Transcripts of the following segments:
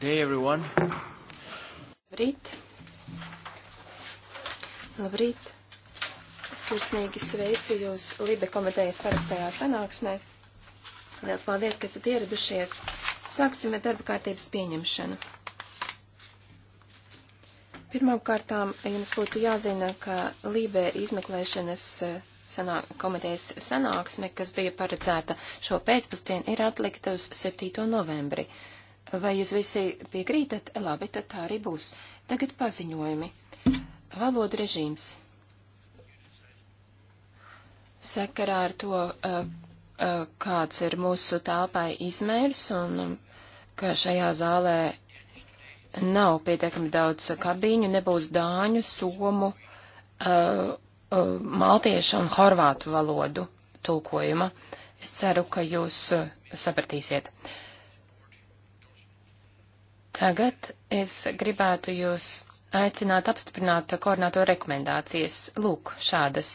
Good day, everyone. Labrīt. Labrīt. Sirsnīgi sveicu jūs Libe komitejas parastajā sanāksmē. Liels paldies, ka esat ieradušies. Sāksim ar darba kārtības pieņemšanu. Pirmām kārtām jums būtu jāzina, ka Libe izmeklēšanas eh, sanā, komitejas sanāksme, kas bija paredzēta šo pēcpusdienu, ir atlikta uz 7. novembri. Uh, Vai jūs visi piekrītat? Labi, tad tā arī būs. Tagad paziņojumi. Valoda režīms. Sakarā ar to, eh, eh, kāds ir mūsu telpai izmērs un um, ka šajā zālē nav pietiekami daudz kabīņu, nebūs dāņu, somu, eh, maltiešu un horvātu valodu tulkojuma. Es ceru, ka jūs sapratīsiet. Uh, Tagad es gribētu jūs aicināt apstiprināt koordināto rekomendācijas. Lūk, šādas.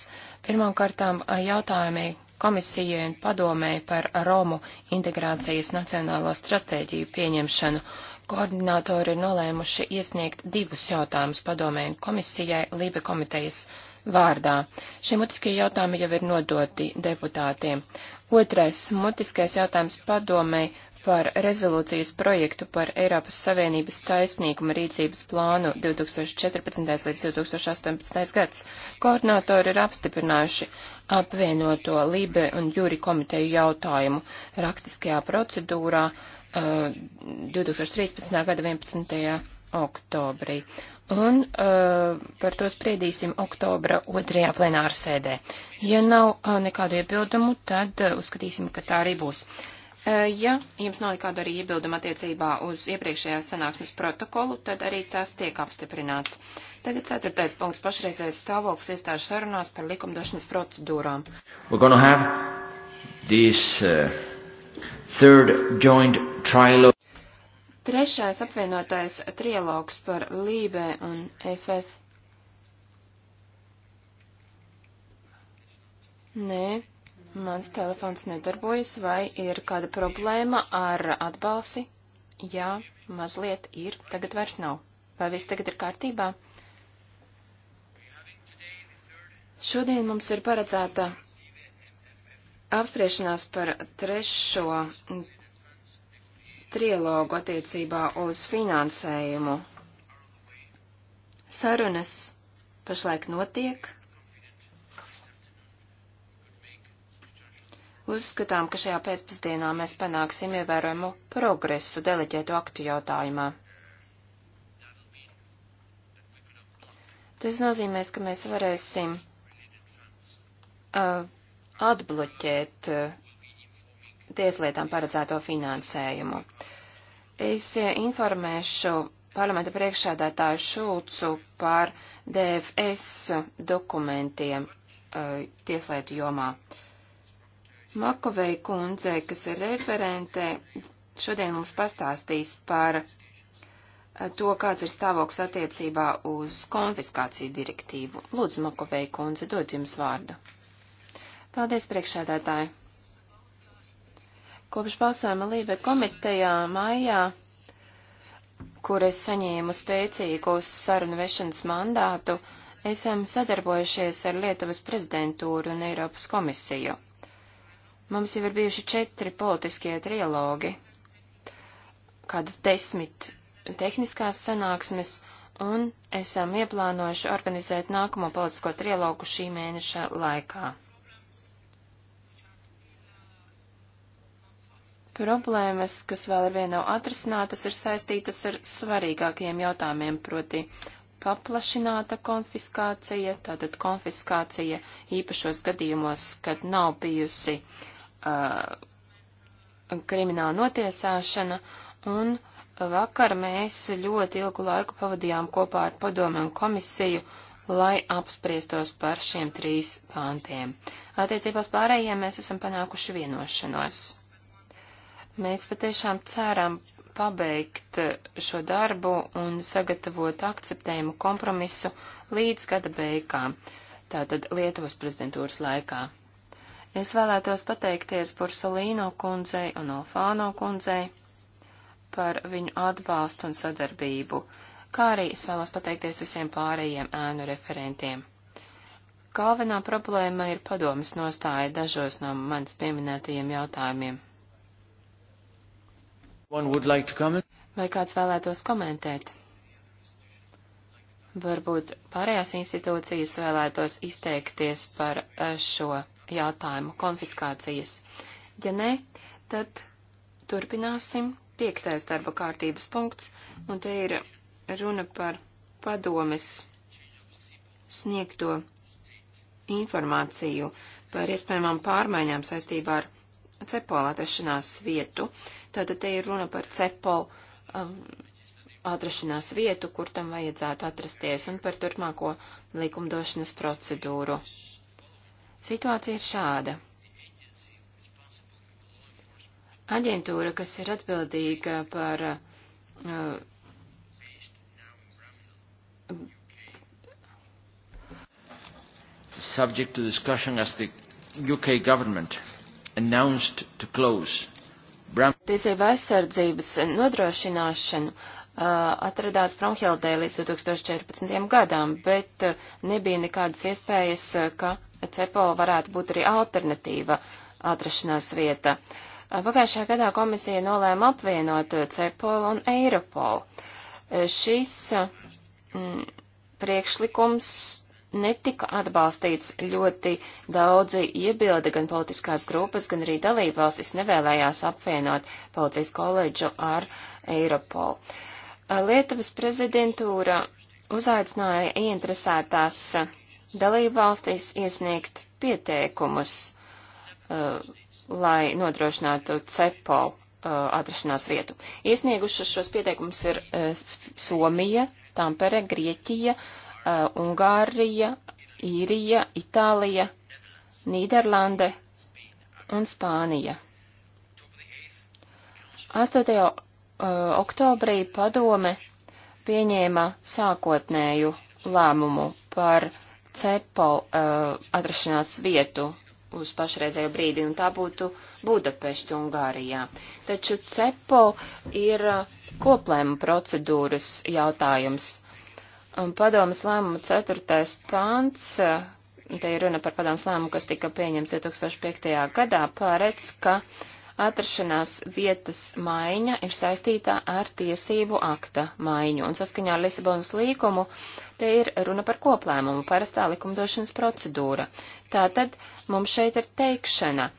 Pirmkārtām jautājumi komisijai un padomēji par Romu integrācijas nacionālo stratēģiju pieņemšanu. Koordinātori ir nolēmuši iesniegt divus jautājumus padomēji un komisijai Lībe komitejas vārdā. Šie mutiskie jautājumi jau ir nodoti deputātiem. Otrais mutiskais jautājums padomēji par rezolūcijas projektu par Eiropas Savienības taisnīguma rīcības plānu 2014. līdz 2018. gads. Koordinātori ir apstiprinājuši apvienoto Lībe un Jūri komiteju jautājumu rakstiskajā procedūrā uh, eh, 2013. gada 11. oktobrī. Un uh, par to spriedīsim oktobra otrajā plenāra sēdē. Ja nav uh, nekādu iebildumu, tad uh, uzskatīsim, ka tā arī būs. Uh, Eh, ja jums nav nekāda arī iebilduma attiecībā uz iepriekšējās sanāksmes protokolu, tad arī tas tiek apstiprināts. Tagad ceturtais punkts - pašreizējais stāvoklis iestāžu sarunās par likumdošanas procedūrām. This, uh, Trešais apvienotais trialogs par Lībē e un FF. Nē, Mans telefons nedarbojas, vai ir kāda problēma ar atbalsi? Jā, mazliet ir, tagad vairs nav. Vai viss tagad ir kārtībā? Šodien mums ir paredzēta apspriešanās par trešo trilogu attiecībā uz finansējumu. Sarunas pašlaik notiek. Uzskatām, ka šajā pēcpusdienā mēs panāksim ievērojumu progresu deleģētu aktu jautājumā. Tas nozīmēs, ka mēs varēsim uh, atbloķēt uh, tieslietām paredzēto finansējumu. Es uh, informēšu parlamenta priekšsēdētāju Šulcu par DFS dokumentiem uh, tieslietu jomā. Uh, Makovei kundze, kas ir referente, šodien mums pastāstīs par eh, to, kāds ir stāvoklis attiecībā uz konfiskāciju direktīvu. Lūdzu, Makovei kundze, dod jums vārdu. Paldies, priekšsēdētāji. Kopš balsojuma Lībe komitejā mājā, kur es saņēmu spēcīgu sarunu vešanas mandātu, esam sadarbojušies ar Lietuvas prezidentūru un Eiropas komisiju. Mums jau ir bijuši četri politiskie trilogi, kādas desmit tehniskās sanāksmes, un esam ieplānojuši organizēt nākamo politisko trilogu šī mēneša laikā. Problēmas, kas vēl ar vienu nav atrasinātas, ir saistītas ar svarīgākajiem jautājumiem, proti paplašināta konfiskācija, tātad konfiskācija īpašos gadījumos, kad nav bijusi uh, uh, krimināla notiesāšana, un vakar mēs ļoti ilgu laiku pavadījām kopā ar padomi un komisiju, lai apspriestos par šiem trīs pāntiem. Attiecībās pārējiem mēs esam panākuši vienošanos. Mēs patiešām ceram pabeigt šo darbu un sagatavot akceptējumu kompromisu līdz gada beigām, tātad Lietuvas prezidentūras laikā. Es vēlētos pateikties Bursalīno kundzei un Alfāno kundzei par viņu atbalstu un sadarbību, kā arī es vēlos pateikties visiem pārējiem ēnu referentiem. Galvenā problēma ir padomas nostāja dažos no manis pieminētajiem jautājumiem. Like Vai kāds vēlētos komentēt? Varbūt pārējās institūcijas vēlētos izteikties par eh, šo jautājumu, konfiskācijas. Ja nē, tad turpināsim. Piektais darba kārtības punkts, un te ir runa par padomes sniegto informāciju par iespējamām pārmaiņām saistībā ar cepola atrašanās vietu. Tātad te ir runa par cepola um, atrašanās vietu, kur tam vajadzētu atrasties, un par turpmāko likumdošanas procedūru. Situācija ir šāda. Aģentūra, kas ir atbildīga par uh, subject to discussion as the UK government announced to close. Bram Tiesība aizsardzības nodrošināšanu uh, atradās Bromhildē līdz 2014. gadām, bet uh, nebija nekādas iespējas, uh, ka CEPO varētu būt arī alternatīva atrašanās vieta. Pagājušajā gadā komisija nolēma apvienot CEPOL un Eiropol. Šis m, mm, priekšlikums netika atbalstīts ļoti daudzi iebildi, gan politiskās grupas, gan arī dalībvalstis nevēlējās apvienot policijas koledžu ar Eiropolu. Lietuvas prezidentūra uzaicināja ieinteresētās dalību valstīs iesniegt pieteikumus, uh, lai nodrošinātu CEPO uh, atrašanās vietu. Iesniegušas šos pieteikumus ir uh, Somija, Tampere, Grieķija, uh, Ungārija, Īrija, Itālija, Nīderlande un Spānija. 8. Uh, oktobrī padome pieņēma sākotnēju lēmumu par CEPOL uh, atrašanās vietu uz pašreizējo brīdi, un tā būtu Budapešta Ungārijā. Taču CEPOL ir eh, koplēma procedūras jautājums. Un padomas lēmuma ceturtais pants, eh, te ir runa par padomas lēmumu, kas tika pieņemts 2005. gadā, pārēc, ka uh, atrašanās vietas maiņa ir saistītā ar tiesību akta maiņu, un saskaņā ar Lisabonas līkumu te ir runa par koplēmumu, parastā likumdošanas procedūra. Tātad mums šeit ir teikšana.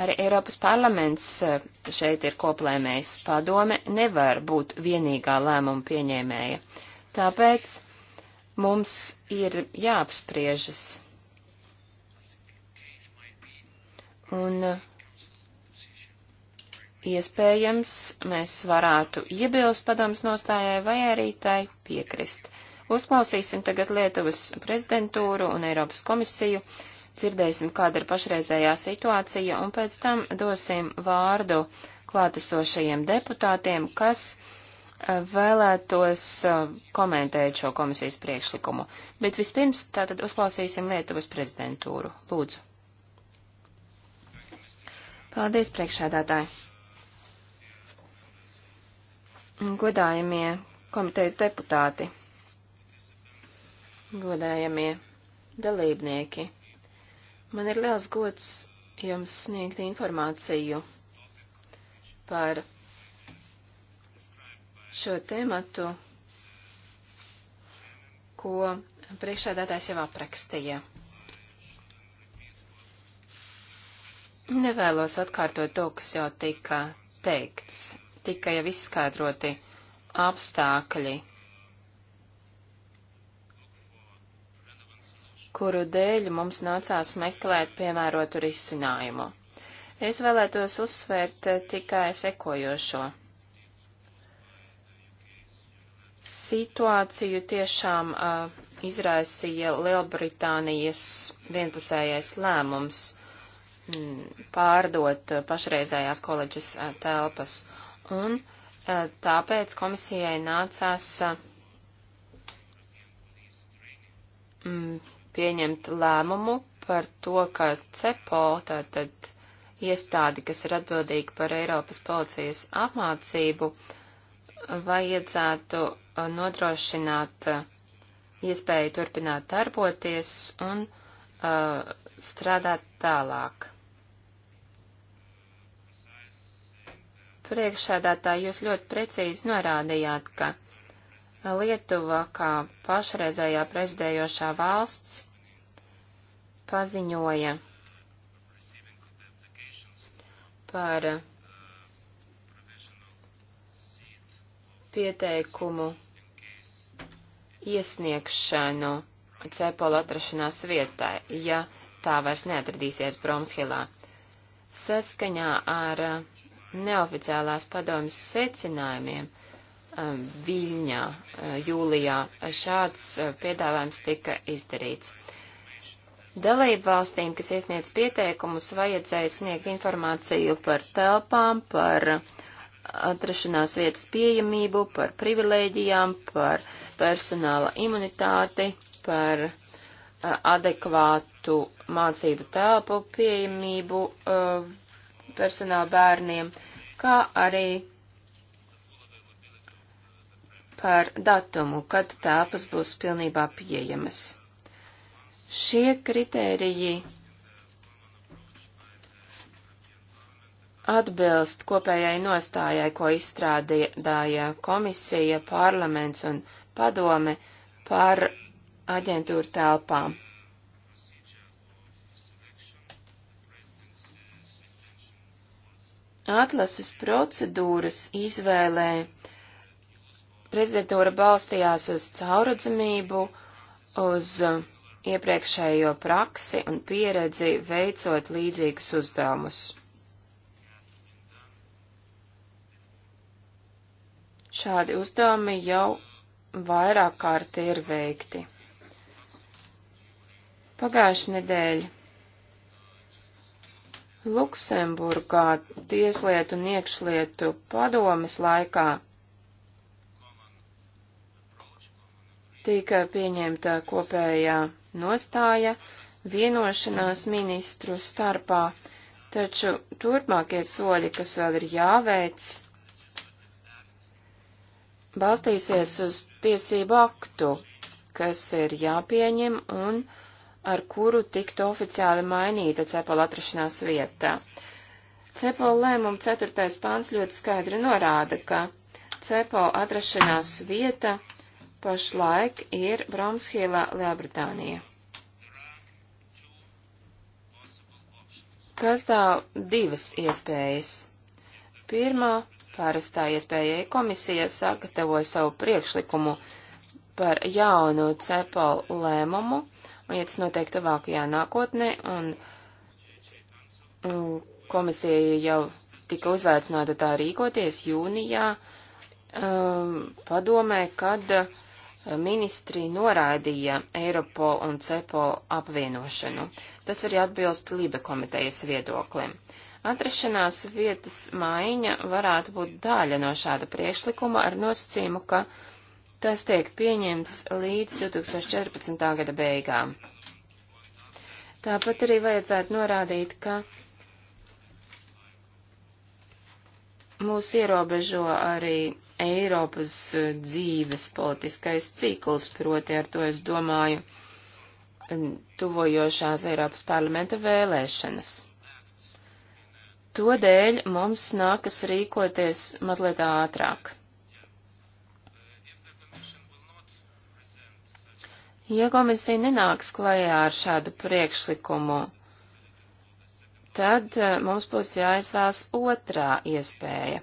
Arī Eiropas parlaments eh, šeit ir koplēmējs. Padome nevar būt vienīgā lēmuma pieņēmēja. Tāpēc mums ir jāapspriežas. Un uh, Iespējams, mēs varētu iebilst padomas nostājai vai arī tai piekrist. Uzklausīsim tagad Lietuvas prezidentūru un Eiropas komisiju, dzirdēsim, kāda ir pašreizējā situācija, un pēc tam dosim vārdu klātesošajiem deputātiem, kas eh, vēlētos eh, komentēt šo komisijas priekšlikumu. Bet vispirms tātad uzklausīsim Lietuvas prezidentūru. Lūdzu. Paldies, priekšādātāji! godājamie komitejas deputāti, godājamie dalībnieki, man ir liels gods jums sniegt informāciju par šo tematu, ko priekšādātājs jau aprakstīja. Nevēlos atkārtot to, kas jau tika teikts tika jau izskaidroti apstākļi, kuru dēļ mums nācās meklēt piemērotu risinājumu. Es vēlētos uzsvērt tikai sekojošo. Situāciju tiešām uh, izraisīja Lielbritānijas vienpusējais lēmums mm, pārdot pašreizējās koledžas uh, telpas, un e, tāpēc komisijai nācās e, pieņemt lēmumu par to, ka CEPO, tātad iestādi, kas ir atbildīgi par Eiropas policijas apmācību, vajadzētu e, nodrošināt iespēju turpināt darboties un uh, strādāt tālāk. Priekšsēdētāji, jūs ļoti precīzi norādījāt, ka Lietuva kā pašreizējā prezidējošā valsts paziņoja par pieteikumu iesniegšanu cepola atrašanās vietai, ja tā vairs neatradīsies Bromshilā. Saskaņā ar uh, neoficiālās padomas secinājumiem um, Viļņā uh, jūlijā uh, šāds uh, piedāvājums tika izdarīts. Dalību valstīm, kas iesniedz pieteikumus, vajadzēja sniegt informāciju par telpām, par atrašanās vietas pieejamību, par privilēģijām, par personāla imunitāti, par adekvātu mācību telpu pieejamību personāla bērniem, kā arī par datumu, kad telpas būs pilnībā pieejamas. Šie kritēriji atbilst kopējai nostājai, ko izstrādāja komisija, parlaments un padome par aģentūru telpām. atlases procedūras izvēlē prezidentūra balstījās uz cauradzamību, uz uh, iepriekšējo praksi un pieredzi veicot līdzīgus uzdevumus. Šādi uzdevumi jau vairāk kārt ir veikti. Pagājuši nedēļa Luksemburgā tieslietu un iekšlietu padomes laikā tika pieņemta kopējā nostāja vienošanās ministru starpā, taču turpmākie soļi, kas vēl ir jāveic, balstīsies uz tiesību aktu, kas ir jāpieņem un jāpieņem ar kuru tiktu oficiāli mainīta cepola atrašanās vieta. Cepola lēmuma 4. pāns ļoti skaidri norāda, ka cepola atrašanās vieta pašlaik ir Bromshīlā, Lielbritānija. Pastāv divas iespējas. Pirmā parastā iespēja komisija sagatavo savu priekšlikumu par jaunu cepalu lēmumu, Un ja tas notiek tuvākajā nākotnē, un, un komisija jau tika uzveicināta tā rīkoties jūnijā, um, padomē, kad uh, ministri noraidīja Eiropol un Cepol apvienošanu. Tas arī atbilst Libe komitejas viedoklim. Atrašanās vietas maiņa varētu būt daļa no šāda priekšlikuma ar nosacījumu, ka uh, Tas tiek pieņemts līdz 2014. gada beigām. Tāpat arī vajadzētu norādīt, ka mūs ierobežo arī Eiropas eh, dzīves politiskais cikls, proti ar to es domāju eh, tuvojošās Eiropas parlamenta vēlēšanas. Todēļ mums nākas rīkoties mazliet ātrāk. Ja komisija nenāks klajā ar šādu priekšlikumu, tad eh, mums būs jāizvēlas otrā iespēja.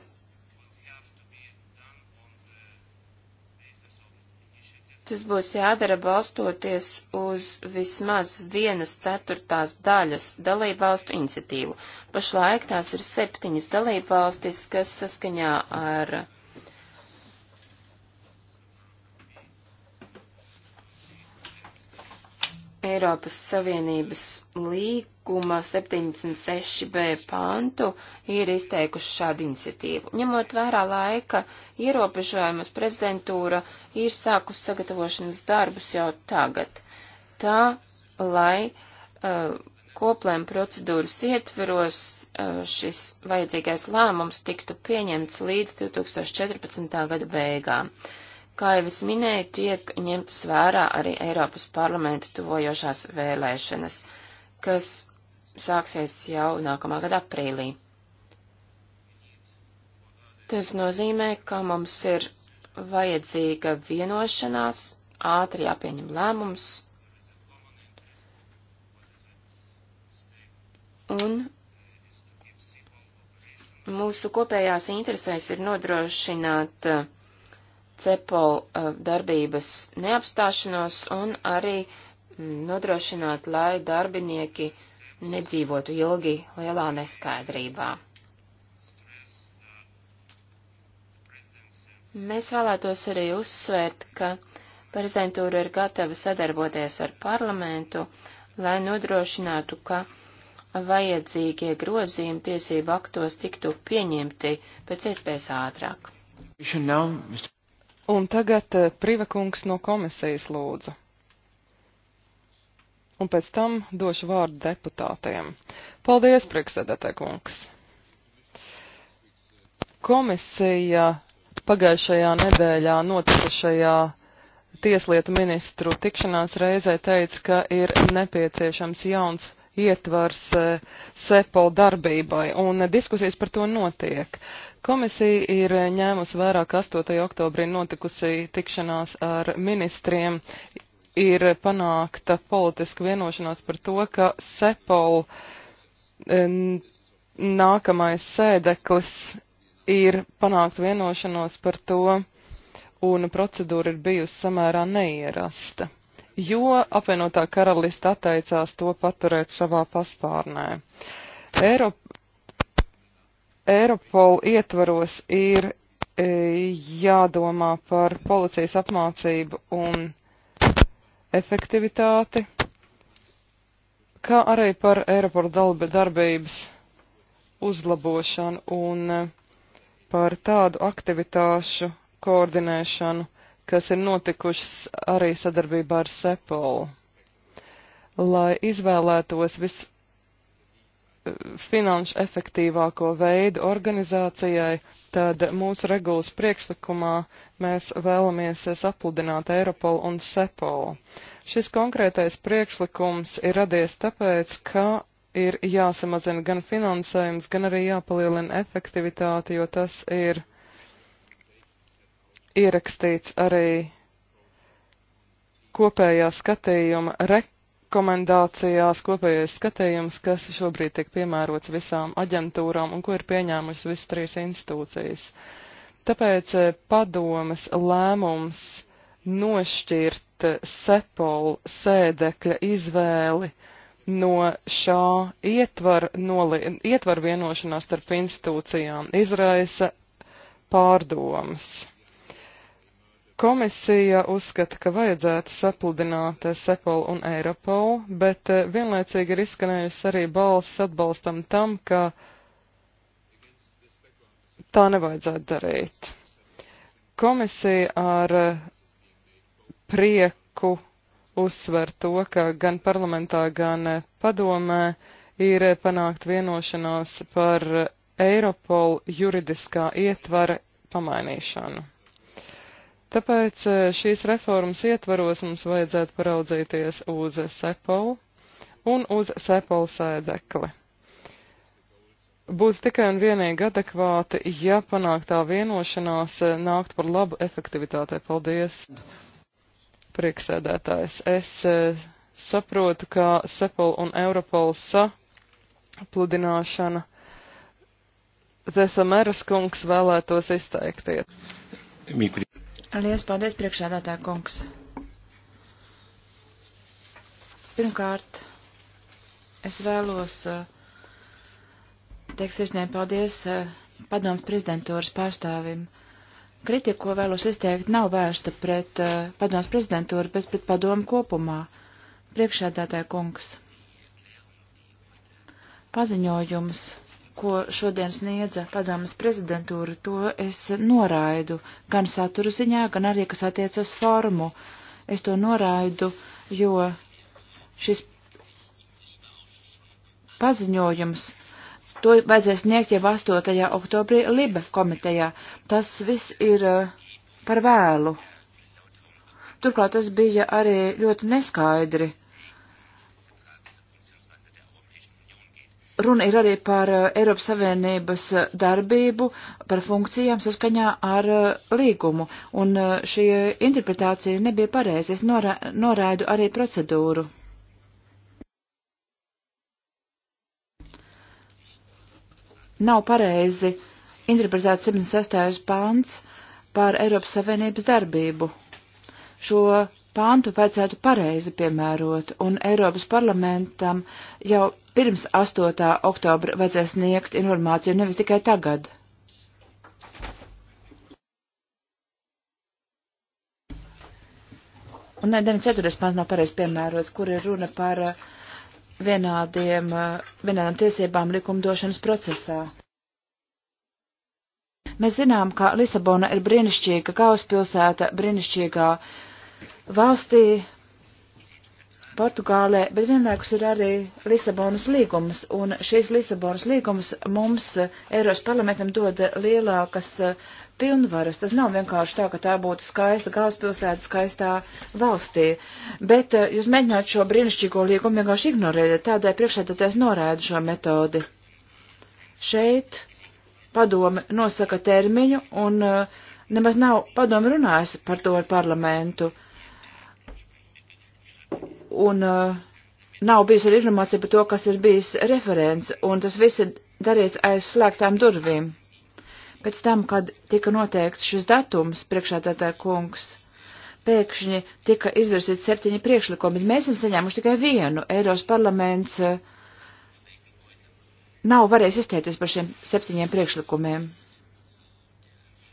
Tas būs jādara balstoties uz vismaz vienas ceturtās daļas dalību valstu iniciatīvu. Pašlaik tās ir septiņas dalību valstis, kas saskaņā ar Eiropas Savienības līguma 76b pantu ir izteikuši šādu iniciatīvu. Ņemot vērā laika ierobežojumus, prezidentūra ir sākus sagatavošanas darbus jau tagad, tā lai uh, koplēm procedūras ietveros uh, šis vajadzīgais lēmums tiktu pieņemts līdz 2014. gada beigām. Uh, Kā jau es minēju, tiek ņemtas vērā arī Eiropas parlamenta tuvojošās vēlēšanas, kas sāksies jau nākamā gada aprīlī. Tas nozīmē, ka mums ir vajadzīga vienošanās, ātri jāpieņem lēmums, un mūsu kopējās interesēs ir nodrošināt uh, CEPOL eh, darbības neapstāšanos un arī mm, nodrošināt, lai darbinieki nedzīvotu ilgi lielā neskaidrībā. Mēs vēlētos arī uzsvērt, ka prezidentūra ir gatava sadarboties ar parlamentu, lai nodrošinātu, ka vajadzīgie grozījumi tiesību aktos tiktu pieņemti pēc iespējas ātrāk. Now, Mr. Un tagad eh, privakungs no komisijas lūdzu. Un pēc tam došu vārdu deputātiem. Paldies, priekšsēdētāj kungs. Komisija pagājušajā nedēļā notikušajā tieslietu ministru tikšanās reizē teica, ka ir nepieciešams jauns ietvars e, SEPO darbībai, un diskusijas par to notiek. Komisija ir ņēmusi vērā, ka 8. oktobrī notikusī tikšanās ar ministriem ir panākta politiska vienošanās par to, ka SEPO e, nākamais sēdeklis ir panākt vienošanos par to, un procedūra ir bijusi samērā neierasta jo apvienotā karalista atteicās to paturēt savā paspārnē. Eiro, Eiropol ietvaros ir e, jādomā par policijas apmācību un efektivitāti, kā arī par Eiropola darbības uzlabošanu un e, par tādu aktivitāšu koordinēšanu, kas ir notikušas arī sadarbībā ar Sepolu, lai izvēlētos vis eh, finanšu efektīvāko veidu organizācijai, tad mūsu regulas priekšlikumā mēs vēlamies sapludināt Eiropolu un Sepolu. Šis konkrētais priekšlikums ir radies tāpēc, ka ir jāsamazina gan finansējums, gan arī jāpalielina efektivitāte, jo tas ir uh, ierakstīts arī kopējā skatījuma rekomendācijās, kopējais skatījums, kas šobrīd tiek piemērots visām aģentūrām un ko ir pieņēmušas visas trīs institūcijas. Tāpēc eh, padomas lēmums nošķirt eh, sepol sēdekļa izvēli no šā ietvara, noli, ietvara vienošanās starp institūcijām izraisa pārdomas. Komisija uzskata, ka vajadzētu sapludināt eh, Sepol un Eiropol, bet eh, vienlaicīgi ir izskanējusi arī balss atbalstam tam, ka tā nevajadzētu darīt. Komisija ar eh, prieku uzsver to, ka gan parlamentā, gan padomē ir panākt vienošanās par Eiropol juridiskā ietvara pamainīšanu. Tāpēc e, šīs reformas ietvaros mums vajadzētu paraudzīties uz sepolu un uz sepolu sēdekli. Būtu tikai un vienīgi adekvāti, ja panāktā vienošanās e, nākt par labu efektivitātei. Paldies! Prieksēdētājs, es e, saprotu, ka sepolu un Europolu sapludināšana. Zesameras kungs vēlētos izteikties. Lies paldies priekšādātā kungs. Pirmkārt, es vēlos eh, teikt sirsnēm paldies eh, padomus prezidentūras pārstāvim. Kritika, ko vēlos izteikt, nav vērsta pret uh, eh, padomus prezidentūru, bet pret padomu kopumā. Priekšādātāja kungs. Paziņojums ko šodien sniedza padomas prezidentūra, to es noraidu, gan satura ziņā, gan arī, kas attiecas formu. Es to noraidu, jo šis paziņojums, to vajadzēs sniegt jau 8. oktobrī Libe komitejā. Tas viss ir eh, par vēlu. Turklāt tas bija arī ļoti neskaidri runa ir arī par eh, Eiropas Savienības eh, darbību, par funkcijām saskaņā ar eh, līgumu, un šī interpretācija nebija pareiza. Es norā, noraidu arī procedūru. Nav pareizi interpretēt 76. pāns par Eiropas Savienības darbību. Šo pāntu vajadzētu pareizi piemērot, un Eiropas parlamentam jau pirms 8. oktobra vajadzēs sniegt informāciju, nevis tikai tagad. Un ne, 94. pāns nav pareizi piemērots, kur ir runa par uh, vienādiem, uh, vienādām tiesībām likumdošanas procesā. Mēs zinām, ka Lisabona ir brīnišķīga kauspilsēta, brīnišķīgā uh, valstī Portugālē, bet vienlaikus ir arī Lisabonas līgums, un šīs Lisabonas līgums mums eh, Eiropas parlamentam dod lielākas eh, pilnvaras. Tas nav vienkārši tā, ka tā būtu skaista galvaspilsēta skaistā valstī, bet eh, jūs mēģināt šo brīnišķīgo līgumu vienkārši ignorēt, tādēļ priekšētātais norāda šo metodi. Šeit padome nosaka termiņu, un nemaz nav padome runājusi par to ar parlamentu. Uh, un uh, nav bijusi arī informācija par to, kas ir bijis referents, un tas viss ir darīts aiz slēgtām durvīm. Pēc tam, kad tika noteikts šis datums, priekšādātāja kungs, pēkšņi tika izvirsīti septiņi priekšlikumi, bet mēs esam saņēmuši tikai vienu. Eiros parlaments uh, nav varējis izteikties par šiem septiņiem priekšlikumiem.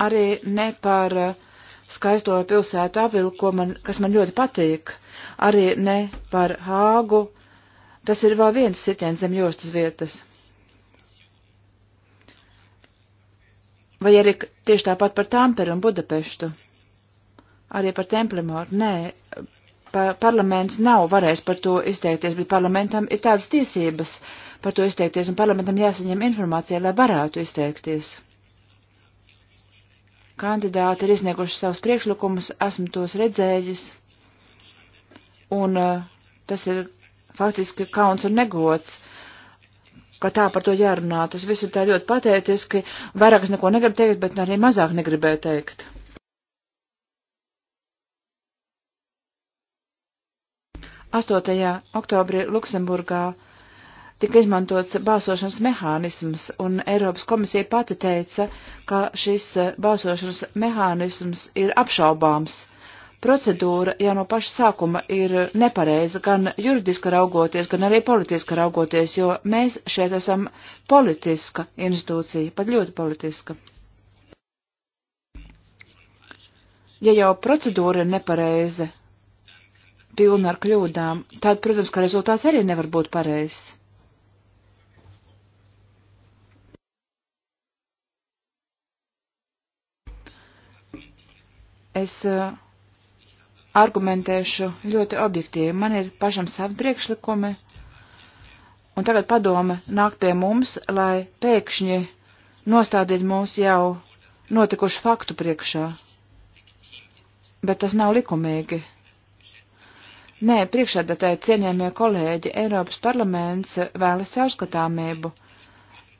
Arī ne par uh, skaisto pilsētu avilu, man, kas man ļoti patīk. Arī ne par Hāgu. Tas ir vēl viens sitiens zem jostas vietas. Vai arī tieši tāpat par Tamperu un Budapeštu? Arī par Templimoru? Nē, pa, parlaments nav varējis par to izteikties, bet parlamentam ir tādas tiesības par to izteikties, un parlamentam jāsaņem informācija, lai varētu izteikties kandidāti ir iznieguši savus priekšlikumus, esmu tos redzējis, un eh, tas ir faktiski kauns un negods, ka tā par to jārunā. Tas viss ir tā ļoti patētiski, vairāk es neko negribu teikt, bet arī mazāk negribēju teikt. Astotajā oktobrī Luksemburgā tika izmantots balsošanas mehānisms, un Eiropas komisija pati teica, ka šis eh, balsošanas mehānisms ir apšaubāms. Procedūra jau no paša sākuma ir nepareiza, gan juridiski raugoties, gan arī politiski raugoties, jo mēs šeit esam politiska institūcija, pat ļoti politiska. Ja jau procedūra ir nepareiza, pilna ar kļūdām, tad, protams, ka rezultāts arī nevar būt pareizs. Es eh, argumentēšu ļoti objektīvi. Man ir pašam savi priekšlikumi, un tagad padome nāk pie mums, lai pēkšņi nostādītu mūs jau notikušu faktu priekšā. Bet tas nav likumīgi. Nē, priekšādātāji cienījamie kolēģi, Eiropas parlaments vēlas caurskatāmību.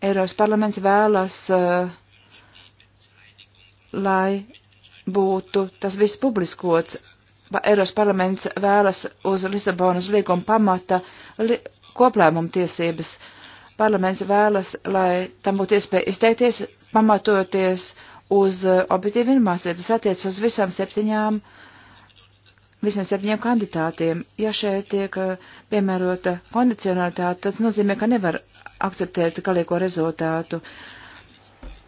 Eiropas parlaments vēlas, eh, lai būtu tas viss publiskots. Eiros parlaments vēlas uz Lisabonas līguma pamata li koplēmumu tiesības. Parlaments vēlas, lai tam būtu iespēja izteikties, pamatoties uz uh, objektīvu informāciju. Tas attiec uz visām septiņām, visiem septiņiem kandidātiem. Ja šeit tiek uh, piemērota kondicionalitāte, tas nozīmē, ka nevar akceptēt galīgo rezultātu.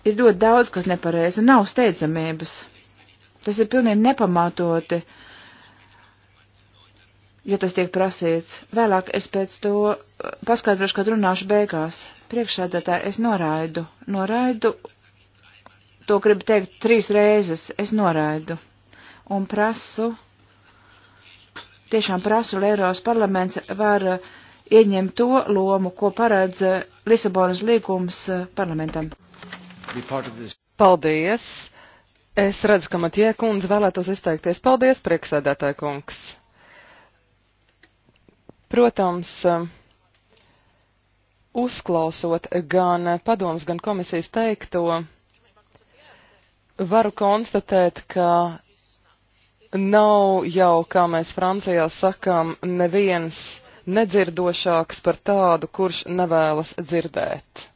Ir ļoti daudz, kas nepareizi, nav steidzamības. Tas ir pilnīgi nepamatoti, ja tas tiek prasīts. Vēlāk es pēc to eh, paskaidrošu, kad runāšu beigās. Priekšsēdētāji es noraidu. Noraidu, to gribu teikt trīs reizes, es noraidu. Un prasu, tiešām prasu, lai Eiropas parlaments var eh, ieņemt to lomu, ko paredz eh, Lisabonas līgums parlamentam. Paldies! Es redzu, ka Matie kundze vēlētos izteikties. Paldies, prieksēdētāja kungs. Protams, uzklausot gan padoms, gan komisijas teikto, varu konstatēt, ka nav jau, kā mēs Francijā sakām, neviens nedzirdošāks par tādu, kurš nevēlas dzirdēt.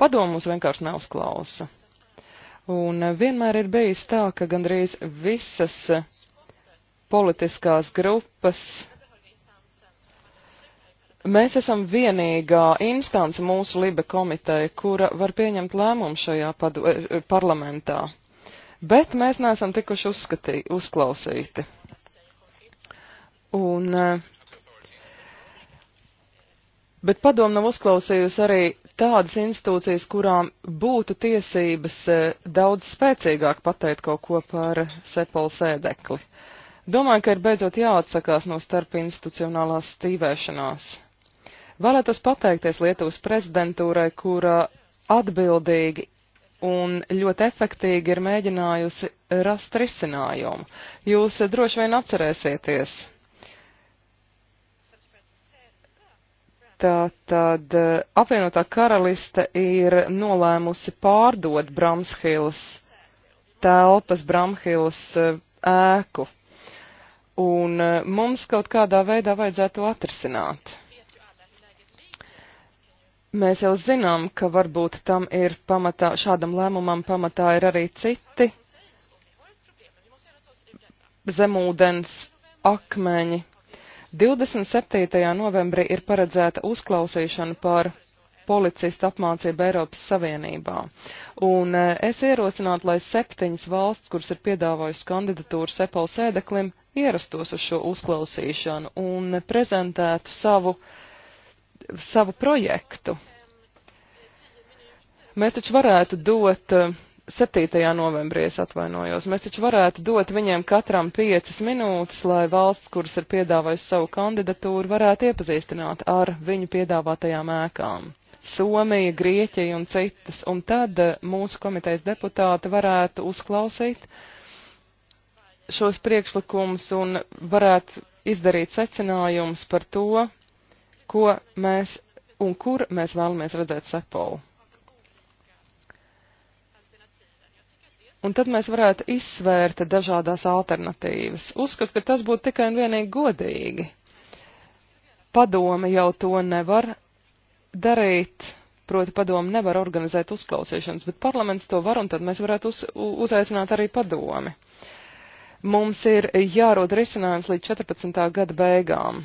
Padomus vienkārši neuzklausa. Un eh, vienmēr ir bijis tā, ka gandrīz visas eh, politiskās grupas Mēs esam vienīgā instance mūsu Libe komiteja, kura var pieņemt lēmumu šajā padu, eh, parlamentā, bet mēs neesam tikuši uzskatī, uzklausīti. Un, bet padom nav uzklausījusi arī tādas institūcijas, kurām būtu tiesības e, daudz spēcīgāk pateikt kaut ko par sepolu sēdekli. Domāju, ka ir beidzot jāatsakās no starpinstitucionālās stīvēšanās. Vēlētos pateikties Lietuvas prezidentūrai, kura atbildīgi un ļoti efektīgi ir mēģinājusi rast risinājumu. Jūs droši vien atcerēsieties, Tā tad eh, apvienotā karaliste ir nolēmusi pārdot Bramshils telpas, Bramhils eh, ēku. Un eh, mums kaut kādā veidā vajadzētu to atrisināt. Mēs jau zinām, ka varbūt tam ir pamatā, šādam lēmumam pamatā ir arī citi zemūdens akmeņi, 27. novembrī ir paredzēta uzklausīšana par policistu apmācību Eiropas Savienībā. Un e, es ierosinātu, lai septiņas valsts, kuras ir piedāvājusi kandidatūru Sepal sēdeklim, ierastos uz šo uzklausīšanu un prezentētu savu, savu projektu. Mēs taču varētu dot e, 7. novembrī es atvainojos. Mēs taču varētu dot viņiem katram 5 minūtes, lai valsts, kuras ir piedāvājusi savu kandidatūru, varētu iepazīstināt ar viņu piedāvātajām ēkām. Somija, Grieķija un citas. Un tad eh, mūsu komitejas deputāti varētu uzklausīt šos priekšlikumus un varētu izdarīt secinājumus par to, ko mēs un kur mēs vēlamies redzēt sepolu. Un tad mēs varētu izsvērt dažādās alternatīvas. Uzskat, ka tas būtu tikai un vienīgi godīgi. Padome jau to nevar darīt, proti padome nevar organizēt uzklausīšanas, bet parlaments to var, un tad mēs varētu uz, uzaicināt arī padomi. Mums ir jārod risinājums līdz 14. gada beigām,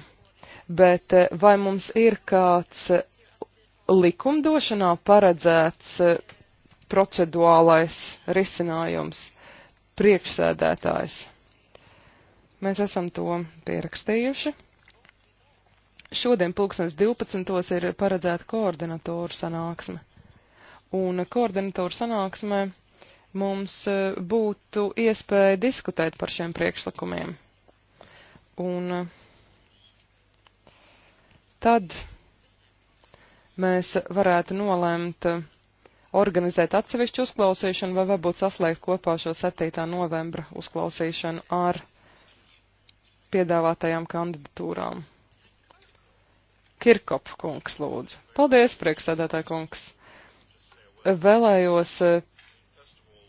bet eh, vai mums ir kāds likumdošanā paredzēts eh, proceduālais risinājums priekšsēdētājs. Mēs esam to pierakstījuši. Šodien pulkstens 12. ir paredzēta koordinatoru sanāksme. Un koordinatoru sanāksmē mums e, būtu iespēja diskutēt par šiem priekšlikumiem. Un e, tad mēs varētu nolemt, organizēt atsevišķu uzklausīšanu vai varbūt saslēgt kopā šo 7. novembra uzklausīšanu ar piedāvātajām kandidatūrām. Kirkop kungs lūdzu. Paldies, priekšsēdētāj kungs. Vēlējos eh,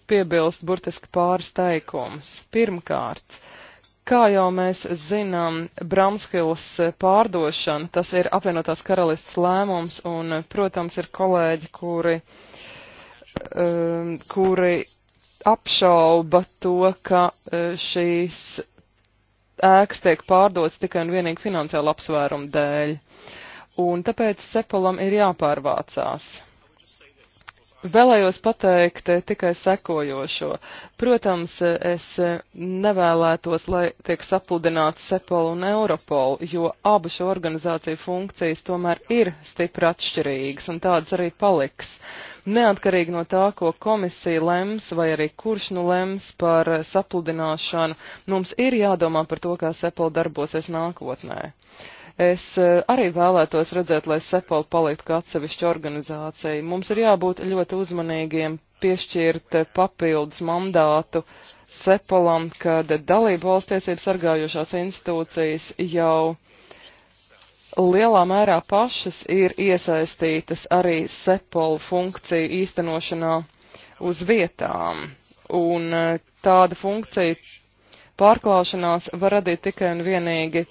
piebilst burtiski pāris teikumus. Pirmkārt, kā jau mēs zinām, Bramskils eh, pārdošana, tas ir apvienotās karalists lēmums, un, eh, protams, ir kolēģi, kuri uh, um, kuri apšauba to, ka uh, šīs ēkas tiek pārdotas tikai un vienīgi finansiālu apsvērumu dēļ. Un tāpēc Sepolam ir jāpārvācās. Vēlējos pateikt tikai sekojošo. Protams, es nevēlētos, lai tiek sapludināts Sepol un Europol, jo abu šo organizāciju funkcijas tomēr ir stipri atšķirīgas, un tādas arī paliks. Neatkarīgi no tā, ko komisija lems, vai arī kurš nu lems par sapludināšanu, mums ir jādomā par to, kā Sepol darbosies nākotnē. Uh, Es eh, arī vēlētos redzēt, lai Sepol paliktu kā atsevišķa organizācija. Mums ir jābūt ļoti uzmanīgiem piešķirt eh, papildus mandātu Sepolam, kad dalību valsts tiesību sargājušās institūcijas jau lielā mērā pašas ir iesaistītas arī Sepol funkciju īstenošanā uz vietām. Un eh, tāda funkcija pārklāšanās var radīt tikai un vienīgi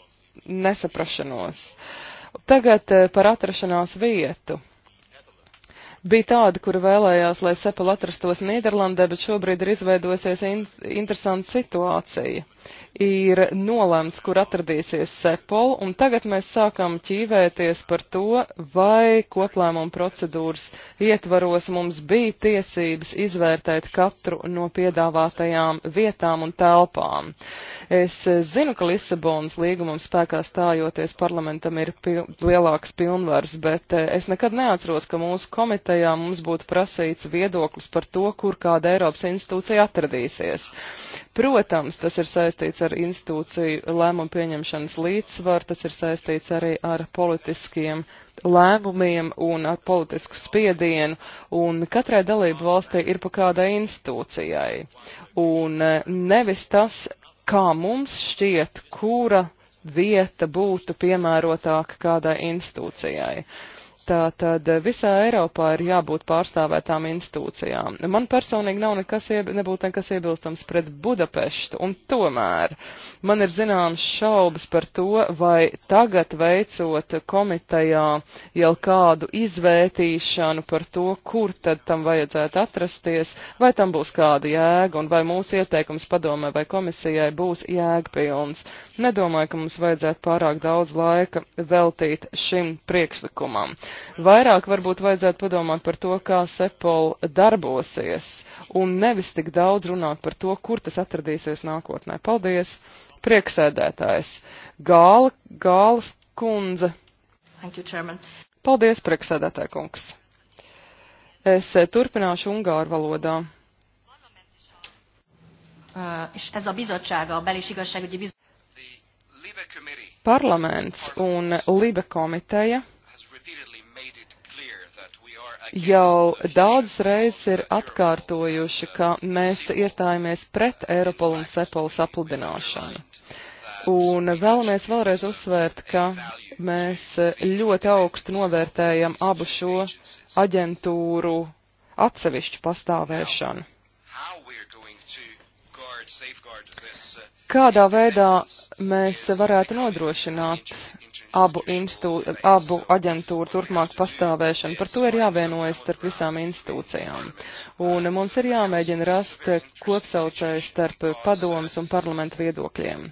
nesaprašanos. Tagad eh, par atrašanās vietu. Bija tāda, kura vēlējās, lai Sepel atrastos Nīderlandē, bet šobrīd ir izveidojusies in interesanta situācija. Ir nolēmts, kur atradīsies Sepel, un tagad mēs sākam ķīvēties par to, vai koplēmuma procedūras ietvaros mums bija tiesības izvērtēt katru no piedāvātajām vietām un telpām. Es zinu, ka Lisabonas līgumam spēkā stājoties parlamentam ir pil lielāks pilnvars, bet eh, es nekad neatceros, ka mūsu komiteja komitejā mums būtu prasīts viedoklis par to, kur kāda Eiropas institūcija atradīsies. Protams, tas ir saistīts ar institūciju lēmumu pieņemšanas līdzsvaru, tas ir saistīts arī ar politiskiem lēmumiem un ar politisku spiedienu, un katrai dalību valstī ir pa kādai institūcijai. Un e, nevis tas, kā mums šķiet, kura vieta būtu piemērotāka kādai institūcijai. Tātad visā Eiropā ir jābūt pārstāvētām institūcijām. Man personīgi nav nekas, ieb, nebūtu nekas iebilstams pret Budapeštu, un tomēr man ir zināms šaubas par to, vai tagad veicot komitejā jau kādu izvērtīšanu par to, kur tad tam vajadzētu atrasties, vai tam būs kāda jēga, un vai mūsu ieteikums padomē vai komisijai būs jēgpilns. Nedomāju, ka mums vajadzētu pārāk daudz laika veltīt šim priekšlikumam. Vairāk varbūt vajadzētu padomāt par to, kā Sepol darbosies, un nevis tik daudz runāt par to, kur tas atradīsies nākotnē. Paldies, prieksēdētājs. Gāla, Gālas kundze. Thank you, Chairman. Paldies, prieksēdētāja kungs. Es turpināšu ungāru valodā. Uh, és ez a bizottság, a bel- és igazságügyi bizottság. Parlaments un Libe komiteja jau daudz reizes ir atkārtojuši, ka mēs iestājāmies pret Eiropola un Sepola sapludināšanu. Un vēlamies vēlreiz uzsvērt, ka mēs ļoti augstu novērtējam abu šo aģentūru atsevišķu pastāvēšanu. Kādā veidā mēs varētu nodrošināt abu, institū, abu aģentūru turpmāk pastāvēšanu. Par to ir jāvienojas starp visām institūcijām. Un mums ir jāmēģina rast kopsaucēju starp padomas un parlamentu viedokļiem.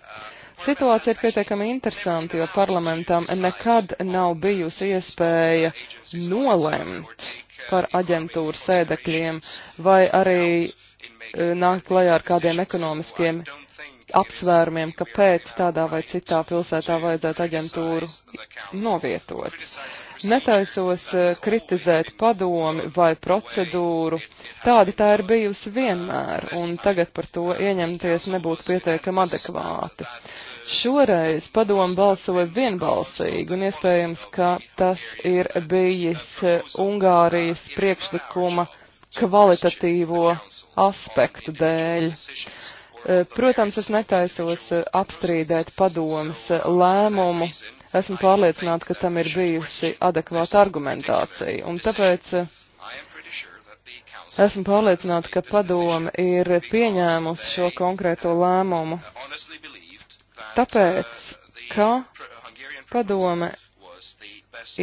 Situācija ir pietiekami interesanta, jo parlamentam nekad nav bijusi iespēja nolemt par aģentūru sēdekļiem vai arī eh, nākt klajā ar kādiem ekonomiskiem apsvērumiem, kāpēc tādā vai citā pilsētā vajadzētu aģentūru novietot. Netaisos eh, kritizēt padomi vai procedūru. Tāda tā ir bijusi vienmēr, un tagad par to ieņemties nebūtu pietiekami adekvāti. Šoreiz padomu balsoja vienbalsīgi, un iespējams, ka tas ir bijis eh, Ungārijas priekšlikuma kvalitatīvo aspektu dēļ. Eh, protams, es netaisos eh, apstrīdēt padomas eh, lēmumu. Esmu pārliecināta, ka tam ir bijusi adekvāta argumentācija. Un tāpēc esmu pārliecināta, ka padoma ir pieņēmusi šo konkrēto lēmumu. Tāpēc, ka padome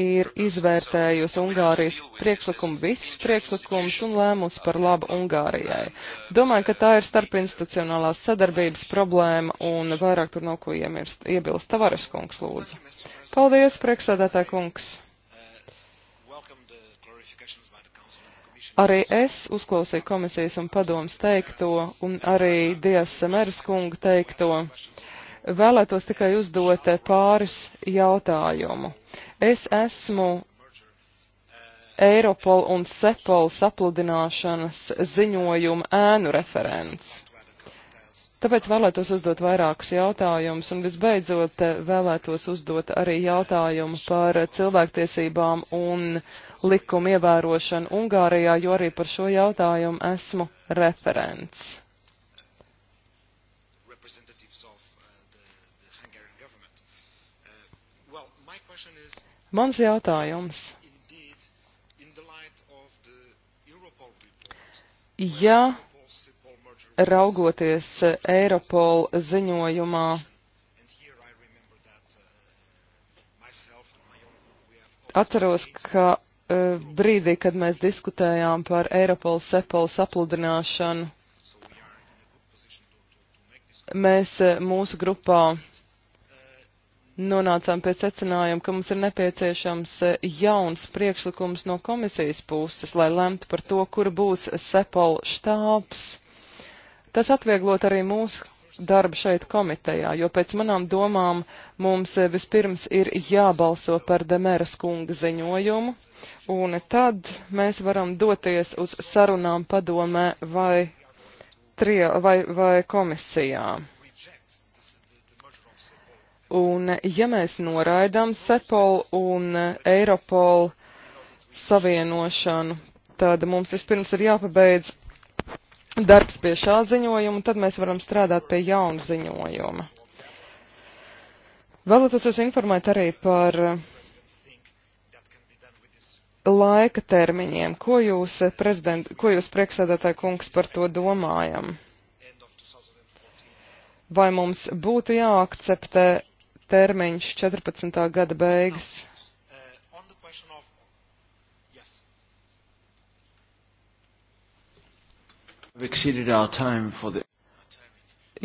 ir izvērtējusi Ungārijas priekšlikumu, visus priekšlikumus un lēmusi par labu Ungārijai. Domāju, ka tā ir starpinstitucionālās sadarbības problēma un vairāk tur nav ko iemirst, iebilst. Tavares kungs, lūdzu. Paldies, priekšsēdētā kungs. Arī es uzklausīju komisijas un padomas teikto un arī Dias Semeras kunga teikto. Uh, Vēlētos tikai uzdot pāris jautājumu. Es esmu Eiropol un Sepol sapludināšanas ziņojuma ēnu referents. Tāpēc vēlētos uzdot vairākus jautājumus, un visbeidzot vēlētos uzdot arī jautājumu par cilvēktiesībām un likumu ievērošanu Ungārijā, jo arī par šo jautājumu esmu referents. Mans jautājums. Ja raugoties Eiropol ziņojumā, atceros, ka e, brīdī, kad mēs diskutējām par Eiropol Sepol sapludināšanu, mēs e, mūsu grupā nonācām pie secinājuma, ka mums ir nepieciešams e, jauns priekšlikums no komisijas puses, lai lemtu par to, kur būs sepal štābs. Tas atvieglot arī mūsu darbu šeit komitejā, jo pēc manām domām mums e, vispirms ir jābalso par Demēras kunga ziņojumu, un tad mēs varam doties uz sarunām padomē vai, trio, vai, vai komisijām. Un ja mēs noraidām Sepol un Eiropol savienošanu, tad mums vispirms ir jāpabeidz darbs pie šā ziņojuma, un tad mēs varam strādāt pie jauna ziņojuma. Vēlētos jūs informēt arī par laika termiņiem. Ko jūs, prezident, ko jūs priekšsēdētāji kungs par to domājam? Vai mums būtu jāakceptē termiņš 14. gada beigas.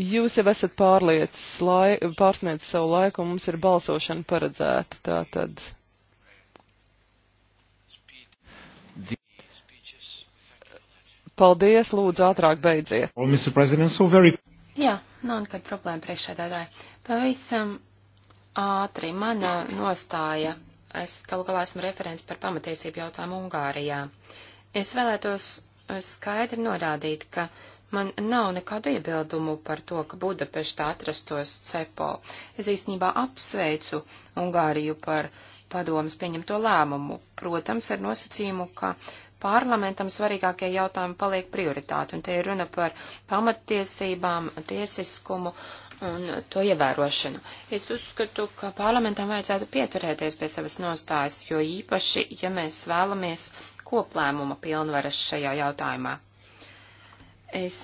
Jūs jau esat pārliecis, lai, pārsniedz savu laiku, un mums ir balsošana paredzēta. Tātad. Paldies, lūdzu, ātrāk beidziet. Oh, Jā, nav nekāda problēma priekšsēdētāji. Pavisam ātri. Mana nostāja, es galu galā esmu referents par pamatiesību jautājumu Ungārijā. Es vēlētos skaidri norādīt, ka man nav nekādu iebildumu par to, ka Budapeštā atrastos CEPO. Es īstenībā apsveicu Ungāriju par padomas pieņemto lēmumu, protams, ar nosacījumu, ka parlamentam svarīgākie jautājumi paliek prioritāti, un te ir runa par pamattiesībām, tiesiskumu un to ievērošanu. Es uzskatu, ka parlamentam vajadzētu pieturēties pie savas nostājas, jo īpaši, ja mēs vēlamies koplēmuma pilnvaras šajā jautājumā. Es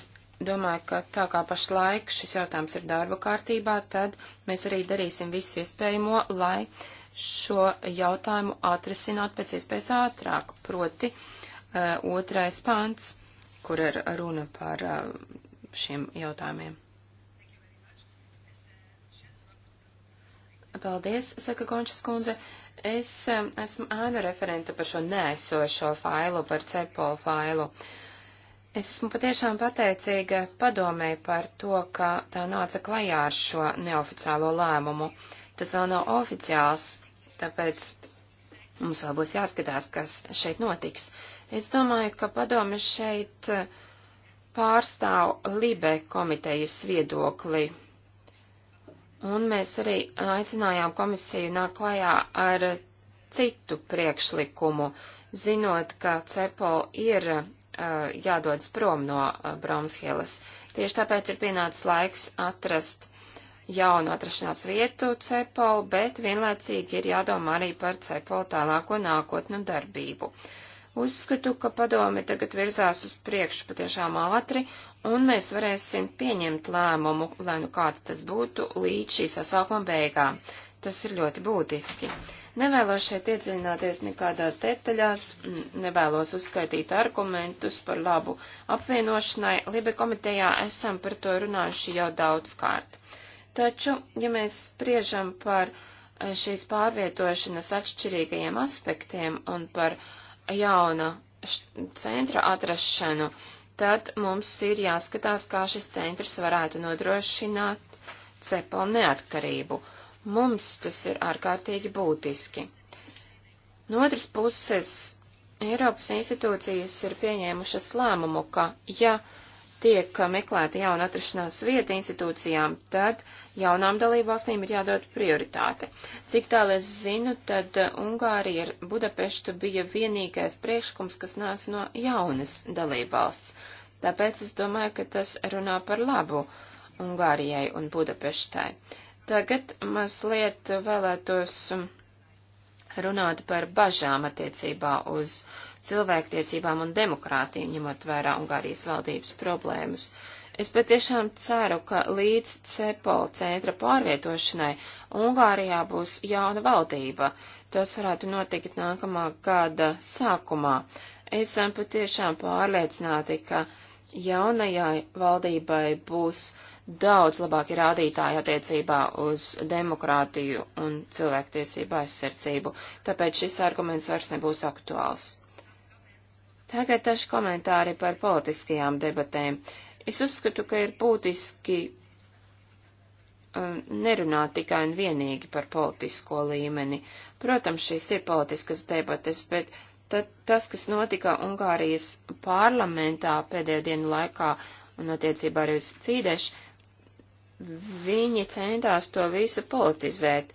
domāju, ka tā kā pašlaik šis jautājums ir darba kārtībā, tad mēs arī darīsim visu iespējamo, lai šo jautājumu atrisināt pēc iespējas ātrāk, proti uh, otrais pants, kur ir runa par uh, šiem jautājumiem. Paldies, saka Gončas kundze. Es um, esmu ēna referenta par šo nēsošo failu, par cepolu failu. Es esmu patiešām pateicīga padomē par to, ka tā nāca klajā ar šo neoficiālo lēmumu. Tas vēl nav oficiāls, tāpēc mums vēl būs jāskatās, kas šeit notiks. Es domāju, ka padome šeit uh, pārstāv Libe komitejas viedokli Un mēs arī aicinājām komisiju nāk klajā ar citu priekšlikumu, zinot, ka CEPOL ir uh, jādodas prom no uh, Bromshielas. Tieši tāpēc ir pienācis laiks atrast jaunu atrašanās vietu CEPOL, bet vienlaicīgi ir jādomā arī par CEPOL tālāko nākotnu darbību. Uh, Uzskatu, ka padomi tagad virzās uz priekšu patiešām ātri, un mēs varēsim pieņemt lēmumu, lai nu kāds tas būtu, līdz šī sasaukuma beigām. Tas ir ļoti būtiski. Nevēlos šeit iedziļināties nekādās detaļās, nevēlos uzskaitīt argumentus par labu apvienošanai. Libe komitejā esam par to runājuši jau daudz kārt. Taču, ja mēs spriežam par e, šīs pārvietošanas atšķirīgajiem aspektiem un par uh, jauna centra atrašanu, tad mums ir jāskatās, kā šis centrs varētu nodrošināt cepalu neatkarību. Mums tas ir ārkārtīgi būtiski. No otras puses, Eiropas institūcijas ir pieņēmušas lēmumu, ka, ja tiek meklēta jauna atrašanās vieta institūcijām, tad jaunām dalībvalstīm ir jādod prioritāte. Cik tālu es zinu, tad Ungārija ar Budapeštu bija vienīgais priekšlikums, kas nāca no jaunas dalībvalsts. Tāpēc es domāju, ka tas runā par labu Ungārijai un Budapeštai. Tagad mazliet vēlētos runāt par bažām attiecībā uz cilvēktiesībām un demokrātiju, ņemot vērā Ungārijas valdības problēmas. Es patiešām ceru, ka līdz CEPOL centra pārvietošanai Ungārijā būs jauna valdība. Tas varētu notikt nākamā gada sākumā. Esam patiešām pārliecināti, ka jaunajai valdībai būs daudz labāki rādītāji attiecībā uz demokrātiju un cilvēktiesību aizsardzību, tāpēc šis arguments vairs nebūs aktuāls. Tagad taši komentāri par politiskajām debatēm. Es uzskatu, ka ir būtiski um, nerunāt tikai un vienīgi par politisko līmeni. Protams, šīs ir politiskas debates, bet tad, tas, kas notika Ungārijas parlamentā pēdējo dienu laikā un attiecībā arī uz Fīdešu, viņi centās to visu politizēt.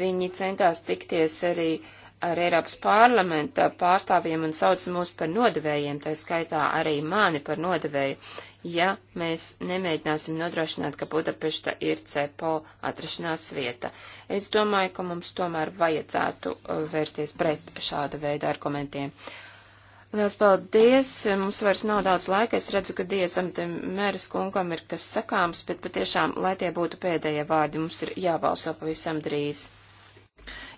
Viņi centās tikties arī uh, ar Eiropas parlamenta pārstāvjiem un sauc mūs par nodevējiem, tā skaitā arī mani par nodevēju, ja mēs nemēģināsim nodrošināt, ka Budapešta ir CEPOL atrašanās vieta. Es domāju, ka mums tomēr vajadzētu uh, vērsties pret šāda veida argumentiem. Lielas paldies! Mums vairs nav daudz laika. Es redzu, ka diezam te mēras kungam ir kas sakāms, bet patiešām, lai tie būtu pēdējie vārdi, mums ir jābalso pavisam drīz.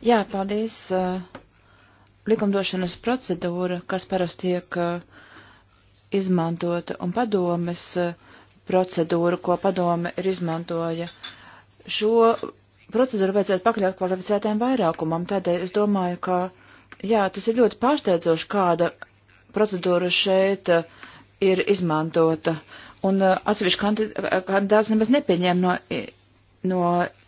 Jā, paldies. Uh, likumdošanas procedūra, kas parasti tiek uh, izmantota, un padomes uh, procedūra, ko padome ir izmantoja. Šo procedūru vajadzētu pakļaut kvalificētiem vairākumam, tādēļ es domāju, ka, jā, tas ir ļoti pārsteidzoši, kāda procedūra šeit ir izmantota. Un atsevišķi kandidāts nemaz nepieņēma no no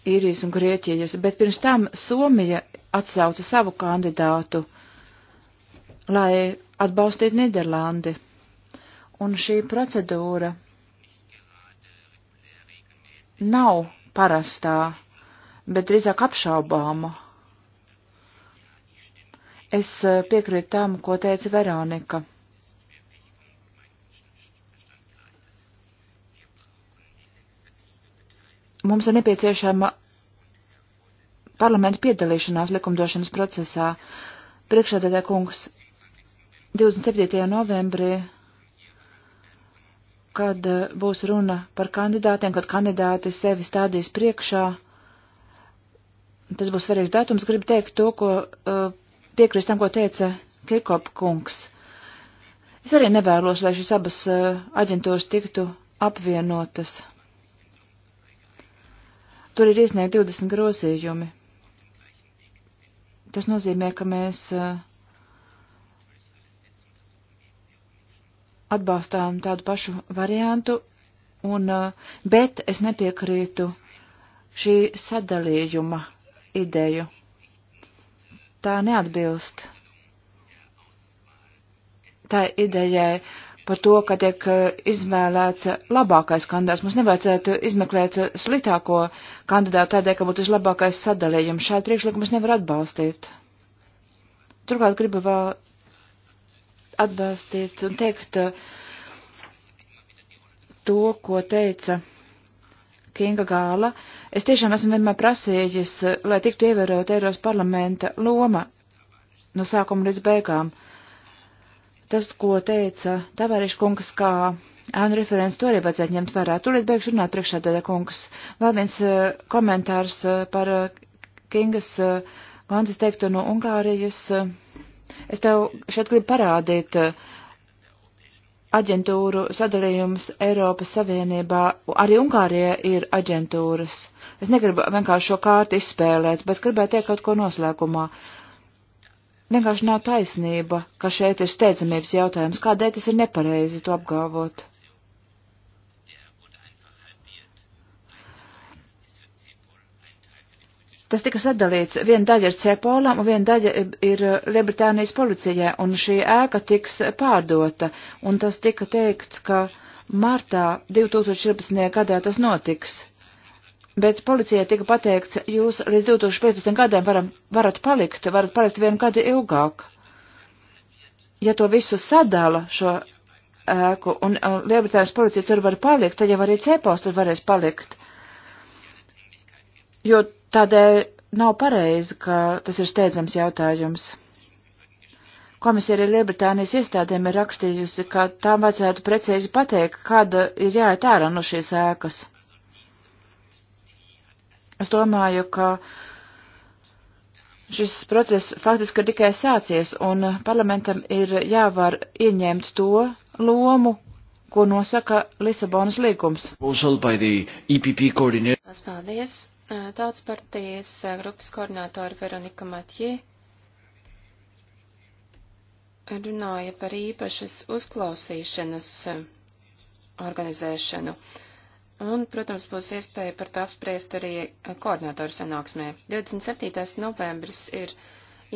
īrijas un Grieķijas, bet pirms tam Somija atsauca savu kandidātu, lai atbalstītu Niderlandi. Un šī procedūra nav parastā, bet drīzāk apšaubāma. Es eh, piekrītu tam, ko teica Veronika. mums ir nepieciešama parlamenta piedalīšanās likumdošanas procesā. Priekšādētā kungs 27. novembrī, kad eh, būs runa par kandidātiem, kad kandidāti sevi stādīs priekšā, tas būs svarīgs datums, gribu teikt to, ko eh, piekrīst tam, ko teica Kirkop kungs. Es arī nevēlos, lai šīs abas eh, aģentūras tiktu apvienotas. Tur ir iesniegt 20 grozījumi. Tas nozīmē, ka mēs eh, atbalstām tādu pašu variantu, un, eh, bet es nepiekrītu šī sadalījuma ideju. Tā neatbilst tā idejai, par to, ka tiek eh, izvēlēts labākais kandidāts. Mums nevajadzētu izmeklēt eh, sliktāko kandidātu tādēļ, ka būtu vislabākais sadalījums. Šādu priekšlikumu es nevaru atbalstīt. Turklāt gribu vēl atbalstīt un teikt eh, to, ko teica Kinga Gāla. Es tiešām esmu vienmēr prasījis, lai tiktu ievērot Eiros parlamenta loma no sākuma līdz beigām. Uh, tas, ko teica Tavariša kungs, kā ēnu referents, to arī vajadzētu ņemt vērā. Tūlīt beigšu runāt priekšādēļa kungs. Vēl viens eh, komentārs eh, par eh, Kingas Gandzes teikto no Ungārijas. Es tev šeit gribu parādīt aģentūru sadalījums Eiropas Savienībā. Arī Ungārija ir aģentūras. Es negribu vienkārši šo kārtu izspēlēt, bet gribētu teikt kaut ko noslēgumā. Vienkārši nav taisnība, ka šeit ir steidzamības jautājums. Kādēļ tas ir nepareizi to apgalvot? Tas tika sadalīts. Viena daļa ir Cepolam un viena daļa ir Lielbritānijas policijai, un šī ēka tiks pārdota. Un tas tika teikts, ka martā 2014. gadā tas notiks. Bet policijai tika pateikts, jūs līdz 2015 gadiem varam, varat palikt, varat palikt vienu gadu ilgāk. Ja to visu sadala šo ēku, un uh, Lielbritānijas policija tur var palikt, tad jau arī cēpos tur varēs palikt. Jo tādēļ nav pareizi, ka tas ir steidzams jautājums. Komisija arī Lielbritānijas iestādēm ir rakstījusi, ka tām vajadzētu precīzi pateikt, kāda ir jāiet ārā no šīs ēkas. Es domāju, ka šis process faktiski ir tikai sācies, un parlamentam ir jāvar ieņemt to lomu, ko nosaka Lisabonas līgums. E paldies! Tautas partijas grupas koordinātori Veronika Matjē runāja par īpašas uzklausīšanas organizēšanu. Uh, Un, protams, būs iespēja par to apspriest arī koordinatoru sanāksmē. 27. novembris ir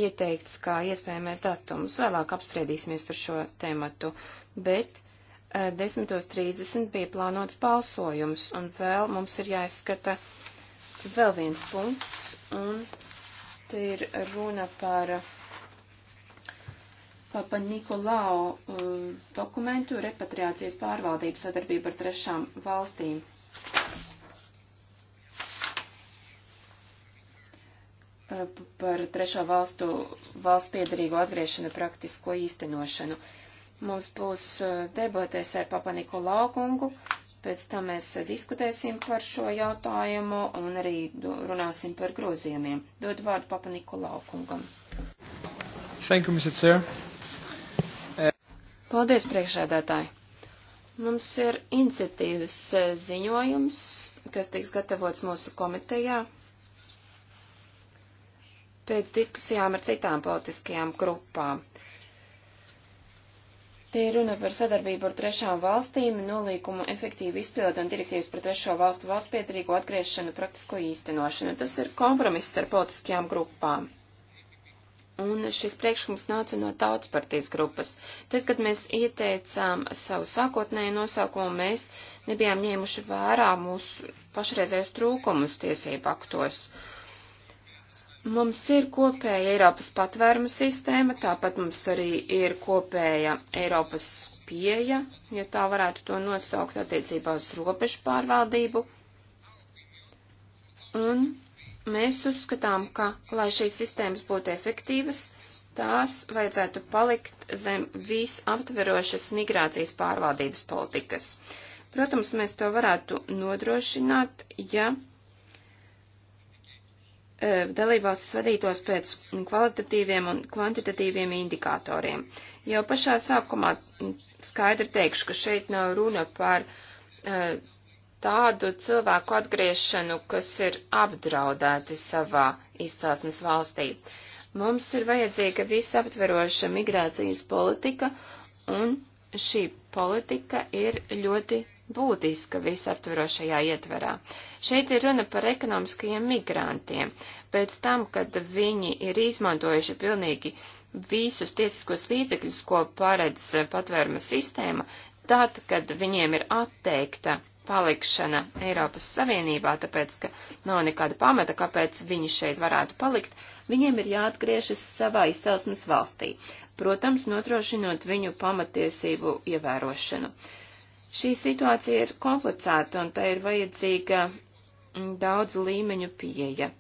ieteikts kā iespējamais datums. Vēlāk apspriedīsimies par šo tēmatu, bet 10.30 eh, bija plānots balsojums, un vēl mums ir jāizskata vēl viens punkts, un te ir runa par Papa Nikolau eh, dokumentu repatriācijas pārvaldības sadarbība ar trešām valstīm. Eh, par trešo valstu valsts piedarīgo atgriešanu praktisko īstenošanu. Mums būs eh, debatēs ar Papa Nikolau kungu, pēc tam mēs diskutēsim par šo jautājumu un arī runāsim par grozījumiem. Dod vārdu Papa Nikolau kungam. Thank you, Mr. Chair. Paldies, priekšēdētāji! Mums ir iniciatīvas eh, ziņojums, kas tiks gatavots mūsu komitejā pēc diskusijām ar citām politiskajām grupām. Te ir runa par sadarbību ar trešām valstīm, nolīkumu efektīvu izpildu un direktīvas par trešo valstu valstspietrīgo atgriešanu praktisko īstenošanu. Tas ir kompromiss ar politiskajām grupām. Un šis priekšlikums nāca no tautas partijas grupas. Tad, kad mēs ieteicām savu sākotnēju nosaukumu, mēs nebijām ņēmuši vērā mūsu pašreizējos trūkumus tiesību aktos. Mums ir kopēja Eiropas patvērumu sistēma, tāpat mums arī ir kopēja Eiropas pieeja, ja tā varētu to nosaukt attiecībā uz robežu pārvaldību. Un Mēs uzskatām, ka, lai šīs sistēmas būtu efektīvas, tās vajadzētu palikt zem visaptverošas migrācijas pārvaldības politikas. Protams, mēs to varētu nodrošināt, ja e, dalībvalstis vadītos pēc kvalitatīviem un kvantitatīviem indikatoriem. Jau pašā sākumā skaidri teikšu, ka šeit nav runa par uh, tādu cilvēku atgriešanu, kas ir apdraudēti savā izcelsmes valstī. Mums ir vajadzīga visaptveroša migrācijas politika, un šī politika ir ļoti būtiska visaptverošajā ietverā. Šeit ir runa par ekonomiskajiem migrantiem. Pēc tam, kad viņi ir izmantojuši pilnīgi visus tiesiskos līdzekļus, ko paredz patvēruma sistēma, tad, kad viņiem ir atteikta palikšana Eiropas Savienībā, tāpēc, ka nav nekāda pamata, kāpēc viņi šeit varētu palikt, viņiem ir jāatgriežas savā izcelsmes valstī, protams, notrošinot viņu pamatiesību ievērošanu. Šī situācija ir komplicēta un tai ir vajadzīga daudzu līmeņu pieeja.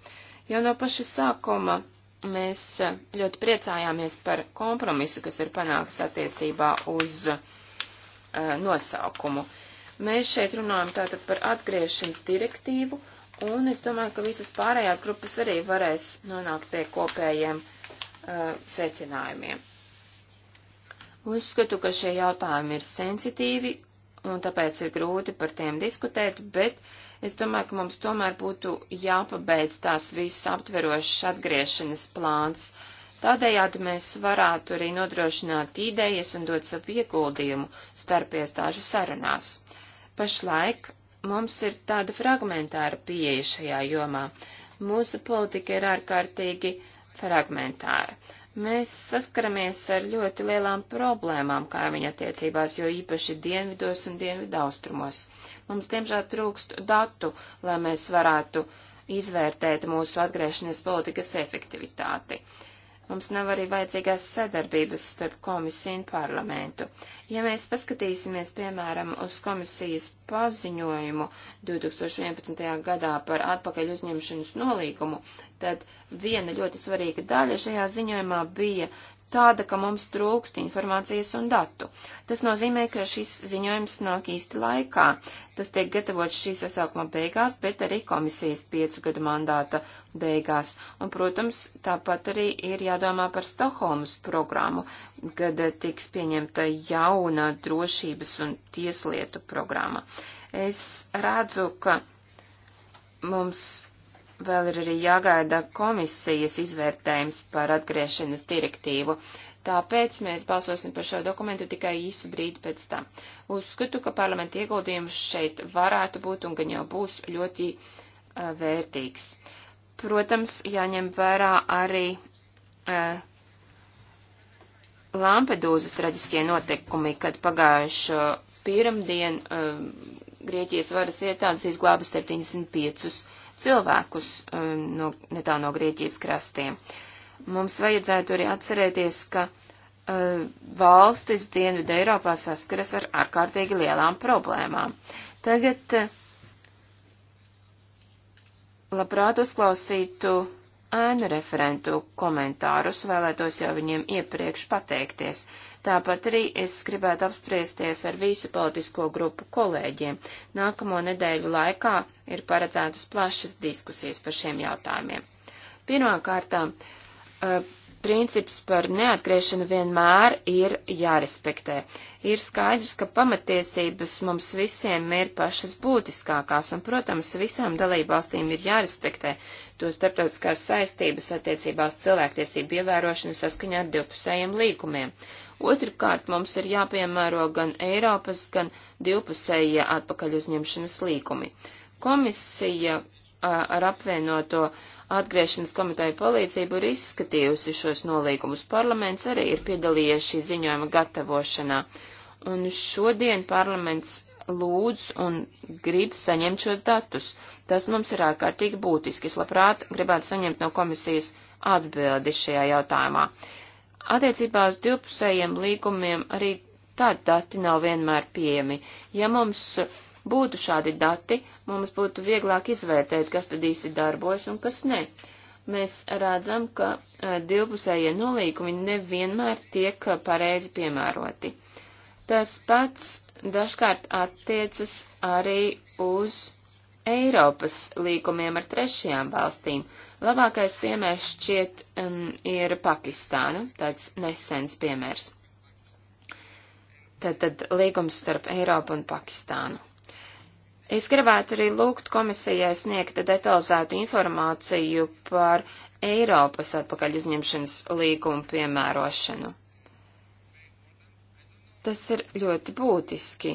Jau no paša sākuma mēs ļoti priecājāmies par kompromisu, kas ir panāks attiecībā uz uh, nosaukumu. Uh, Mēs šeit runājam tātad par atgriešanas direktīvu, un es domāju, ka visas pārējās grupas arī varēs nonākt pie kopējiem uh, secinājumiem. Uzskatu, ka šie jautājumi ir sensitīvi, un tāpēc ir grūti par tiem diskutēt, bet es domāju, ka mums tomēr būtu jāpabeidz tās visas aptverošas atgriešanas plāns. Tādējādi mēs varētu arī nodrošināt idejas un dot savu ieguldījumu starp iestāžu sarunās. Uh, Pašlaik mums ir tāda fragmentāra pieeja šajā jomā. Mūsu politika ir ārkārtīgi fragmentāra. Mēs saskaramies ar ļoti lielām problēmām kaimiņa attiecībās, jo īpaši dienvidos un dienvidaustrumos. Mums, diemžēl, trūkst datu, lai mēs varētu izvērtēt mūsu atgriešanās politikas efektivitāti. Uh, Mums nav arī vajadzīgās sadarbības starp komisiju un parlamentu. Ja mēs paskatīsimies, piemēram, uz komisijas paziņojumu 2011. gadā par atpakaļ uzņemšanas nolīgumu, tad viena ļoti svarīga daļa šajā ziņojumā bija tāda, ka mums trūkst informācijas un datu. Tas nozīmē, ka šis ziņojums nāk īsti laikā. Tas tiek gatavots šī sasaukuma beigās, bet arī komisijas piecu gadu mandāta beigās. Un, protams, tāpat arī ir jādomā par Stokholmas programmu, kad tiks pieņemta jauna drošības un tieslietu programma. Es redzu, ka mums Vēl ir arī jāgaida komisijas izvērtējums par atgriešanas direktīvu, tāpēc mēs balsosim par šo dokumentu tikai īsu brīdi pēc tam. Uzskatu, ka parlamenta ieguldījums šeit varētu būt un gan jau būs ļoti uh, vērtīgs. Protams, jāņem vērā arī uh, Lampedūzas traģiskie notikumi, kad pagājušo pirmdien uh, Grieķijas varas iestādes izglāba 75 cilvēkus um, no, netā no Grieķijas krastiem. Mums vajadzētu arī atcerēties, ka uh, valstis Dienvidu Eiropā saskaras ar ārkārtīgi lielām problēmām. Tagad uh, labprāt uzklausītu ēnu referentu komentārus, vēlētos jau viņiem iepriekš pateikties. Tāpat arī es gribētu apspriesties ar visu politisko grupu kolēģiem. Nākamo nedēļu laikā ir paredzētas plašas diskusijas par šiem jautājumiem. Pirmkārtām, princips par neatgriešanu vienmēr ir jārespektē. Ir skaidrs, ka pamatiesības mums visiem ir pašas būtiskākās, un, protams, visām dalībvalstīm ir jārespektē to starptautiskās saistības attiecībā uz cilvēktiesību ievērošanu saskaņā ar divpusējiem līkumiem. Otrkārt, mums ir jāpiemēro gan Eiropas, gan divpusējie atpakaļ uzņemšanas līkumi. Komisija ar apvienoto uh, Atgriešanas komiteja palīdzību ir izskatījusi šos nolīgumus. Parlaments arī ir piedalījies šī ziņojuma gatavošanā. Un šodien parlaments lūdz un grib saņemt šos datus. Tas mums ir ārkārtīgi būtiski. Es labprāt gribētu saņemt no komisijas atbildi šajā jautājumā. Attiecībā uz divpusējiem līgumiem arī tādi dati nav vienmēr pieejami. Ja mums būtu šādi dati, mums būtu vieglāk izvērtēt, kas tad īsti darbojas un kas ne. Mēs redzam, ka e, divpusējie nolīgumi nevienmēr tiek pareizi piemēroti. Tas pats dažkārt attiecas arī uz Eiropas līgumiem ar trešajām valstīm. Labākais piemērs šķiet um, ir Pakistāna, tāds nesens piemērs. Tātad līgums starp Eiropu un Pakistānu. Es gribētu arī lūgt komisijai sniegt detalizētu informāciju par Eiropas atpakaļ uzņemšanas līgumu piemērošanu. Tas ir ļoti būtiski.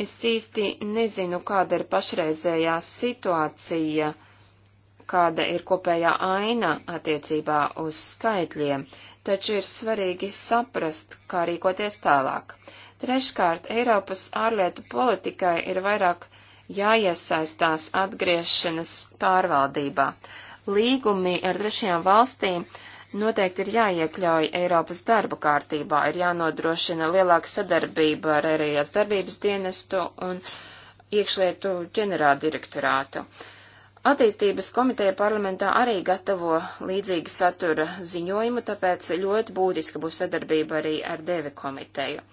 Es īsti nezinu, kāda ir pašreizējā situācija, kāda ir kopējā aina attiecībā uz skaitļiem, taču ir svarīgi saprast, kā rīkoties tālāk. Treškārt, Eiropas ārlietu politikai ir vairāk jāiesaistās atgriešanas pārvaldībā. Līgumi ar trešajām valstīm noteikti ir jāiekļauj Eiropas darba kārtībā, ir jānodrošina lielāka sadarbība ar ārējās darbības dienestu un iekšlietu ģenerāldirektorātu. Attīstības komiteja parlamentā arī gatavo līdzīga satura ziņojumu, tāpēc ļoti būtiska būs sadarbība arī ar Devi komiteju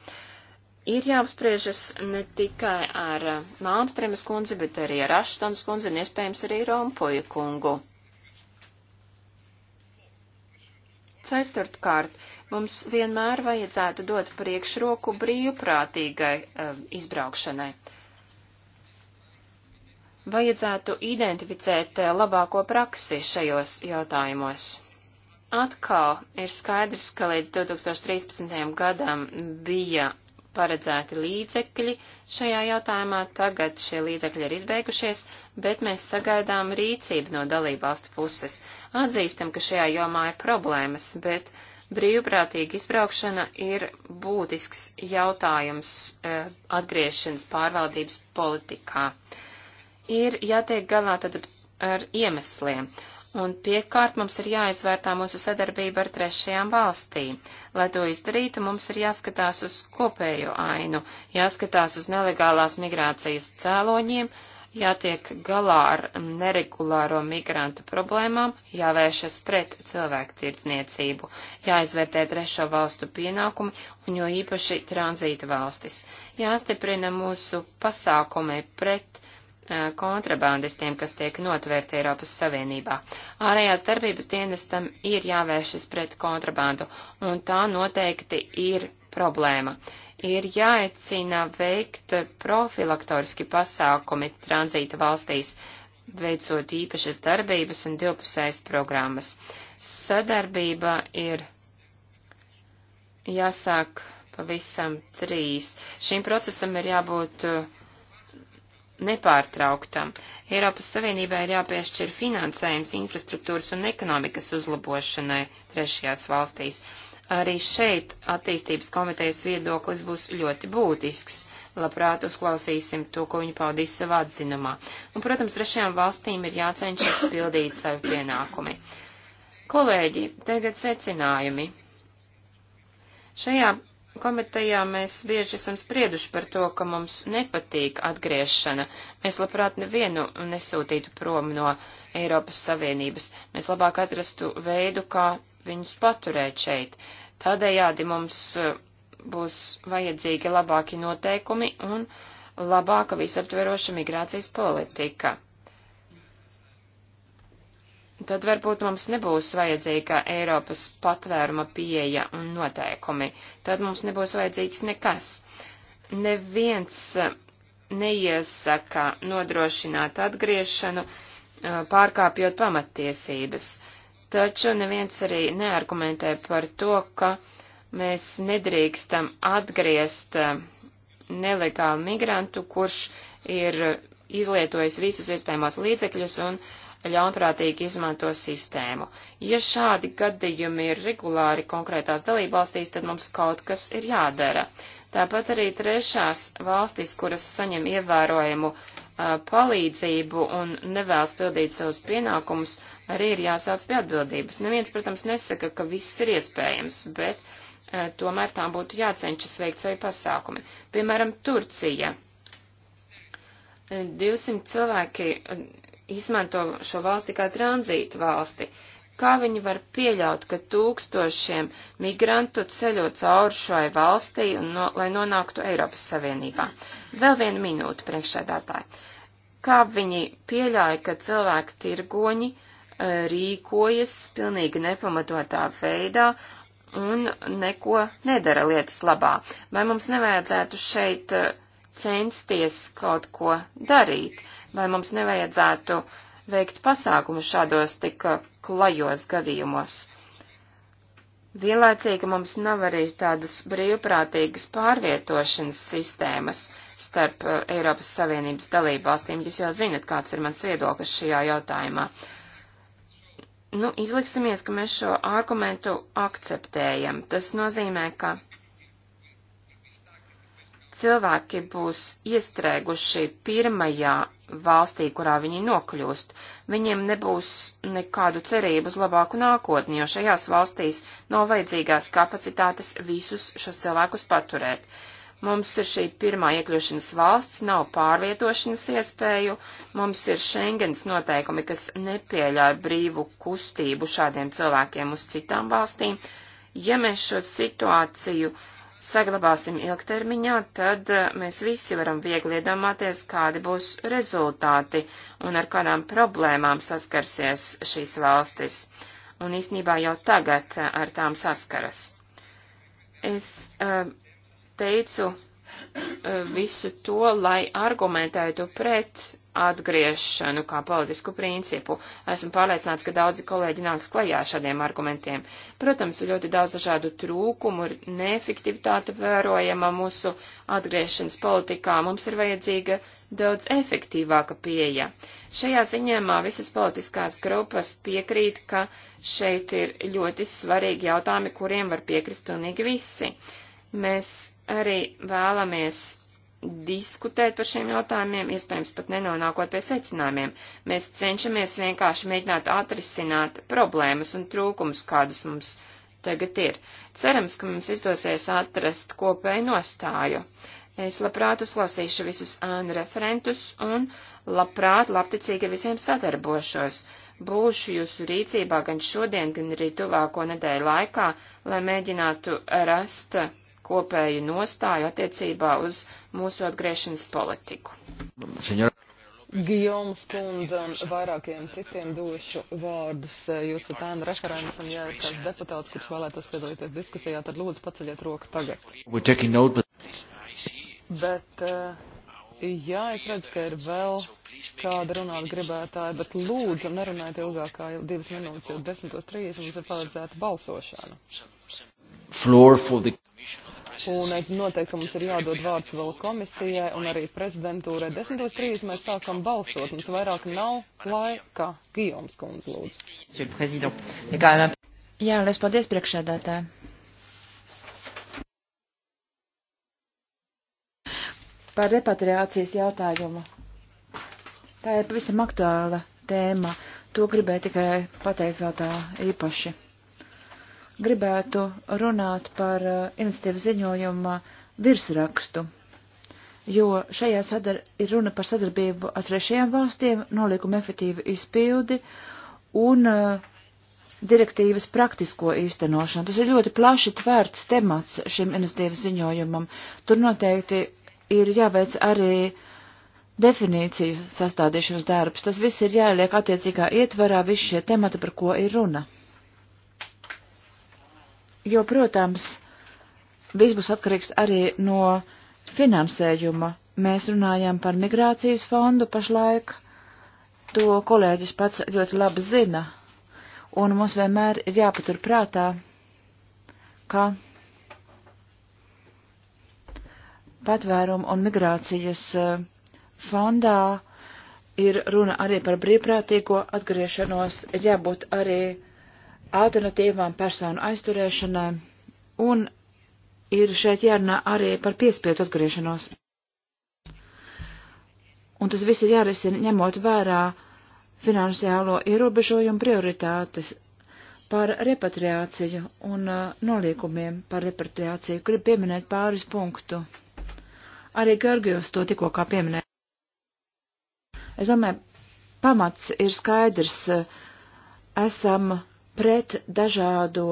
ir jāapspriežas ne tikai ar Malmstremas kundzi, bet arī ar Aštons kundzi un iespējams arī Rompoja kungu. Ceturtkārt, mums vienmēr vajadzētu dot priekšroku brīvprātīgai uh, izbraukšanai. Vajadzētu identificēt uh, labāko praksi šajos jautājumos. Atkal ir skaidrs, ka līdz 2013. gadam bija paredzēti līdzekļi šajā jautājumā, tagad šie līdzekļi ir izbeigušies, bet mēs sagaidām rīcību no dalībvalstu puses. Atzīstam, ka šajā jomā ir problēmas, bet brīvprātīga izbraukšana ir būtisks jautājums e, atgriešanas pārvaldības politikā. Ir jātiek galā tad ar iemesliem, Un piekārt mums ir jāizvērtā mūsu sadarbība ar trešajām valstīm. Lai to izdarītu, mums ir jāskatās uz kopējo ainu, jāskatās uz nelegālās migrācijas cēloņiem, jātiek galā ar neregulāro migrantu problēmām, jāvēršas pret cilvēku tirdzniecību, jāizvērtē trešo valstu pienākumi un jo īpaši tranzīta valstis, jāstiprina mūsu pasākumi pret kontrabandistiem, kas tiek notvērti Eiropas Savienībā. Ārējās darbības dienestam ir jāvēršas pret kontrabandu, un tā noteikti ir problēma. Ir jāicina veikt profilaktoriski pasākumi tranzīta valstīs, veicot īpašas darbības un divpusējas programmas. Sadarbība ir jāsāk pavisam trīs. Šim procesam ir jābūt uh, nepārtrauktam. Eiropas Savienībai ir jāpiešķir finansējums infrastruktūras un ekonomikas uzlabošanai trešajās valstīs. Arī šeit attīstības komitejas viedoklis būs ļoti būtisks. Labprāt uzklausīsim to, ko viņi paudīs savā atzinumā. Un, protams, trešajām valstīm ir jācenšas pildīt savi pienākumi. Kolēģi, tagad secinājumi. Šajā Komitejā mēs bieži esam sprieduši par to, ka mums nepatīk atgriešana. Mēs labprāt nevienu nesūtītu prom no Eiropas Savienības. Mēs labāk atrastu veidu, kā viņus paturēt šeit. Tādējādi mums eh, būs vajadzīgi labāki noteikumi un labāka visaptveroša migrācijas politika tad varbūt mums nebūs vajadzīga Eiropas patvēruma pieeja un noteikumi. Tad mums nebūs vajadzīgs nekas. Neviens neiesaka nodrošināt atgriešanu, pārkāpjot pamattiesības. Taču neviens arī neargumentē par to, ka mēs nedrīkstam atgriezt nelegālu migrantu, kurš ir izlietojis visus iespējamos līdzekļus un uh, ļaunprātīgi izmanto sistēmu. Ja šādi gadījumi ir regulāri konkrētās dalībvalstīs, tad mums kaut kas ir jādara. Tāpat arī trešās valstis, kuras saņem ievērojumu palīdzību un nevēlas pildīt savus pienākumus, arī ir jāsauc pie atbildības. Neviens, protams, nesaka, ka viss ir iespējams, bet e, tomēr tām būtu jācenšas veikt savi pasākumi. Piemēram, Turcija. 200 cilvēki izmanto šo valsti kā tranzītu valsti. Kā viņi var pieļaut, ka tūkstošiem migrantu ceļo cauri šai valstī, no, lai nonāktu Eiropas Savienībā? Vēl vienu minūtu priekšsēdētāji. Kā viņi pieļauj, ka cilvēki tirgoņi eh, rīkojas pilnīgi nepamatotā veidā un neko nedara lietas labā? Vai mums nevajadzētu šeit eh, censties kaut ko darīt? Uh, vai mums nevajadzētu veikt pasākumu šādos tik klajos gadījumos. Vienlaicīgi mums nav arī tādas brīvprātīgas pārvietošanas sistēmas starp eh, Eiropas Savienības dalību valstīm. Jūs jau zinat, kāds ir mans viedoklis šajā jautājumā. Nu, izliksimies, ka mēs šo argumentu akceptējam. Tas nozīmē, ka cilvēki būs iestrēguši pirmajā valstī, kurā viņi nokļūst. Viņiem nebūs nekādu cerību uz labāku nākotni, jo šajās valstīs nav vajadzīgās kapacitātes visus šos cilvēkus paturēt. Mums ir šī pirmā iekļūšanas valsts, nav pārvietošanas iespēju, mums ir Schengens noteikumi, kas nepieļauj brīvu kustību šādiem cilvēkiem uz citām valstīm. Ja mēs šo situāciju uh, saglabāsim ilgtermiņā, tad eh, mēs visi varam viegli iedomāties, kādi būs rezultāti un ar kādām problēmām saskarsies šīs valstis. Un īsnībā jau tagad eh, ar tām saskaras. Es eh, teicu Eh, visu to, lai argumentētu pret atgriešanu kā politisku principu. Esmu pārliecināts, ka daudzi kolēģi nāks klajā šādiem argumentiem. Protams, ir ļoti daudz dažādu trūkumu, ir neefektivitāte vērojama mūsu atgriešanas politikā. Mums ir vajadzīga daudz efektīvāka pieeja. Šajā ziņēmā visas politiskās grupas piekrīt, ka šeit ir ļoti svarīgi jautājumi, kuriem var piekrist pilnīgi visi. Mēs arī vēlamies diskutēt par šiem jautājumiem, iespējams pat nenonākot pie secinājumiem. Mēs cenšamies vienkārši mēģināt atrisināt problēmas un trūkumus, kādas mums tagad ir. Cerams, ka mums izdosies atrast kopēju nostāju. Es labprāt uzklausīšu visus ānu referentus un labprāt labticīgi visiem sadarbošos. Būšu jūsu rīcībā gan šodien, gan arī tuvāko nedēļu laikā, lai mēģinātu rast uh, kopēju nostāju attiecībā uz mūsu atgriešanas politiku. Senjora. Gijomas kundze un vairākiem citiem došu vārdus. Jūs esat ēna referents un ja ir kāds deputāts, kurš vēlētos piedalīties diskusijā, tad lūdzu paceļiet roku tagad. Note, but... Bet, eh, jā, es redzu, ka ir vēl kāda runāt gribētāja, bet lūdzu nerunājiet ilgāk kā divas minūtes, jo 10.30 mums ir paredzēta balsošana. Floor for the Un noteikti mums ir jādod vārds vēl komisijai un arī prezidentūrai. 10.30 mēs sākam balsot, mums vairāk nav laika. Gijoms kundze, lūdzu. Jā, liels paldies priekšsēdētājai. Par repatriācijas jautājumu. Tā ir pavisam aktuāla tēma. To gribēju tikai pateikt vēl tā īpaši gribētu runāt par eh, iniciatīvas ziņojuma virsrakstu, jo šajā sadar ir runa par sadarbību ar trešajām valstīm, nolīguma efektīvu izpildi un uh, direktīvas praktisko īstenošanu. Tas ir ļoti plaši tvērts temats šim iniciatīvas ziņojumam. Tur noteikti ir jāveic arī definīciju sastādīšanas darbs. Tas viss ir jāieliek attiecīgā ietvarā, visi šie temati, par ko ir runa jo, protams, viss būs atkarīgs arī no finansējuma. Mēs runājam par migrācijas fondu pašlaik, to kolēģis pats ļoti labi zina, un mums vienmēr ir jāpatur prātā, ka patvērumu un migrācijas eh, fondā ir runa arī par brīvprātīgo atgriešanos, ir jābūt arī alternatīvām personu aizturēšanai, un ir šeit jārunā arī par piespiedu atgriešanos. Un tas viss ir jārisina ņemot vērā finansiālo ierobežojumu prioritātes par repatriāciju un uh, noliekumiem par repatriāciju. Gribu pieminēt pāris punktu. Arī Gergijus to tikko kā pieminēja. Es domāju, pamats ir skaidrs. Esam pret dažādo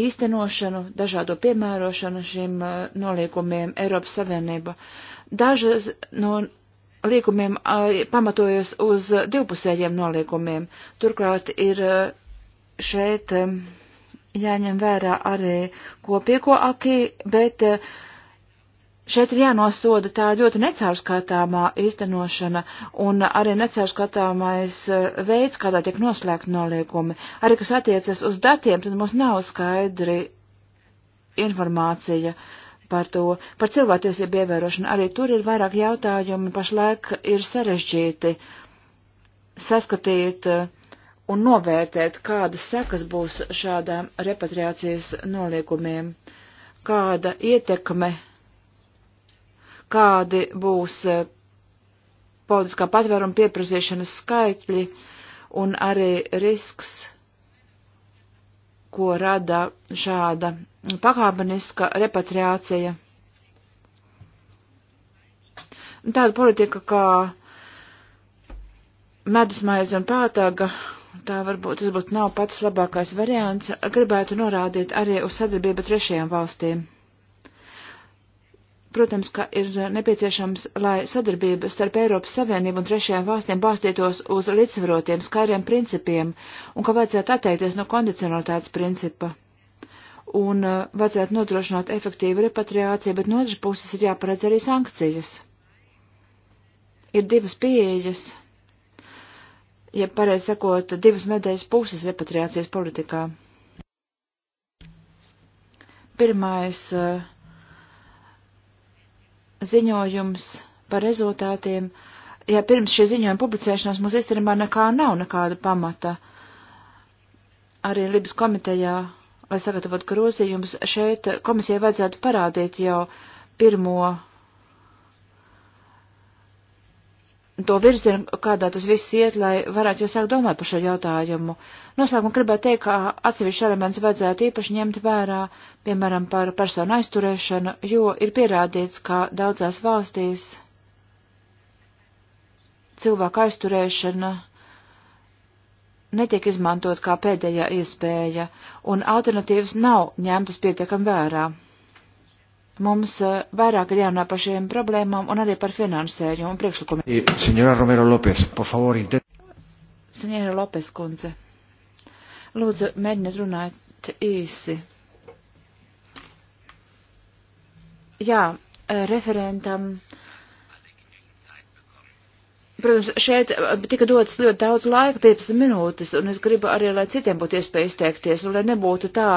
īstenošanu, dažādo piemērošanu šiem uh, noliekumiem Eiropas Savienība. Dažas no līkumiem uh, pamatojas uz divpusējiem noliekumiem. Turklāt ir uh, šeit um, jāņem vērā arī kopieko akī, bet uh, Šeit ir jānosoda tā ļoti necaurskatāmā īstenošana un arī necaurskatāmais eh, veids, kādā tiek noslēgta noliegumi. Arī kas attiecas uz datiem, tad mums nav skaidri informācija par to. Par cilvēktiesību ievērošanu arī tur ir vairāk jautājumu, pašlaik ir sarežģīti saskatīt eh, un novērtēt, kādas sekas būs šādām repatriācijas noliegumiem, kāda ietekme kādi būs eh, politiskā patvēruma pieprasīšanas skaitļi un arī risks, ko rada šāda pakāpeniska repatriācija. Tāda politika kā medusmaize un pātaga, tā varbūt tas būtu nav pats labākais variants, gribētu norādīt arī uz sadarbību trešajām valstīm. Protams, ka ir nepieciešams, lai sadarbība starp Eiropas Savienību un trešajām valstīm balstītos uz līdzsvarotiem skaidriem principiem un ka vajadzētu atteikties no kondicionalitātes principa. Un uh, vajadzētu nodrošināt efektīvu repatriāciju, bet no otras puses ir jāparedz arī sankcijas. Ir divas pieejas, ja pareizi sakot, divas medaļas puses repatriācijas politikā. Pirmais uh, ziņojums par rezultātiem, ja pirms šī ziņojuma publicēšanas mums īstenībā nekā nav nekāda pamata. Arī Libas komitejā, lai sagatavotu grozījumus, šeit komisijai vajadzētu parādīt jau pirmo to virzienu, kādā tas viss iet, lai varētu jau sākt domāt par šo jautājumu. Noslēgumā gribētu teikt, ka atsevišķi elements vajadzētu īpaši ņemt vērā, piemēram, par personu aizturēšanu, jo ir pierādīts, ka daudzās valstīs cilvēku aizturēšana netiek izmantot kā pēdējā iespēja, un alternatīvas nav ņemtas pietiekam vērā mums eh, vairāk ir jārunā par šiem problēmām un arī par finansējumu un priekšlikumiem. Eh, Senjora Romero Lopes, por favor, inter... Senjora Lopes kundze, lūdzu, mēģiniet runāt īsi. Jā, eh, referentam Protams, šeit eh, tika dots ļoti daudz laika, 15 minūtes, un es gribu arī, lai citiem būtu iespēja izteikties, un lai nebūtu tā,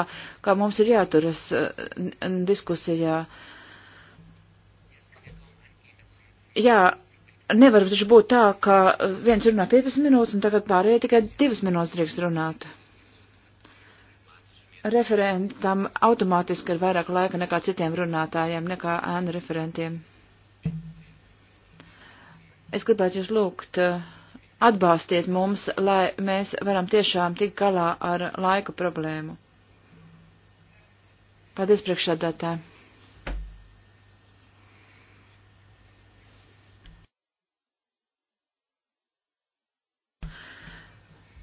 kā mums ir jāturas eh, diskusijā. Jā, nevar taču būt tā, ka eh, viens runā 15 minūtes, un tagad pārējie tikai 2 minūtes drīkst runāt. Referentam automātiski ir vairāk laika nekā citiem runātājiem, nekā ēnu referentiem. Es gribētu jūs lūgt eh, atbalstiet mums, lai mēs varam tiešām tikt galā ar laika problēmu. Paldies priekšādātā.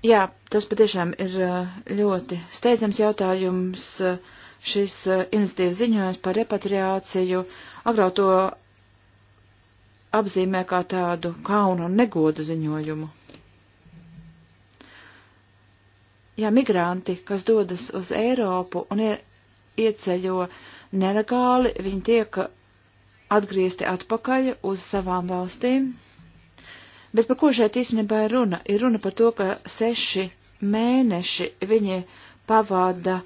Jā, tas patiešām ir eh, ļoti steidzams jautājums. Šis eh, iniciatīvas ziņojums par repatriāciju agrāk to apzīmē kā tādu kaunu un negodu ziņojumu. Ja migranti, kas dodas uz Eiropu un ieceļo nelegāli, viņi tiek atgriezti atpakaļ uz savām valstīm. Bet par ko šeit īstenībā ir runa? Ir runa par to, ka seši mēneši viņi pavada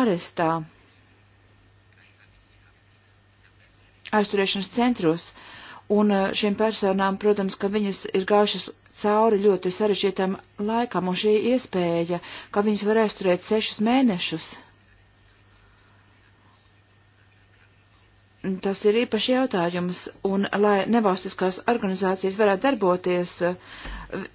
arestā. aizturēšanas centros, un eh, šīm personām, protams, ka viņas ir gājušas cauri ļoti sarežģītam laikam, un šī iespēja, ka viņas var aizturēt sešus mēnešus, tas ir īpaši jautājums, un lai nevalstiskās organizācijas varētu darboties, eh,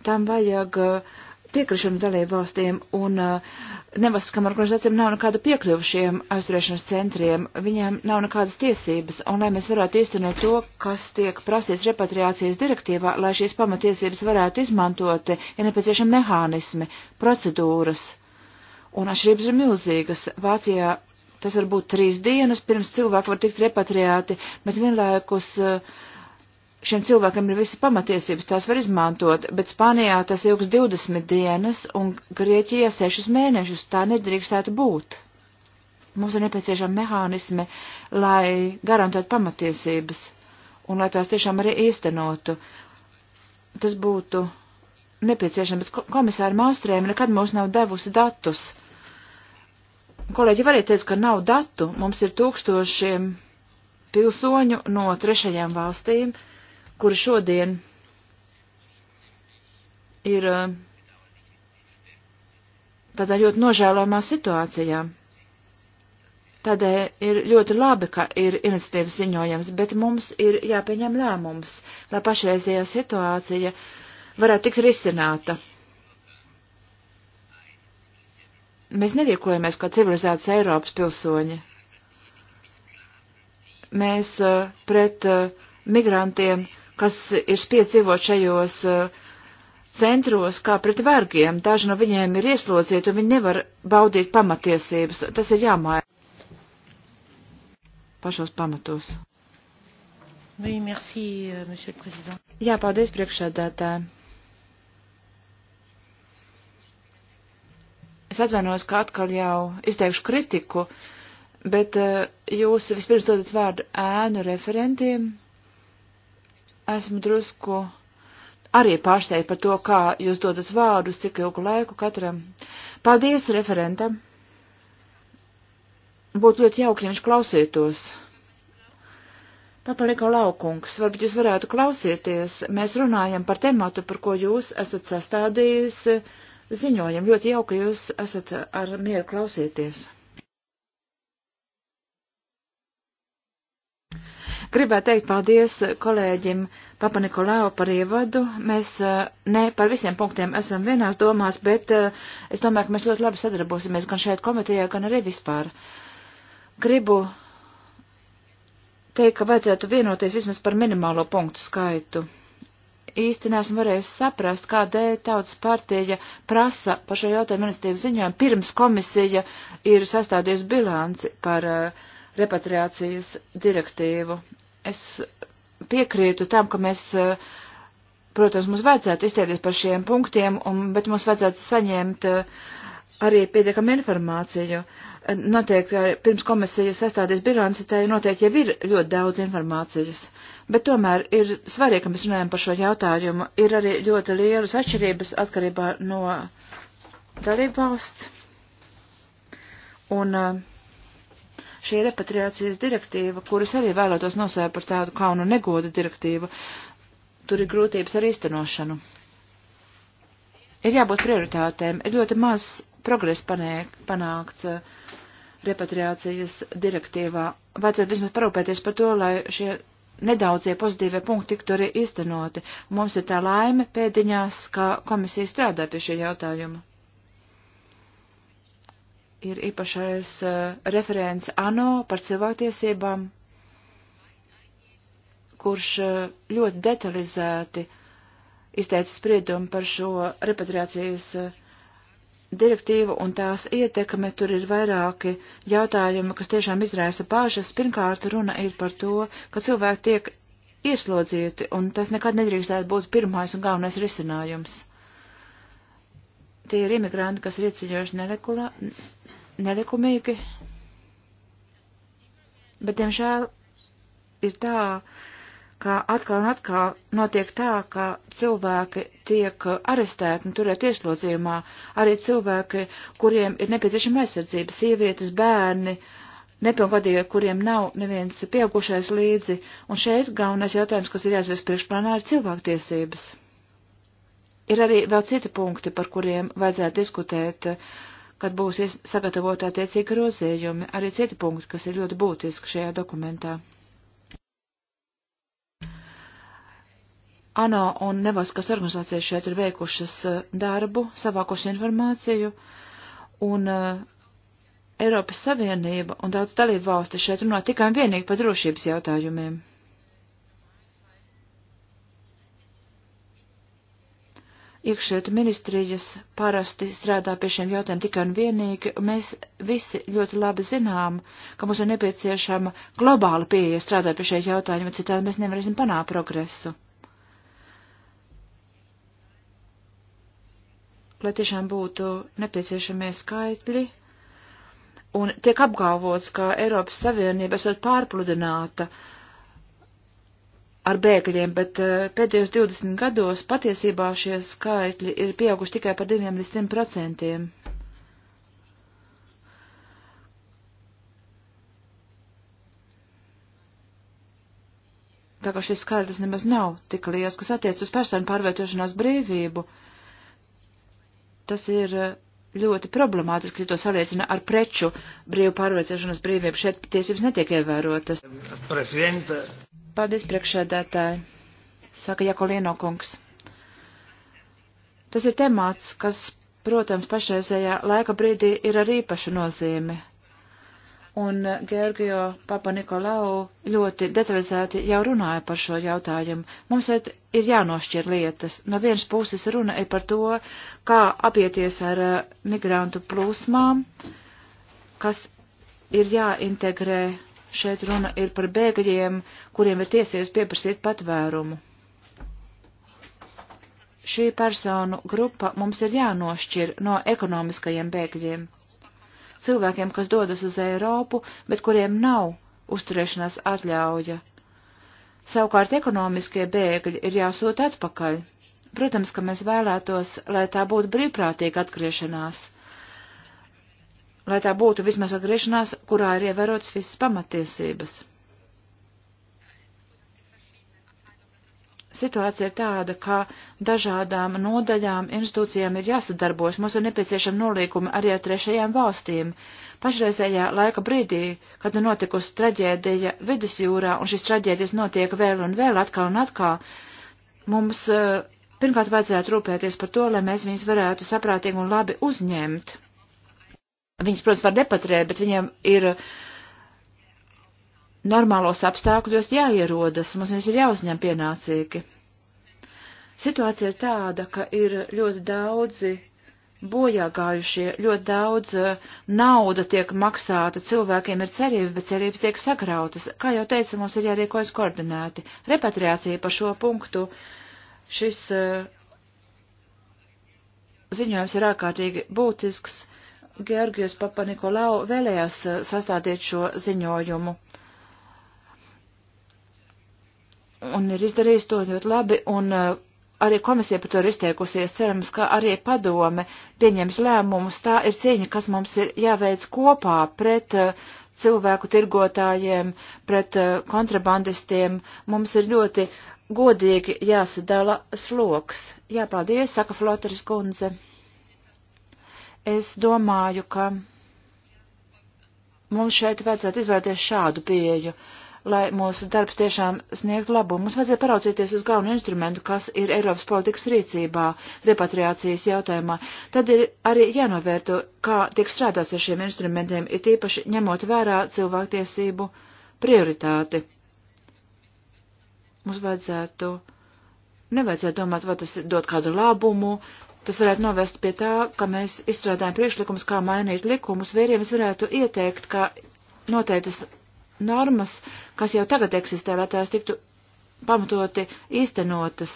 tam vajag uh, piekrišanu dalību valstīm un uh, nevalstiskām organizācijām nav nekāda piekļuva šiem aizturēšanas centriem, viņiem nav nekādas tiesības, un lai mēs varētu īstenot to, kas tiek prasīts repatriācijas direktīvā, lai šīs pamatiesības varētu izmantot, ir nepieciešami mehānismi, procedūras, un atšķirības ir milzīgas. Vācijā tas var būt trīs dienas, pirms cilvēki var tikt repatriāti, bet vienlaikus uh, šiem cilvēkiem ir visi pamatiesības, tās var izmantot, bet Spānijā tas ilgs 20 dienas un Grieķijā 6 mēnešus. Tā nedrīkstētu būt. Mums ir nepieciešami mehānismi, lai garantētu pamatiesības un lai tās tiešām arī īstenotu. Tas būtu nepieciešams, bet komisāra Māstrēma nekad mums nav devusi datus. Kolēģi arī teica, ka nav datu, mums ir tūkstošiem pilsoņu no trešajām valstīm, kuri šodien ir eh, tādā ļoti nožēlojumā situācijā. Tādēļ ir ļoti labi, ka ir iniciatīvas ziņojums, bet mums ir jāpieņem lēmums, lai pašreizējā situācija varētu tikt risināta. Mēs nerīkojamies kā civilizētas Eiropas pilsoņi. Mēs eh, pret eh, migrantiem uh, kas ir spiedz dzīvot šajos eh, centros kā pret vergiem. Daži no viņiem ir ieslodzīti un viņi nevar baudīt pamatiesības. Tas ir jāmaina pašos pamatos. Oui, merci, euh, monsieur le président. Jā, paldies priekšsēdētāji. Es atvainojos, ka atkal jau izteikšu kritiku, bet eh, jūs vispirms dodat vārdu ēnu referentiem esmu drusku arī pārsteigta par to, kā jūs dodat vārdus, cik ilgu laiku katram. Paldies referentam. Būtu ļoti jauki, ja viņš klausītos. Papaliko laukungs, varbūt jūs varētu klausīties. Mēs runājam par tematu, par ko jūs esat sastādījis ziņojumu. Ļoti jauki, ka jūs esat ar mieru klausīties. Gribētu teikt paldies kolēģim Papa Nikolau par ievadu. Mēs eh, ne par visiem punktiem esam vienās domās, bet eh, es domāju, ka mēs ļoti labi sadarbosimies gan šeit komitejā, gan arī vispār. Gribu teikt, ka vajadzētu vienoties vismaz par minimālo punktu skaitu. Īsti neesmu varējis saprast, kādēļ tautas partija prasa par šo jautājumu ministriju ziņojumu pirms komisija ir sastādījusi bilanci par uh, repatriācijas direktīvu. Es piekrītu tam, ka mēs, eh, protams, mums vajadzētu izteikties par šiem punktiem, un, bet mums vajadzētu saņemt eh, arī pietiekam informāciju. Noteikti pirms komisijas sastādīs bilanci, tai noteikti jau ir ļoti daudz informācijas, bet tomēr ir svarīgi, ka mēs runājam par šo jautājumu. Ir arī ļoti lielas atšķirības atkarībā no dalībvalsts. Un uh, šī repatriācijas direktīva, kuras arī vēlētos nosēja par tādu kaunu negodu direktīvu, tur ir grūtības ar īstenošanu. Ir jābūt prioritātēm, ir ļoti maz progresa panāk, panākts eh, repatriācijas direktīvā. Vajadzētu vismaz parūpēties par to, lai šie nedaudzie pozitīvie punkti tiktu arī iztenoti. Mums ir tā laime pēdiņās, ka komisija strādā pie šī jautājuma ir īpašais uh, referents ANO par cilvēktiesībām, kurš uh, ļoti detalizēti izteica spriedumu par šo repatriācijas uh, direktīvu un tās ietekme, tur ir vairāki jautājumi, kas tiešām izraisa bāžas. Pirmkārt, runa ir par to, ka cilvēki tiek ieslodzīti, un tas nekad nedrīkstētu būt pirmais un galvenais risinājums. Tie ir imigranti, kas ir ieceļojuši nelikumīgi, bet, diemžēl, ir tā, ka atkal un atkal notiek tā, ka cilvēki tiek arestēti un turēt ieslodzījumā, arī cilvēki, kuriem ir nepieciešama aizsardzība, sievietes, bērni, nepilngadīgi, kuriem nav neviens pieaugušais līdzi, un šeit galvenais jautājums, kas ir jāizvies priekšplānā, ir cilvēktiesības. Ir arī vēl citi punkti, par kuriem vajadzētu diskutēt, kad būs sagatavota attiecīga rozījumi, arī citi punkti, kas ir ļoti būtiski šajā dokumentā. ANO un nevalstiskas organizācijas šeit ir veikušas eh, darbu, savākuši informāciju, un eh, Eiropas Savienība un daudz dalību valsti šeit runā tikai un vienīgi par drošības jautājumiem. Iekšlietu ministrijas parasti strādā pie šiem jautājumiem tikai un vienīgi, un mēs visi ļoti labi zinām, ka mums ir nepieciešama globāla pieeja strādāt pie šiem jautājumiem, citādi mēs nevarēsim panākt progresu. Lai tiešām būtu nepieciešamie skaitļi, un tiek apgalvots, ka Eiropas Savienība esot pārpludināta, uh, ar bēgļiem, bet eh, pēdējos 20 gados patiesībā šie skaitļi ir pieauguši tikai par 2 līdz 3 procentiem. Tā kā šis skaitlis nemaz nav tik liels, kas attiec uz personu pārvietošanās brīvību, tas ir eh, ļoti problemātiski, ja to saliecina ar preču brīvu pārvietošanas brīvību. Šeit tiesības netiek ievērotas. Presidenta. Paldies, priekšsēdētāji, saka Jakolino kungs. Tas ir temāts, kas, protams, pašreizējā laika brīdī ir ar īpašu nozīmi un Georgio Papa Nikolau ļoti detalizēti jau runāja par šo jautājumu. Mums šeit ir jānošķir lietas. No vienas puses runa ir par to, kā apieties ar eh, migrantu plūsmām, kas ir jāintegrē. Šeit runa ir par bēgļiem, kuriem ir tiesies pieprasīt patvērumu. Šī personu grupa mums ir jānošķir no ekonomiskajiem bēgļiem cilvēkiem, kas dodas uz Eiropu, bet kuriem nav uzturēšanās atļauja. Savukārt ekonomiskie bēgļi ir jāsūt atpakaļ. Protams, ka mēs vēlētos, lai tā būtu brīvprātīga atgriešanās, lai tā būtu vismaz atgriešanās, kurā ir ievērotas visas pamatiesības. situācija ir tāda, ka dažādām nodaļām, institūcijām ir jāsadarbojas. Mums ir nepieciešama nolīkuma arī ar trešajām valstīm. Pašreizējā laika brīdī, kad ir notikusi traģēdija vidusjūrā, un šis traģēdijas notiek vēl un vēl atkal un atkal, mums eh, pirmkārt vajadzētu rūpēties par to, lai mēs viņus varētu saprātīgi un labi uzņemt. Viņus, protams, var nepatrēt, bet viņiem ir uh, normālos apstākļos jāierodas, mums viņš ir jāuzņem pienācīgi. Situācija ir tāda, ka ir ļoti daudzi bojāgājušie, ļoti daudz eh, nauda tiek maksāta, cilvēkiem ir cerība, bet cerības tiek sagrautas. Kā jau teicu, mums ir jārīkojas koordinēti. Repatriācija par šo punktu. Šis eh, ziņojums ir ārkārtīgi būtisks. Georgijus Papanikolau vēlējās eh, sastādīt šo ziņojumu un ir izdarījis to ļoti labi, un uh, arī komisija par to ir izteikusies. Cerams, ka arī padome pieņems lēmumus. Tā ir cīņa, kas mums ir jāveic kopā pret uh, cilvēku tirgotājiem, pret uh, kontrabandistiem. Mums ir ļoti godīgi jāsadala sloks. Jā, paldies, saka Flotaris kundze. Es domāju, ka mums šeit vajadzētu izvēlēties šādu pieeju. Uh, lai mūsu darbs tiešām sniegtu labumu. Mums vajadzēja paraudzīties uz galveno instrumentu, kas ir Eiropas politikas rīcībā repatriācijas jautājumā. Tad ir arī jānovērtu, kā tiek strādāts ar šiem instrumentiem, ir tīpaši ņemot vērā cilvēktiesību prioritāti. Mums vajadzētu, nevajadzētu domāt, vai tas dod kādu labumu, Tas varētu novest pie tā, ka mēs izstrādājam priekšlikumus, kā mainīt likumus. Vīriem es varētu ieteikt, ka noteiktas normas, kas jau tagad eksistē, lai tās tiktu pamatoti īstenotas.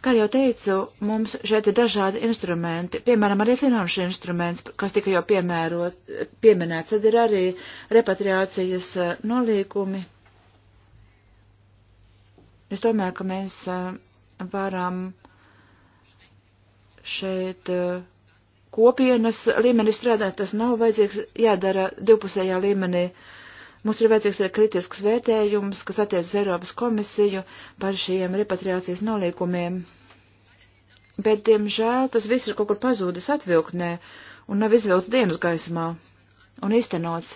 Kā jau teicu, mums šeit ir dažādi instrumenti, piemēram, arī finanšu instruments, kas tika jau piemērot, pieminēts, tad ir arī repatriācijas eh, nolīkumi. Es domāju, ka mēs eh, varam šeit eh, kopienas līmenī strādāt, tas nav vajadzīgs jādara divpusējā līmenī. Uh, Mums ir vajadzīgs arī kritisks vērtējums, kas attiecas Eiropas komisiju par šiem repatriācijas nolīkumiem. Bet, diemžēl, tas viss ir kaut kur pazūdis atvilktnē un nav izvilkts dienas gaismā un īstenots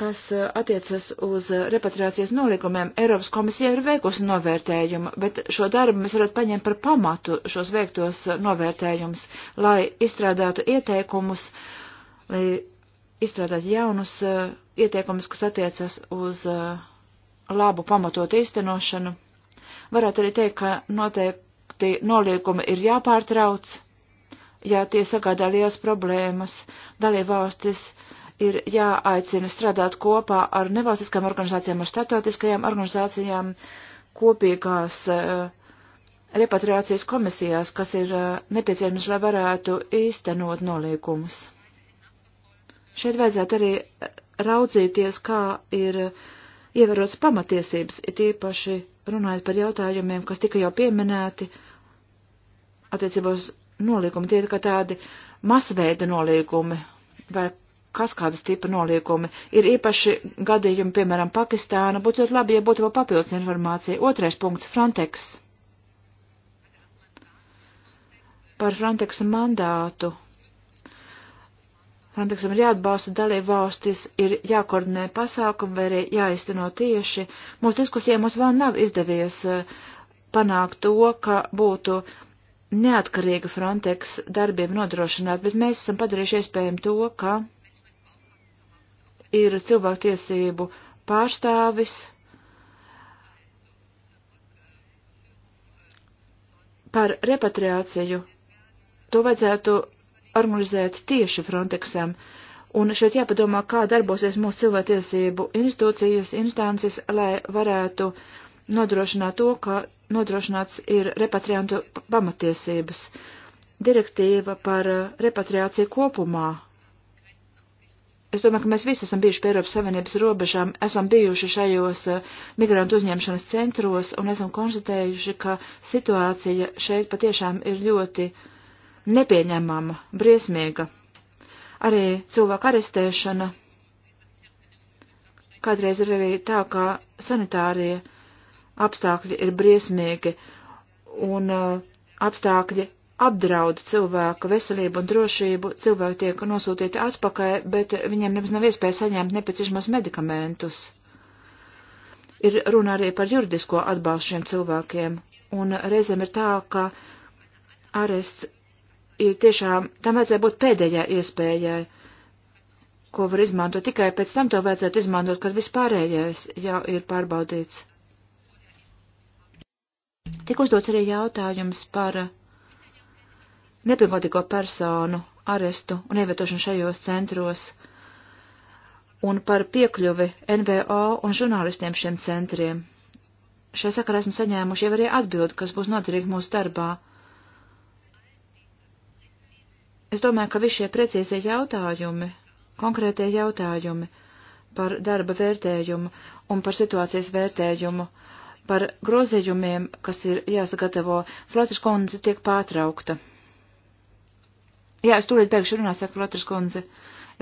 kas uh, attiecas uz repatriācijas nolikumiem, Eiropas komisija ir veikusi novērtējumu, bet šo darbu mēs varētu paņemt par pamatu šos veiktos uh, novērtējumus, lai izstrādātu ieteikumus, lai izstrādāt jaunus uh, ieteikumus, kas attiecas uz uh, labu pamatot īstenošanu. Varētu arī teikt, ka noteikti noliekumi ir jāpārtrauc, ja tie sagādā liels problēmas, dalībvalstis ir jāaicina strādāt kopā ar nevalstiskām organizācijām, ar statotiskajām organizācijām, kopīgās uh, repatriācijas komisijās, kas ir nepieciešams, lai varētu īstenot noliekumus. Šeit vajadzētu arī raudzīties, kā ir ievērots pamatiesības, it īpaši runājot par jautājumiem, kas tika jau pieminēti attiecībos nolīgumi, tie ir kā tādi masveida nolīgumi vai kas kādas tipa noliekumi. Ir īpaši gadījumi, piemēram, Pakistāna, būtu ļoti labi, ja būtu vēl papildus informācija. Otrais punkts - Frontex. Par Frontex mandātu Frontexam ir jāatbalsta dalībvalstis, ir jākoordinē pasākumi vai arī jāizteno tieši. Mūsu diskusijā mums vēl nav izdevies eh, panākt to, ka būtu neatkarīga Frontex darbiem nodrošināt, bet mēs esam padarījuši iespējami to, ka ir cilvēktiesību pārstāvis par repatriāciju. To vajadzētu harmonizēti tieši Frontexam. Un šeit jāpadomā, kā darbosies mūsu cilvēktiesību institūcijas, instances, lai varētu nodrošināt to, ka nodrošināts ir repatriantu pamatiesības. Direktīva par repatriāciju kopumā. Es domāju, ka mēs visi esam bijuši pie Eiropas Savienības robežām, esam bijuši šajos eh, migrantu uzņemšanas centros un esam konstatējuši, ka situācija šeit patiešām ir ļoti uh, nepieņemama, briesmīga. Arī cilvēku arestēšana kādreiz ir arī tā, ka sanitārie apstākļi ir briesmīgi un uh, apstākļi apdraud cilvēku veselību un drošību, cilvēki tiek nosūtīti atpakaļ, bet viņiem nemaz nav iespēja saņemt nepieciešamos medikamentus. Ir runa arī par juridisko atbalstu šiem cilvēkiem, un reizēm ir tā, ka arests ir tiešām, tam vajadzēja būt pēdējai iespējai, ko var izmantot. Tikai pēc tam to vajadzētu izmantot, kad vispārējais jau ir pārbaudīts. Tik uzdots arī jautājums par uh, nepilngadīgo personu arestu un ievietošanu šajos centros un par piekļuvi NVO un žurnālistiem šiem centriem. Šai sakarā esmu saņēmuši jau arī atbildi, kas būs noderīga mūsu darbā. Es domāju, ka visi šie precīzie jautājumi, konkrētie jautājumi par darba vērtējumu un par situācijas vērtējumu, par grozījumiem, kas ir jāsagatavo, Flotras kundze tiek pārtraukta. Jā, es tūlīt beigšu runāt, saka Flotras kundze.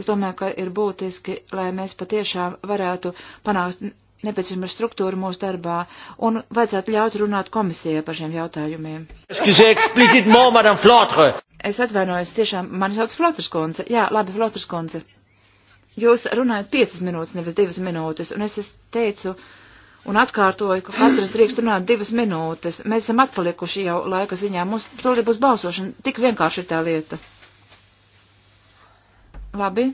Es domāju, ka ir būtiski, lai mēs patiešām varētu panākt nepieciešama struktūra mūsu darbā, un vajadzētu ļaut runāt komisijai par šiem jautājumiem. Es atvainojos, tiešām mani sauc Flotras kundze. Jā, labi, Flotras kundze. Jūs runājat piecas minūtes, nevis divas minūtes, un es, es teicu un atkārtoju, ka katrs drīkst runāt divas minūtes. Mēs esam atpalikuši jau laika ziņā, mums tūlīt būs balsošana, tik vienkārši ir tā lieta. Labi,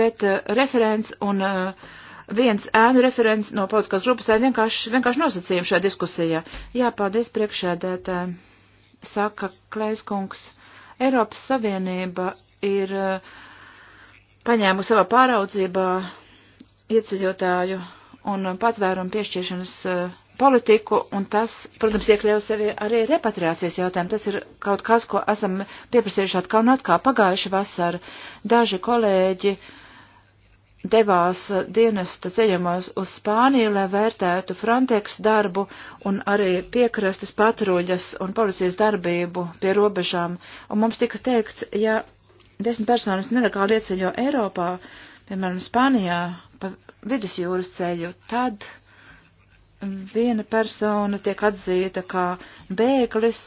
bet uh, referents un uh, viens ēnu referents no politiskās grupas ir vienkārši, vienkārši nosacījumi šajā diskusijā. Jā, paldies priekšēdētājiem. Uh, saka Klēskungs, Eiropas Savienība ir eh, paņēmu savā pāraudzībā ieceļotāju un patvērumu piešķiršanas eh, politiku, un tas, protams, iekļauj sevi arī repatriācijas jautājumu. Tas ir kaut kas, ko esam pieprasījuši atkal un atkal pagājuši vasar. Daži kolēģi uh, devās eh, dienesta ceļamos uz Spāniju, lai vērtētu Frontex darbu un arī piekrastes patruļas un policijas darbību pie robežām. Un mums tika teikts, ja desmit personas nelegāli ieceļo Eiropā, piemēram, Spānijā pa vidusjūras ceļu, tad viena persona tiek atzīta kā bēglis,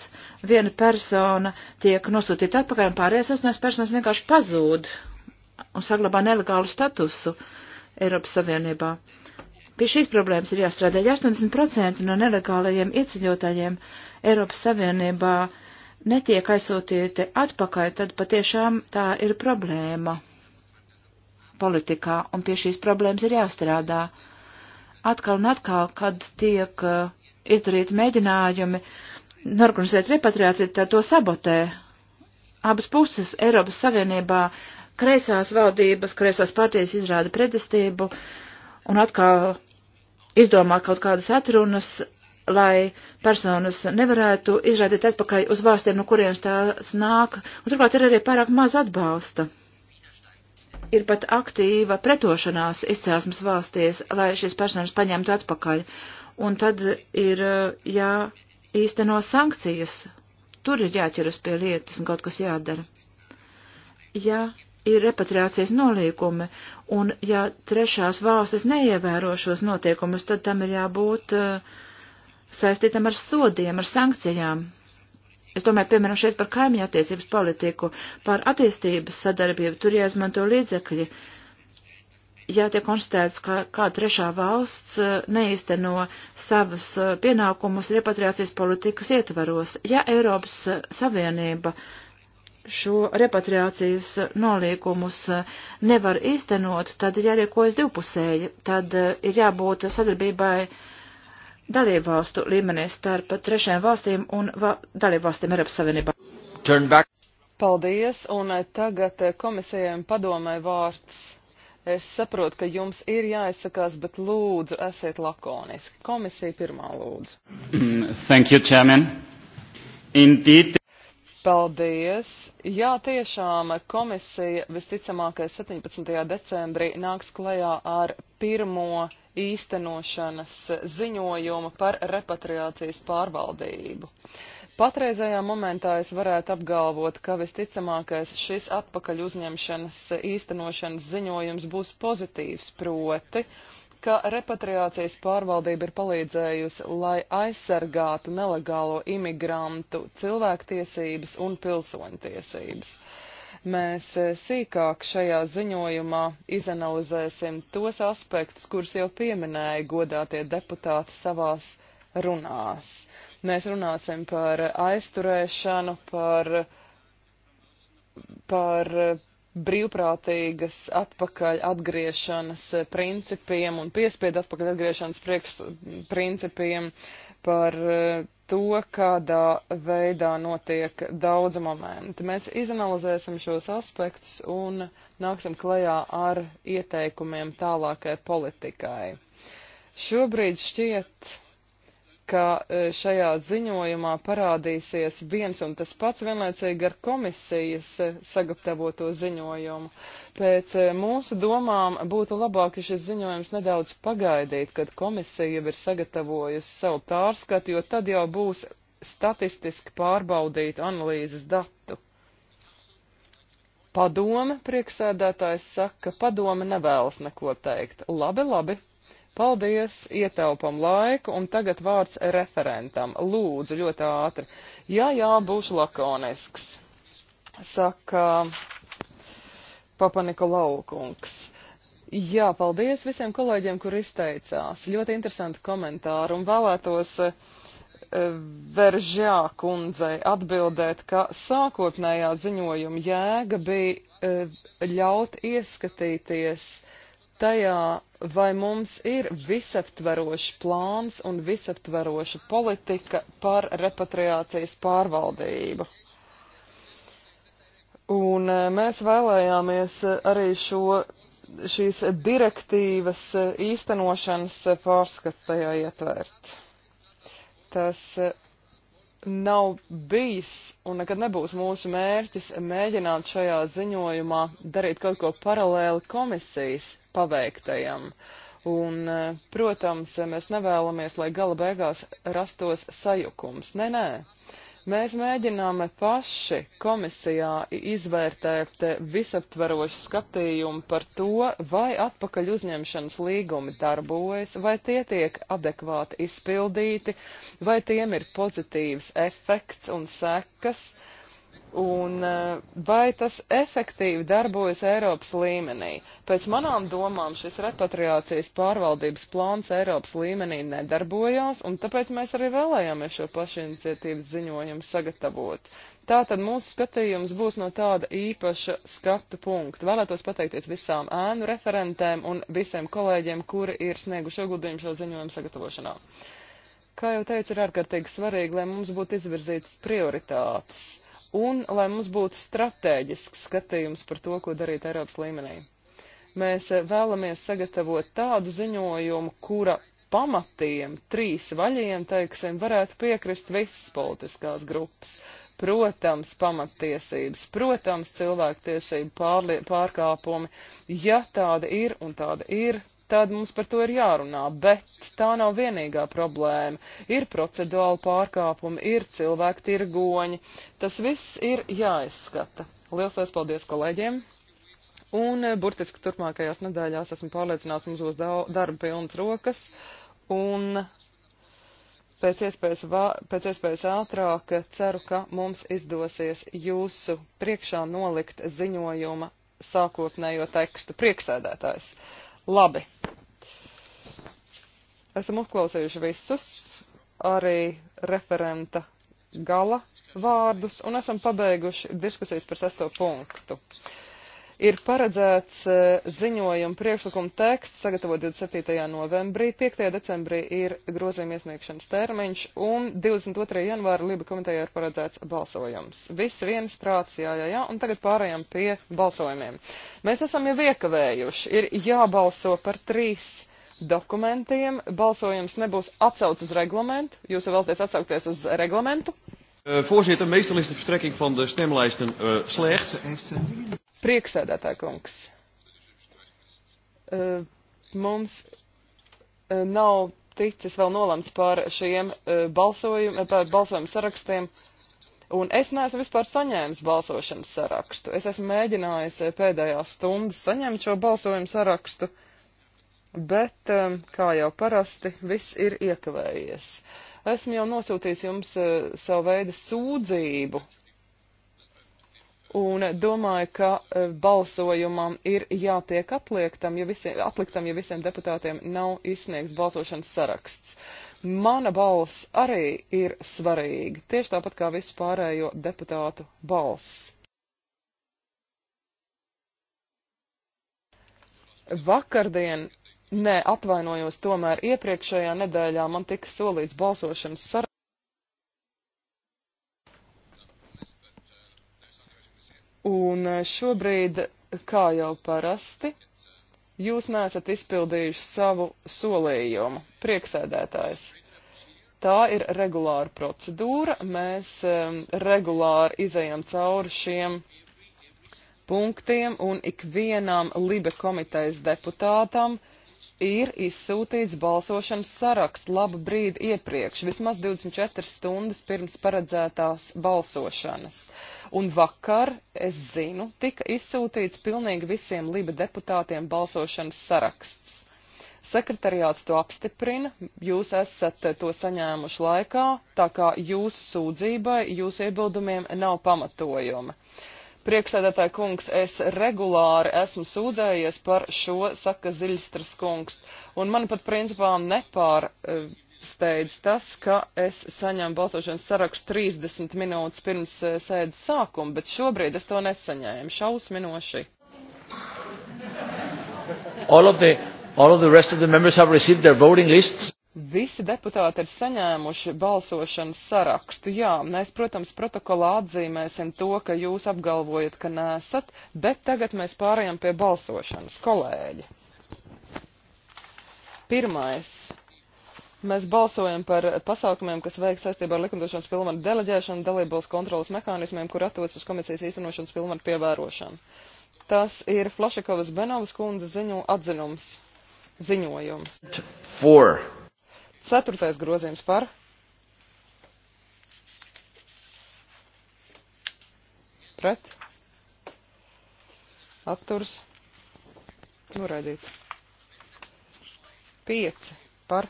viena persona tiek nosūtīta atpakaļ un pārējās astoņas personas vienkārši pazūd un saglabā nelegālu statusu Eiropas Savienībā. Pie šīs problēmas ir jāstrādā. 80% no nelegālajiem ieceļotājiem Eiropas Savienībā netiek aizsūtīti atpakaļ, tad patiešām tā ir problēma politikā, un pie šīs problēmas ir jāstrādā. Atkal un atkal, kad tiek uh, izdarīti mēģinājumi norganizēt repatriāciju, tad to sabotē. Abas puses Eiropas Savienībā kreisās valdības, kreisās partijas izrāda pretestību un atkal izdomā kaut kādas atrunas, lai personas nevarētu izrādīt atpakaļ uz valstiem, no kurienes tās nāk, un turklāt ir arī pārāk maz atbalsta. Ir pat aktīva pretošanās izcelsmes valstīs, lai šīs personas paņemtu atpakaļ, un tad ir uh, jāīsteno sankcijas. Tur ir jāķeras pie lietas un kaut kas jādara. Ja ir repatriācijas nolīkumi, un ja trešās valstis neievēro šos notiekumus, tad tam ir jābūt uh, saistītam ar sodiem, ar sankcijām. Es domāju, piemēram, šeit par kaimiņu attiecības politiku, par attīstības sadarbību, tur jāizmanto līdzekļi. Ja tiek konstatēts, ka kā trešā valsts eh, neīsteno savas eh, pienākumus repatriācijas politikas ietvaros, ja Eiropas Savienība uh, šo repatriācijas nolīgumus nevar īstenot, tad ir jārīkojas divpusēji, tad eh, ir jābūt sadarbībai dalībvalstu līmenī starp trešajām valstīm un va dalībvalstīm Eiropas Savienībā. Paldies, un eh, tagad eh, komisijiem padomē vārds. Es saprotu, ka jums ir jāizsakās, bet lūdzu, esiet lakoniski. Komisija pirmā lūdzu. Mm, thank you, Chairman. Indeed. Paldies! Jā, tiešām komisija visticamākais 17. decembrī nāks klajā ar pirmo īstenošanas ziņojumu par repatriācijas pārvaldību. Patreizajā momentā es varētu apgalvot, ka visticamākais šis atpakaļ uzņemšanas īstenošanas ziņojums būs pozitīvs proti ka repatriācijas pārvaldība ir palīdzējusi, lai aizsargātu nelegālo imigrantu cilvēktiesības un pilsoņtiesības. Mēs eh, sīkāk šajā ziņojumā izanalizēsim tos aspektus, kurus jau pieminēja godātie deputāti savās runās. Mēs runāsim par aizturēšanu, par, par brīvprātīgas atpakaļ atgriešanas principiem un piespiedu atpakaļ atgriešanas priekš, principiem par e, to, kādā veidā notiek daudz momenti. Mēs izanalizēsim šos aspektus un nāksim klajā ar ieteikumiem tālākai politikai. Šobrīd šķiet, ka e, šajā ziņojumā parādīsies viens un tas pats vienlaicīgi ar komisijas e, sagatavoto ziņojumu. Pēc e, mūsu domām būtu labāk, ja šis ziņojums nedaudz pagaidīt, kad komisija jau ir sagatavojusi savu pārskatu, jo tad jau būs statistiski pārbaudītu analīzes datu. Padome, prieksēdētājs saka, padome nevēlas neko teikt. Labi, labi, Paldies, ietaupam laiku, un tagad vārds referentam. Lūdzu, ļoti ātri. Jā, jā, būšu lakonisks, saka Papanika Laukungs. Jā, paldies visiem kolēģiem, kur izteicās. Ļoti interesanti komentāri, un vēlētos eh, Veržā kundzei atbildēt, ka sākotnējā ziņojuma jēga bija eh, ļaut ieskatīties uh, tajā, vai mums ir visaptverošs plāns un visaptveroša politika par repatriācijas pārvaldību. Un eh, mēs vēlējāmies eh, arī šo, šīs direktīvas eh, īstenošanas pārskats tajā ietvert. Tas nav bijis un nekad nebūs mūsu mērķis mēģināt šajā ziņojumā darīt kaut ko paralēli komisijas paveiktajam. Un, e, protams, e, mēs nevēlamies, lai gala beigās rastos sajukums. Nē, nē. Mēs mēģinām paši komisijā izvērtēt visaptverošu skatījumu par to, vai atpakaļ uzņemšanas līgumi darbojas, vai tie tiek adekvāti izpildīti, vai tiem ir pozitīvs efekts un sekas, uh, un eh, vai tas efektīvi darbojas Eiropas līmenī. Pēc manām domām šis repatriācijas pārvaldības plāns Eiropas līmenī nedarbojās, un tāpēc mēs arī vēlējāmies šo pašiniciatīvas ziņojumu sagatavot. Tātad mūsu skatījums būs no tāda īpaša skatu punkta. Vēlētos pateikties visām ēnu referentēm un visiem kolēģiem, kuri ir snieguši ieguldījumu šo ziņojumu sagatavošanā. Kā jau teicu, ir ārkārtīgi svarīgi, lai mums būtu izvirzītas prioritātes un lai mums būtu stratēģisks skatījums par to, ko darīt Eiropas līmenī. Mēs eh, vēlamies sagatavot tādu ziņojumu, kura pamatiem, trīs vaļiem, teiksim, varētu piekrist visas politiskās grupas. Protams, pamattiesības, protams, cilvēktiesību pārkāpumi, ja tāda ir un tāda ir, tad mums par to ir jārunā, bet tā nav vienīgā problēma. Ir procedūra pārkāpumi, ir cilvēku tirgoņi, tas viss ir jāizskata. Lielas liels paldies kolēģiem! Un eh, burtiski turpmākajās nedēļās esmu pārliecināts, mums būs darba pilnas rokas. Un pēc iespējas, vā, pēc iespējas ātrāk ceru, ka mums izdosies jūsu priekšā nolikt ziņojuma sākotnējo tekstu priekšsēdētājs. Labi. Esam uzklausījuši visus, arī referenta gala vārdus, un esam pabeiguši diskusijas par sesto punktu ir paredzēts e, ziņojuma priekšlikuma teksts sagatavot 27. novembrī, 5. decembrī ir grozījuma iesniegšanas termiņš un 22. janvāra Liba komiteja ir paredzēts balsojums. Viss viens prāts, jā, jā, jā, un tagad pārējām pie balsojumiem. Mēs esam jau iekavējuši, ir jābalso par trīs dokumentiem, balsojums nebūs atsauc uz reglamentu, jūs vēlaties atsaukties uz reglamentu? Uh, voorzitter, meestal is de verstrekking van de stemlijsten uh, slecht. Heeft, uh... Prieksēdētāja kungs, eh, mums eh, nav ticis vēl nolemts par šiem eh, balsojumu, par balsojumu sarakstiem, un es neesmu vispār saņēmis balsošanas sarakstu. Es esmu mēģinājis pēdējās stundas saņemt šo balsojumu sarakstu, bet, kā jau parasti, viss ir iekavējies. Esmu jau nosūtījis jums savu veidu sūdzību un domāju, ka e, balsojumam ir jātiek atliektam, ja visiem, atliktam, ja visiem deputātiem nav izsniegts balsošanas saraksts. Mana balss arī ir svarīga, tieši tāpat kā visu pārējo deputātu balss. Vakardien, nē, atvainojos, tomēr iepriekšējā nedēļā man tika solīts balsošanas saraksts. Un eh, šobrīd, kā jau parasti, jūs nesat izpildījuši savu solījumu, prieksēdētājs. Tā ir regulāra procedūra, mēs um, regulāri izējam cauri šiem punktiem un ikvienam Libe komitejas deputātam uh, ir izsūtīts balsošanas saraksts labu brīdi iepriekš, vismaz 24 stundas pirms paredzētās balsošanas. Un vakar, es zinu, tika izsūtīts pilnīgi visiem Liba deputātiem balsošanas saraksts. Sekretariāts to apstiprina, jūs esat to saņēmuši laikā, tā kā jūsu sūdzībai, jūsu iebildumiem nav pamatojuma. Uh, Priekšsēdētāja kungs, es regulāri esmu sūdzējies par šo, saka Ziļstras kungs, un man pat principā nepārsteidz tas, ka es saņemu balsošanas sarakstu 30 minūtes pirms eh, sēdes sākuma, bet šobrīd es to nesaņēmu. Šausminoši. All of the, all of the rest of the members have received their voting lists visi deputāti ir saņēmuši balsošanas sarakstu. Jā, mēs, protams, protokolā atzīmēsim to, ka jūs apgalvojat, ka nesat, bet tagad mēs pārējām pie balsošanas. Kolēģi! Pirmais. Mēs balsojam par pasākumiem, kas veikts saistībā ar likumdošanas pilnvaru deleģēšanu, dalībvalsts kontrolas mehānismiem, kur atrodas uz komisijas īstenošanas pilnvaru pievērošanu. Tas ir Flašakovas Benovas kundze ziņu atzinums. Ziņojums. Four. Ceturtais grozījums par. Pret. Atturs. Noraidīts. Pieci par.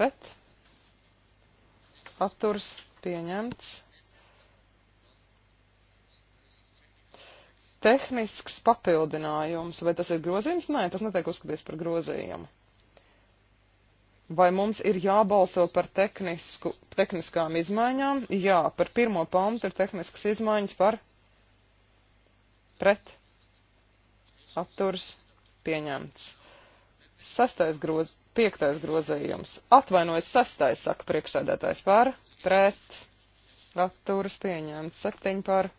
Pret. Atturs pieņemts. tehnisks papildinājums, vai tas ir grozījums? Nē, tas netiek uzskatīts par grozījumu. Vai mums ir jābalso par tehnisku, tehniskām izmaiņām? Jā, par pirmo pantu ir tehniskas izmaiņas par pret atturs pieņemts. Sastais groz, piektais grozījums. Atvainojas sastais, saka priekšsēdētājs par pret atturs pieņemts. Septiņi par pret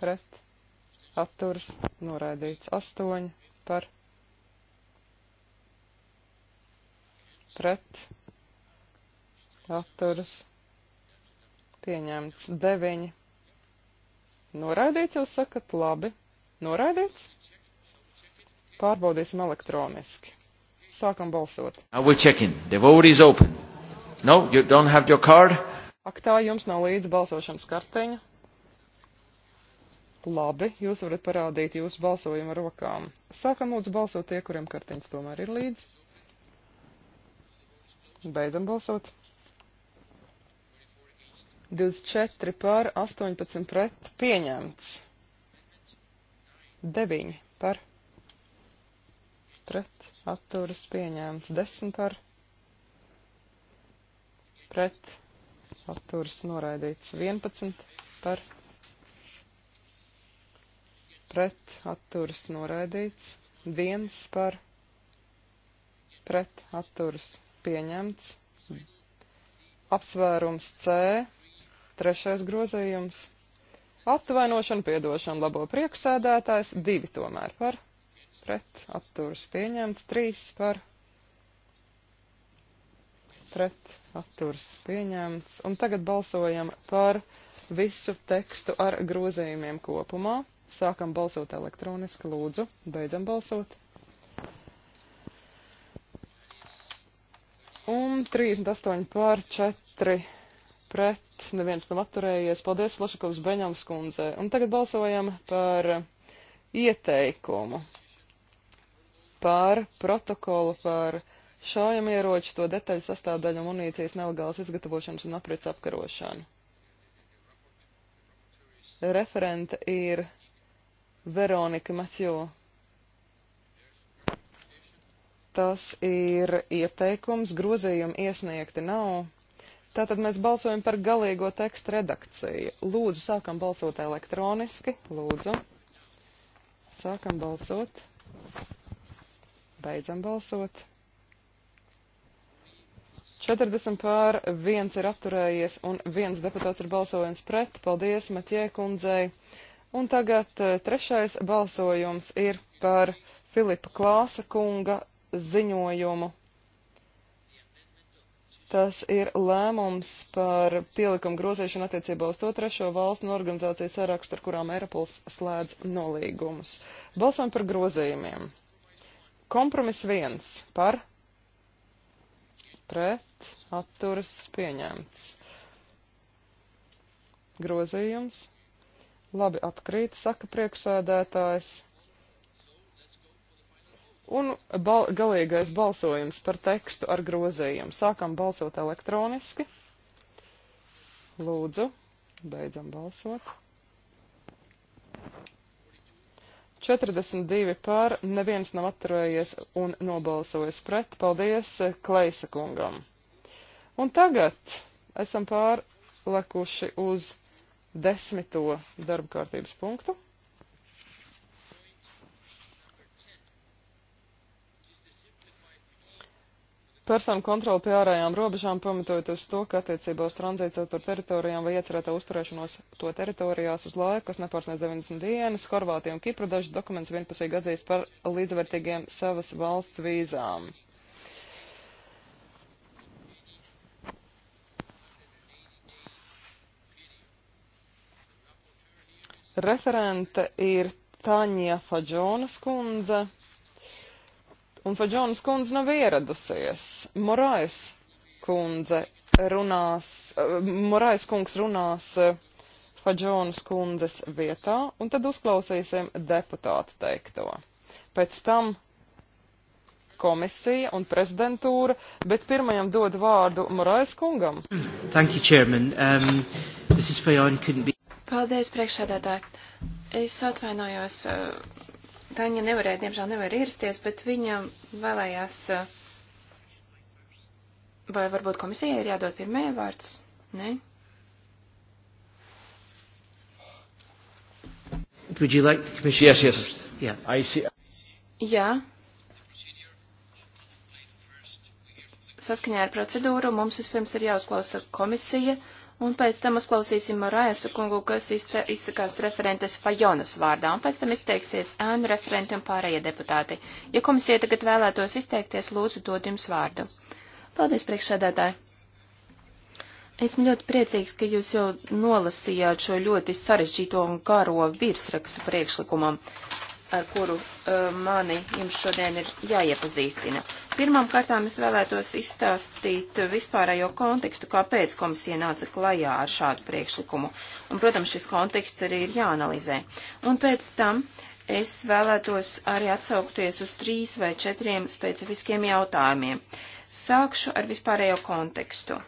pret atturas noraidīts 8 par pret atturas pieņemts 9. Noraidīts jūs sakat labi. Noraidīts? Pārbaudīsim elektroniski. Sākam balsot. I will check in. The vote is open. No, you don't have your card? Ak tā jums nav līdz balsošanas karteņa. Labi, jūs varat parādīt jūsu balsojumu ar rokām. Sākam lūdzu balsot tie, kuriem kartiņas tomēr ir līdzi. Beidzam balsot. 24 pār 18 pret pieņemts. 9 par pret atturas pieņemts. 10 par pret atturas noraidīts. 11 par pret pret atturas noraidīts, viens par pret atturas pieņemts, apsvērums C, trešais grozījums, atvainošana, piedošana, labo prieksēdētājs, divi tomēr par pret atturas pieņemts, trīs par pret atturas pieņemts, un tagad balsojam par visu tekstu ar grozījumiem kopumā. Sākam balsot elektroniski, lūdzu, beidzam balsot. Un 38 pār 4 pret, neviens nav atturējies. Paldies Flašakovs Beņams kundzei. Un tagad balsojam par ieteikumu par protokolu par šaujamieroču, to detaļu sastāvdaļu un munīcijas nelegālas izgatavošanas un aprits apkarošanu. Referente ir Veronika Matjo. Tas ir ieteikums, grozījumi iesniegti nav. Tātad mēs balsojam par galīgo tekstu redakciju. Lūdzu, sākam balsot elektroniski. Lūdzu. Sākam balsot. Beidzam balsot. 40 pār 1 ir atturējies un viens deputāts ir balsojums pret. Paldies, Matie kundzei. Un tagad eh, trešais balsojums ir par Filipa Klāsa kunga ziņojumu. Tas ir lēmums par pielikumu grozīšanu attiecībā uz to trešo valstu un organizāciju sarakstu, ar kurām Eiropols slēdz nolīgumus. Balsojam par grozījumiem. Kompromis viens par pret atturas pieņemts. Grozījums Labi, atkrīt, saka priekšsēdētājs. Un bal galīgais balsojums par tekstu ar grozījumu. Sākam balsot elektroniski. Lūdzu, beidzam balsot. 42 pār, neviens nav atturējies un nobalsojis pret. Paldies Kleisa kungam. Un tagad esam pārlekuši uz desmito darba kārtības punktu. Personu kontroli pie ārējām robežām pamatojoties to, ka attiecībā uz tranzītu tur teritorijām vai iecerētā uzturēšanos to teritorijās uz laiku, kas nepārsniedz 90 dienas, Horvātija un Kipra dažas dokumentus vienpusīgi atzīst par līdzvērtīgiem savas valsts vīzām. Referente ir Taņija Fadžonas kundze, un Fadžonas kundze nav ieradusies. Morais kundze runās, Morais kungs runās Fadžonas kundzes vietā, un tad uzklausīsim deputātu teikto. Pēc tam komisija un prezidentūra, bet pirmajam dod vārdu Morais kungam. Thank you, Chairman. Um, Mrs. Fajon couldn't be Paldies, priekšsēdētāji. Es atvainojos, eh, Taņa nevarēja, diemžēl nevar ierasties, bet viņa vēlējās, eh, vai varbūt komisijai ir jādod pirmie vārds? Nē? Would you like the commission? Yes, yes. Yeah. I see. Jā. Saskaņā ar procedūru mums vispirms ir jāuzklausa komisija, un pēc tam uzklausīsim Raesu kungu, kas izsakās referentes Fajonas vārdā, un pēc tam izteiksies ēnu referenti un pārējie deputāti. Ja komisija tagad vēlētos izteikties, lūdzu dod jums vārdu. Paldies, priekšsēdētāji! Esmu ļoti priecīgs, ka jūs jau nolasījāt šo ļoti sarežģīto un garo virsrakstu priekšlikumam, ar kuru uh, mani jums šodien ir jāiepazīstina. Uh, Pirmām kārtām es vēlētos izstāstīt vispārējo kontekstu, kāpēc komisija nāca klajā ar šādu priekšlikumu. Un, protams, šis konteksts arī ir jāanalizē. Un pēc tam es vēlētos arī atsaukties uz trīs vai četriem specifiskiem jautājumiem. Sākšu ar vispārējo kontekstu.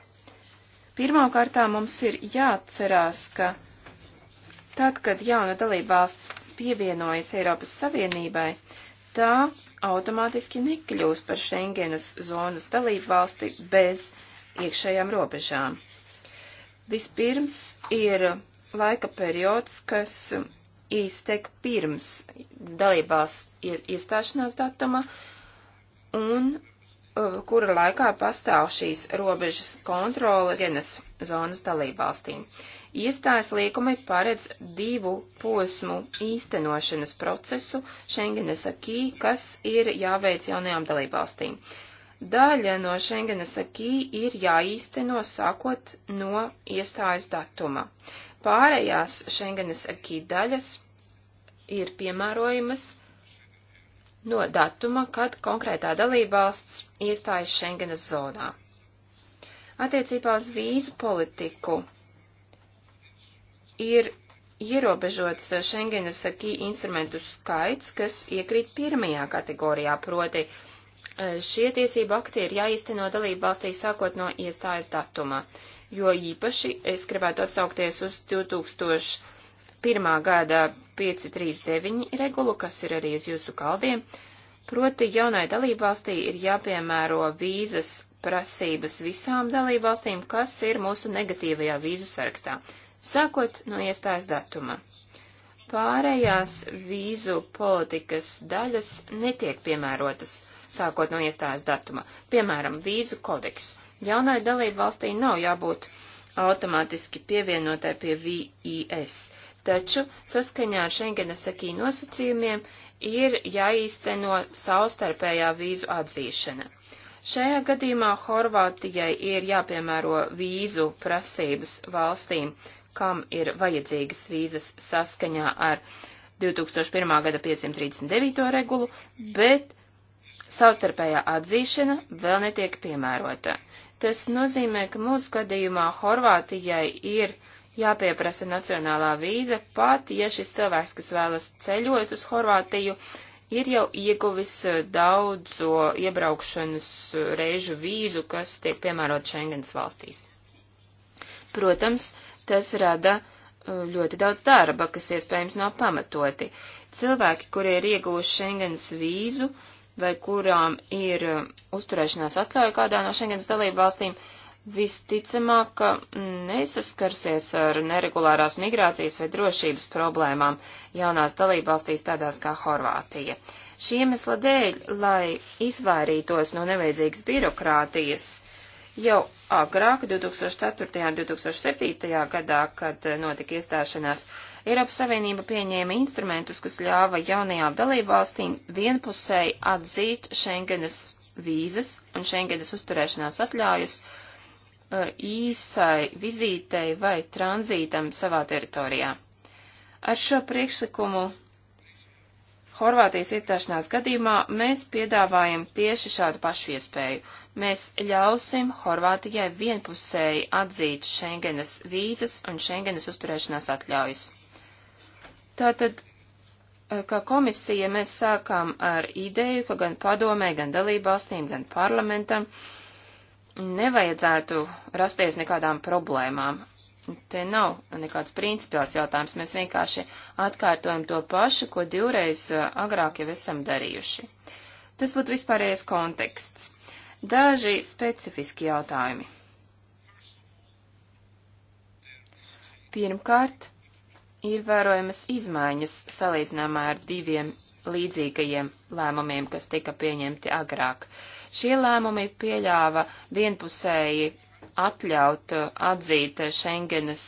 Pirmkārt, mums ir jāatcerās, ka tad, kad jauna dalībvalsts pievienojas Eiropas Savienībai, tā automātiski nekļūst par Schengenas zonas dalību valsti bez iekšējām robežām. Vispirms ir laika periods, kas iztek pirms dalībās iestāšanās datuma un uh, kura laikā pastāv šīs robežas kontrole vienas zonas dalībvalstīm. Iestājas liekumi paredz divu posmu īstenošanas procesu Schengenes akī, kas ir jāveic jaunajām dalībvalstīm. Daļa no Schengenes akī ir jāīsteno sākot no iestājas datuma. Pārējās Schengenes akī daļas ir piemērojamas no datuma, kad konkrētā dalībvalsts iestājas Schengenas zonā. Attiecībā uz vīzu politiku ir ierobežots Schengenas akī instrumentu skaits, kas iekrīt pirmajā kategorijā, proti eh, šie tiesību akti ir jāīsteno dalību valstī sākot no iestājas datuma, jo īpaši es gribētu atsaukties uz 2001. gada 539 regulu, kas ir arī uz jūsu kaldiem, proti jaunai dalību valstī ir jāpiemēro vīzas prasības visām dalību valstīm, kas ir mūsu negatīvajā vīzu sarakstā sākot no iestājas datuma. Pārējās vīzu politikas daļas netiek piemērotas sākot no iestājas datuma, piemēram, vīzu kodeks. Jaunai dalību valstī nav jābūt automātiski pievienotai pie VIS, taču saskaņā ar Schengena sakī nosacījumiem ir jāīsteno savstarpējā vīzu atzīšana. Šajā gadījumā Horvātijai ir jāpiemēro vīzu prasības valstīm, kam ir vajadzīgas vīzas saskaņā ar 2001. gada 539. regulu, bet savstarpējā atzīšana vēl netiek piemērota. Tas nozīmē, ka mūsu gadījumā Horvātijai ir jāpieprasa nacionālā vīza pat, ja šis cilvēks, kas vēlas ceļot uz Horvātiju, ir jau ieguvis e, daudzo iebraukšanas e, reižu vīzu, kas tiek piemērot Schengens valstīs. Protams, Tas rada uh, ļoti daudz darba, kas iespējams nav pamatoti. Cilvēki, kuri ir iegūši Schengens vīzu vai kurām ir uh, uzturēšanās atļauja kādā no Schengens dalību valstīm, visticamāk, ka nesaskarsies ar neregulārās migrācijas vai drošības problēmām jaunās dalībvalstīs tādās kā Horvātija. Šī iemesla dēļ, lai izvairītos no nevajadzīgas birokrātijas, Jau agrāk, 2004. un 2007. gadā, kad notika iestāšanās, Eiropas Savienība pieņēma instrumentus, kas ļāva jaunajām dalībvalstīm vienpusēji atzīt Schengenas vīzas un Schengenas uzturēšanās atļaujas uh, īsai vizītei vai tranzītam savā teritorijā. Ar šo priekšlikumu Horvātijas iestāšanās gadījumā mēs piedāvājam tieši šādu pašu iespēju. Mēs ļausim Horvātijai vienpusēji atzīt Schengenas vīzas un Schengenas uzturēšanās atļaujas. Tātad, eh, kā komisija, mēs sākām ar ideju, ka gan padomē, gan dalībvalstīm, gan parlamentam nevajadzētu rasties nekādām problēmām Te nav nekāds principiāls jautājums, mēs vienkārši atkārtojam to pašu, ko divreiz agrāk jau esam darījuši. Tas būtu vispārējais konteksts. Daži specifiski jautājumi. Pirmkārt, ir vērojamas izmaiņas salīdzinājumā ar diviem līdzīgajiem lēmumiem, kas tika pieņemti agrāk. Šie lēmumi pieļāva vienpusēji atļaut uh, atzīt uh, Schengenas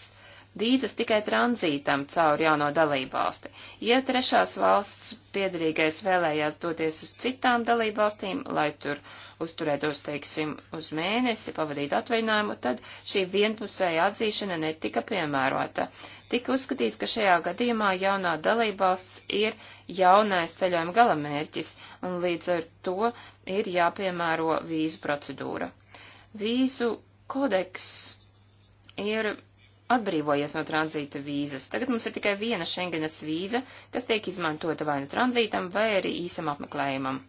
vīzas tikai tranzītam caur jauno dalībvalsti. Ja trešās valsts piedarīgais vēlējās doties uz citām dalībvalstīm, lai tur uzturētos, teiksim, uz mēnesi, pavadītu atvaļinājumu, tad šī vienpusēja atzīšana netika piemērota. Tika uzskatīts, ka šajā gadījumā jaunā dalībvalsts ir jaunais ceļojuma galamērķis, un līdz ar to ir jāpiemēro vīzu procedūra. Vīzu kodeks ir atbrīvojies no tranzīta vīzas. Tagad mums ir tikai viena Schengenas vīza, kas tiek izmantota vai nu tranzītam, vai arī īsam apmeklējumam.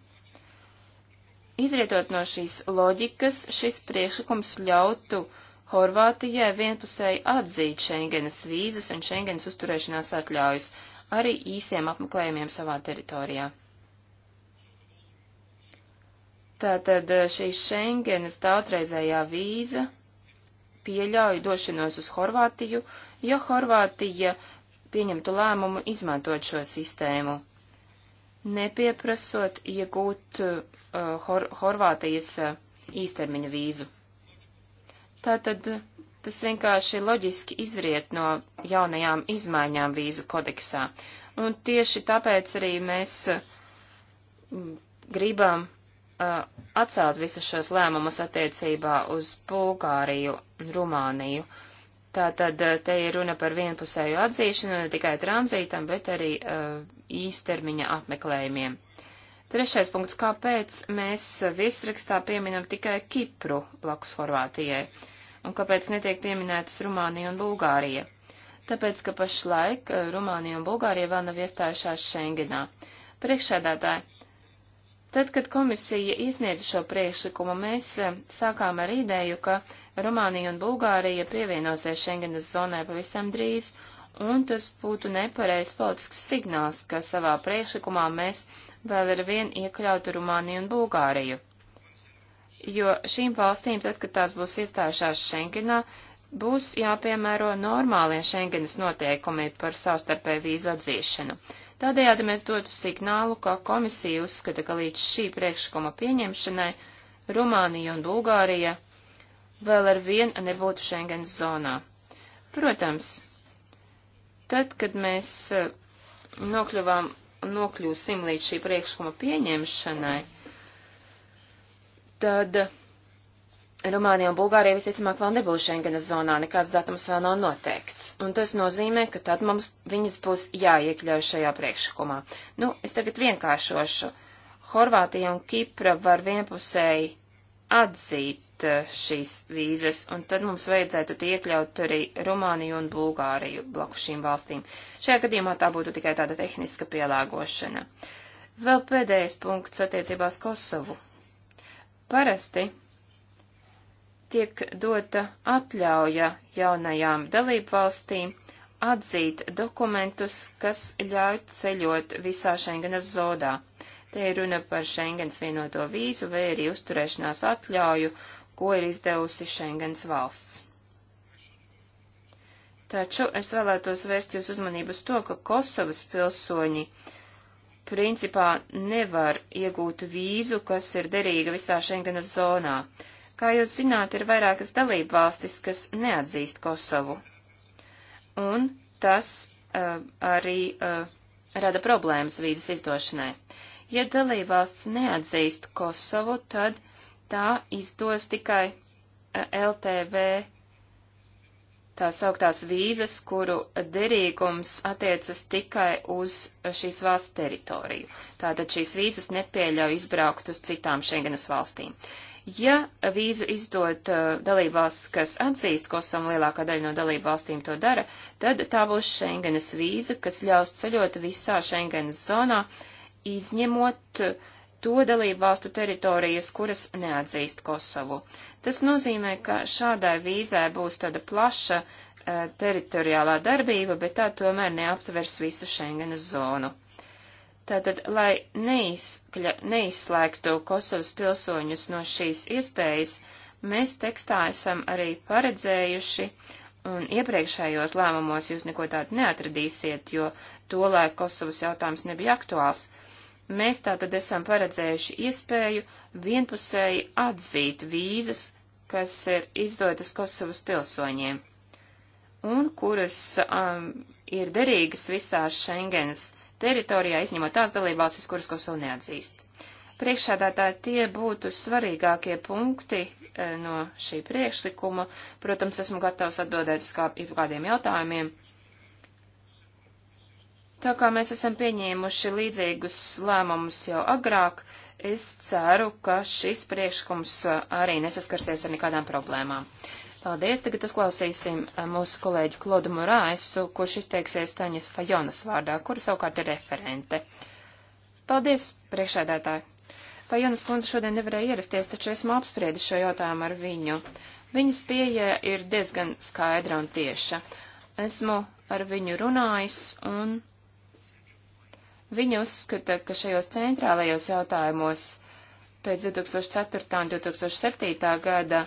Izrietot no šīs loģikas, šis priekšlikums ļautu Horvātijai vienpusēji atzīt Schengenas vīzas un Schengenas uzturēšanās atļaujas arī īsiem apmeklējumiem savā teritorijā. Tātad eh, šī Schengenas daudzreizējā vīza pieļauj došanos uz Horvātiju, ja Horvātija pieņemtu lēmumu izmantot šo sistēmu, nepieprasot iegūt uh, Hor Horvātijas uh, īstermiņa vīzu. Tātad tas vienkārši loģiski izriet no jaunajām izmaiņām vīzu kodeksā, un tieši tāpēc arī mēs mm, gribam Uh, atcelt visus šos lēmumus attiecībā uz Bulgāriju un Rumāniju. Tātad uh, te ir runa par vienpusēju atzīšanu ne tikai tranzītam, bet arī uh, īstermiņa apmeklējumiem. Trešais punkts, kāpēc mēs viesrakstā pieminam tikai Kipru blakus Horvātijai, un kāpēc netiek pieminētas Rumānija un Bulgārija? Tāpēc, ka pašlaik uh, Rumānija un Bulgārija vēl nav iestājušās Schengenā. Priekšsēdētāji, Tad, kad komisija izniedza šo priekšlikumu, mēs e, sākām ar ideju, ka Rumānija un Bulgārija pievienosies Schengenas zonai pavisam drīz, un tas būtu nepareizs politisks signāls, ka savā priekšlikumā mēs vēl ar vien iekļautu Rumāniju un Bulgāriju. Jo šīm valstīm, tad, kad tās būs iestājušās Schengenā, būs jāpiemēro normālie Schengenas noteikumi par savstarpēju vīzu atzīšanu. Tādējādi mēs dotu signālu, ka komisija uzskata, ka līdz šī priekšlikuma pieņemšanai Rumānija un Bulgārija vēl ar vien nebūtu Schengens zonā. Protams, tad, kad mēs eh, nokļuvām, nokļūsim līdz šī priekšlikuma pieņemšanai, tad Rumānija un Bulgārija visticamāk vēl nebūs Schengenas zonā, nekāds datums vēl nav noteikts. Un tas nozīmē, ka tad mums viņas būs jāiekļauj šajā priekšlikumā. Nu, es tagad vienkāršošu. Horvātija un Kipra var vienpusēji atzīt eh, šīs vīzes, un tad mums vajadzētu iekļaut arī Rumāniju un Bulgāriju blakus šīm valstīm. Šajā gadījumā tā būtu tikai tāda tehniska pielāgošana. Vēl pēdējais punkts attiecībās Kosovu. Parasti tiek dota atļauja jaunajām dalību valstīm atzīt dokumentus, kas ļauj ceļot visā Schengenas zodā. Te ir runa par Schengens vienoto vīzu vai arī uzturēšanās atļauju, ko ir izdevusi Schengens valsts. Taču es vēlētos vēst jūs uzmanību uz to, ka Kosovas pilsoņi principā nevar iegūt vīzu, kas ir derīga visā Schengenas zonā. Kā jūs zināt, ir vairākas dalību valstis, kas neatzīst Kosovu. Un tas uh, arī uh, rada problēmas vīzas izdošanai. Ja dalībvalsts neatzīst Kosovu, tad tā izdos tikai eh, LTV tās augtās vīzas, kuru derīgums attiecas tikai uz šīs valsts teritoriju. Tātad šīs vīzas nepieļauj izbraukt uz citām Schengenas valstīm. Ja vīzu izdod uh, dalībvalsts, kas atzīst Kosovu, lielākā daļa no dalībvalstīm to dara, tad tā būs Schengenas vīza, kas ļaus ceļot visā Schengenas zonā, izņemot uh, to dalībvalstu teritorijas, kuras neatzīst Kosovu. Tas nozīmē, ka šādai vīzai būs tāda plaša uh, teritoriālā darbība, bet tā tomēr neaptvers visu Schengenas zonu. Tātad, lai neizkļa, neizslēgtu Kosovas pilsoņus no šīs iespējas, mēs tekstā esam arī paredzējuši, un iepriekšējos lēmumos jūs neko tādu neatradīsiet, jo to laiku Kosovas jautājums nebija aktuāls. Mēs tātad esam paredzējuši iespēju vienpusēji atzīt vīzas, kas ir izdotas Kosovas pilsoņiem, un kuras um, ir derīgas visās Schengenas teritorijā, izņemot tās dalībvalstis, kuras Kosovu neatzīst. Priekšsēdētāji tie būtu svarīgākie punkti e, no šī priekšlikuma. Protams, esmu gatavs atbildēt uz kā, kādiem jautājumiem. Tā kā mēs esam pieņēmuši līdzīgus lēmumus jau agrāk, es ceru, ka šis priekšlikums e, arī nesaskarsies ar nekādām problēmām. Paldies, tagad uzklausīsim eh, mūsu kolēģi Klodu Morāisu, kurš izteiksies Taņas Fajonas vārdā, kura savukārt ir referente. Paldies, priekšēdētāji! Fajonas kundze šodien nevarēja ierasties, taču esmu apspriedis šo jautājumu ar viņu. Viņas pieeja ir diezgan skaidra un tieša. Esmu ar viņu runājis un viņa uzskata, ka šajos centrālajos jautājumos pēc 2004. un 2007. gada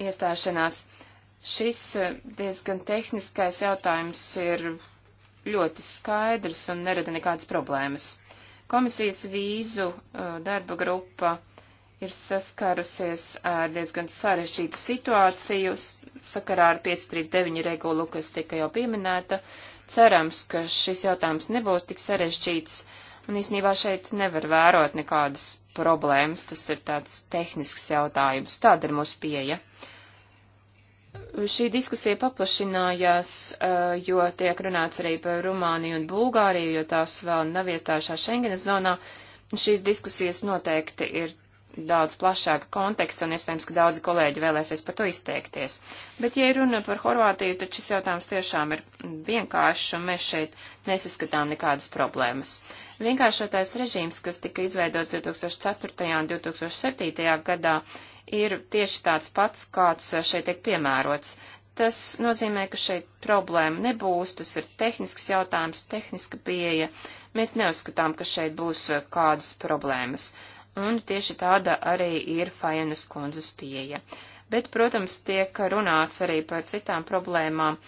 iestāšanās. Šis eh, diezgan tehniskais jautājums ir ļoti skaidrs un nerada nekādas problēmas. Komisijas vīzu eh, darba grupa ir saskarusies ar diezgan sarežģītu situāciju sakarā ar 539 regulu, kas tika jau pieminēta. Cerams, ka šis jautājums nebūs tik sarežģīts, un īsnībā šeit nevar vērot nekādas problēmas, tas ir tāds tehnisks jautājums, tāda ir mūsu pieeja. Šī diskusija paplašinājās, eh, jo tiek runāts arī par Rumāniju un Bulgāriju, jo tās vēl nav iestājušās Schengenas zonā. Šīs diskusijas noteikti ir daudz plašāka konteksta un iespējams, ka daudzi kolēģi vēlēsies par to izteikties. Bet, ja runa par Horvātiju, tad šis jautājums tiešām ir vienkāršs un mēs šeit nesaskatām nekādas problēmas. Vienkāršotais režīms, kas tika izveidots 2004. un 2007. gadā, ir tieši tāds pats, kāds eh, šeit tiek piemērots. Tas nozīmē, ka šeit problēma nebūs, tas ir tehnisks jautājums, tehniska pieeja. Mēs neuzskatām, ka šeit būs eh, kādas problēmas. Un tieši tāda arī ir Fajanas kundzes pieeja. Bet, protams, tiek runāts arī par citām problēmām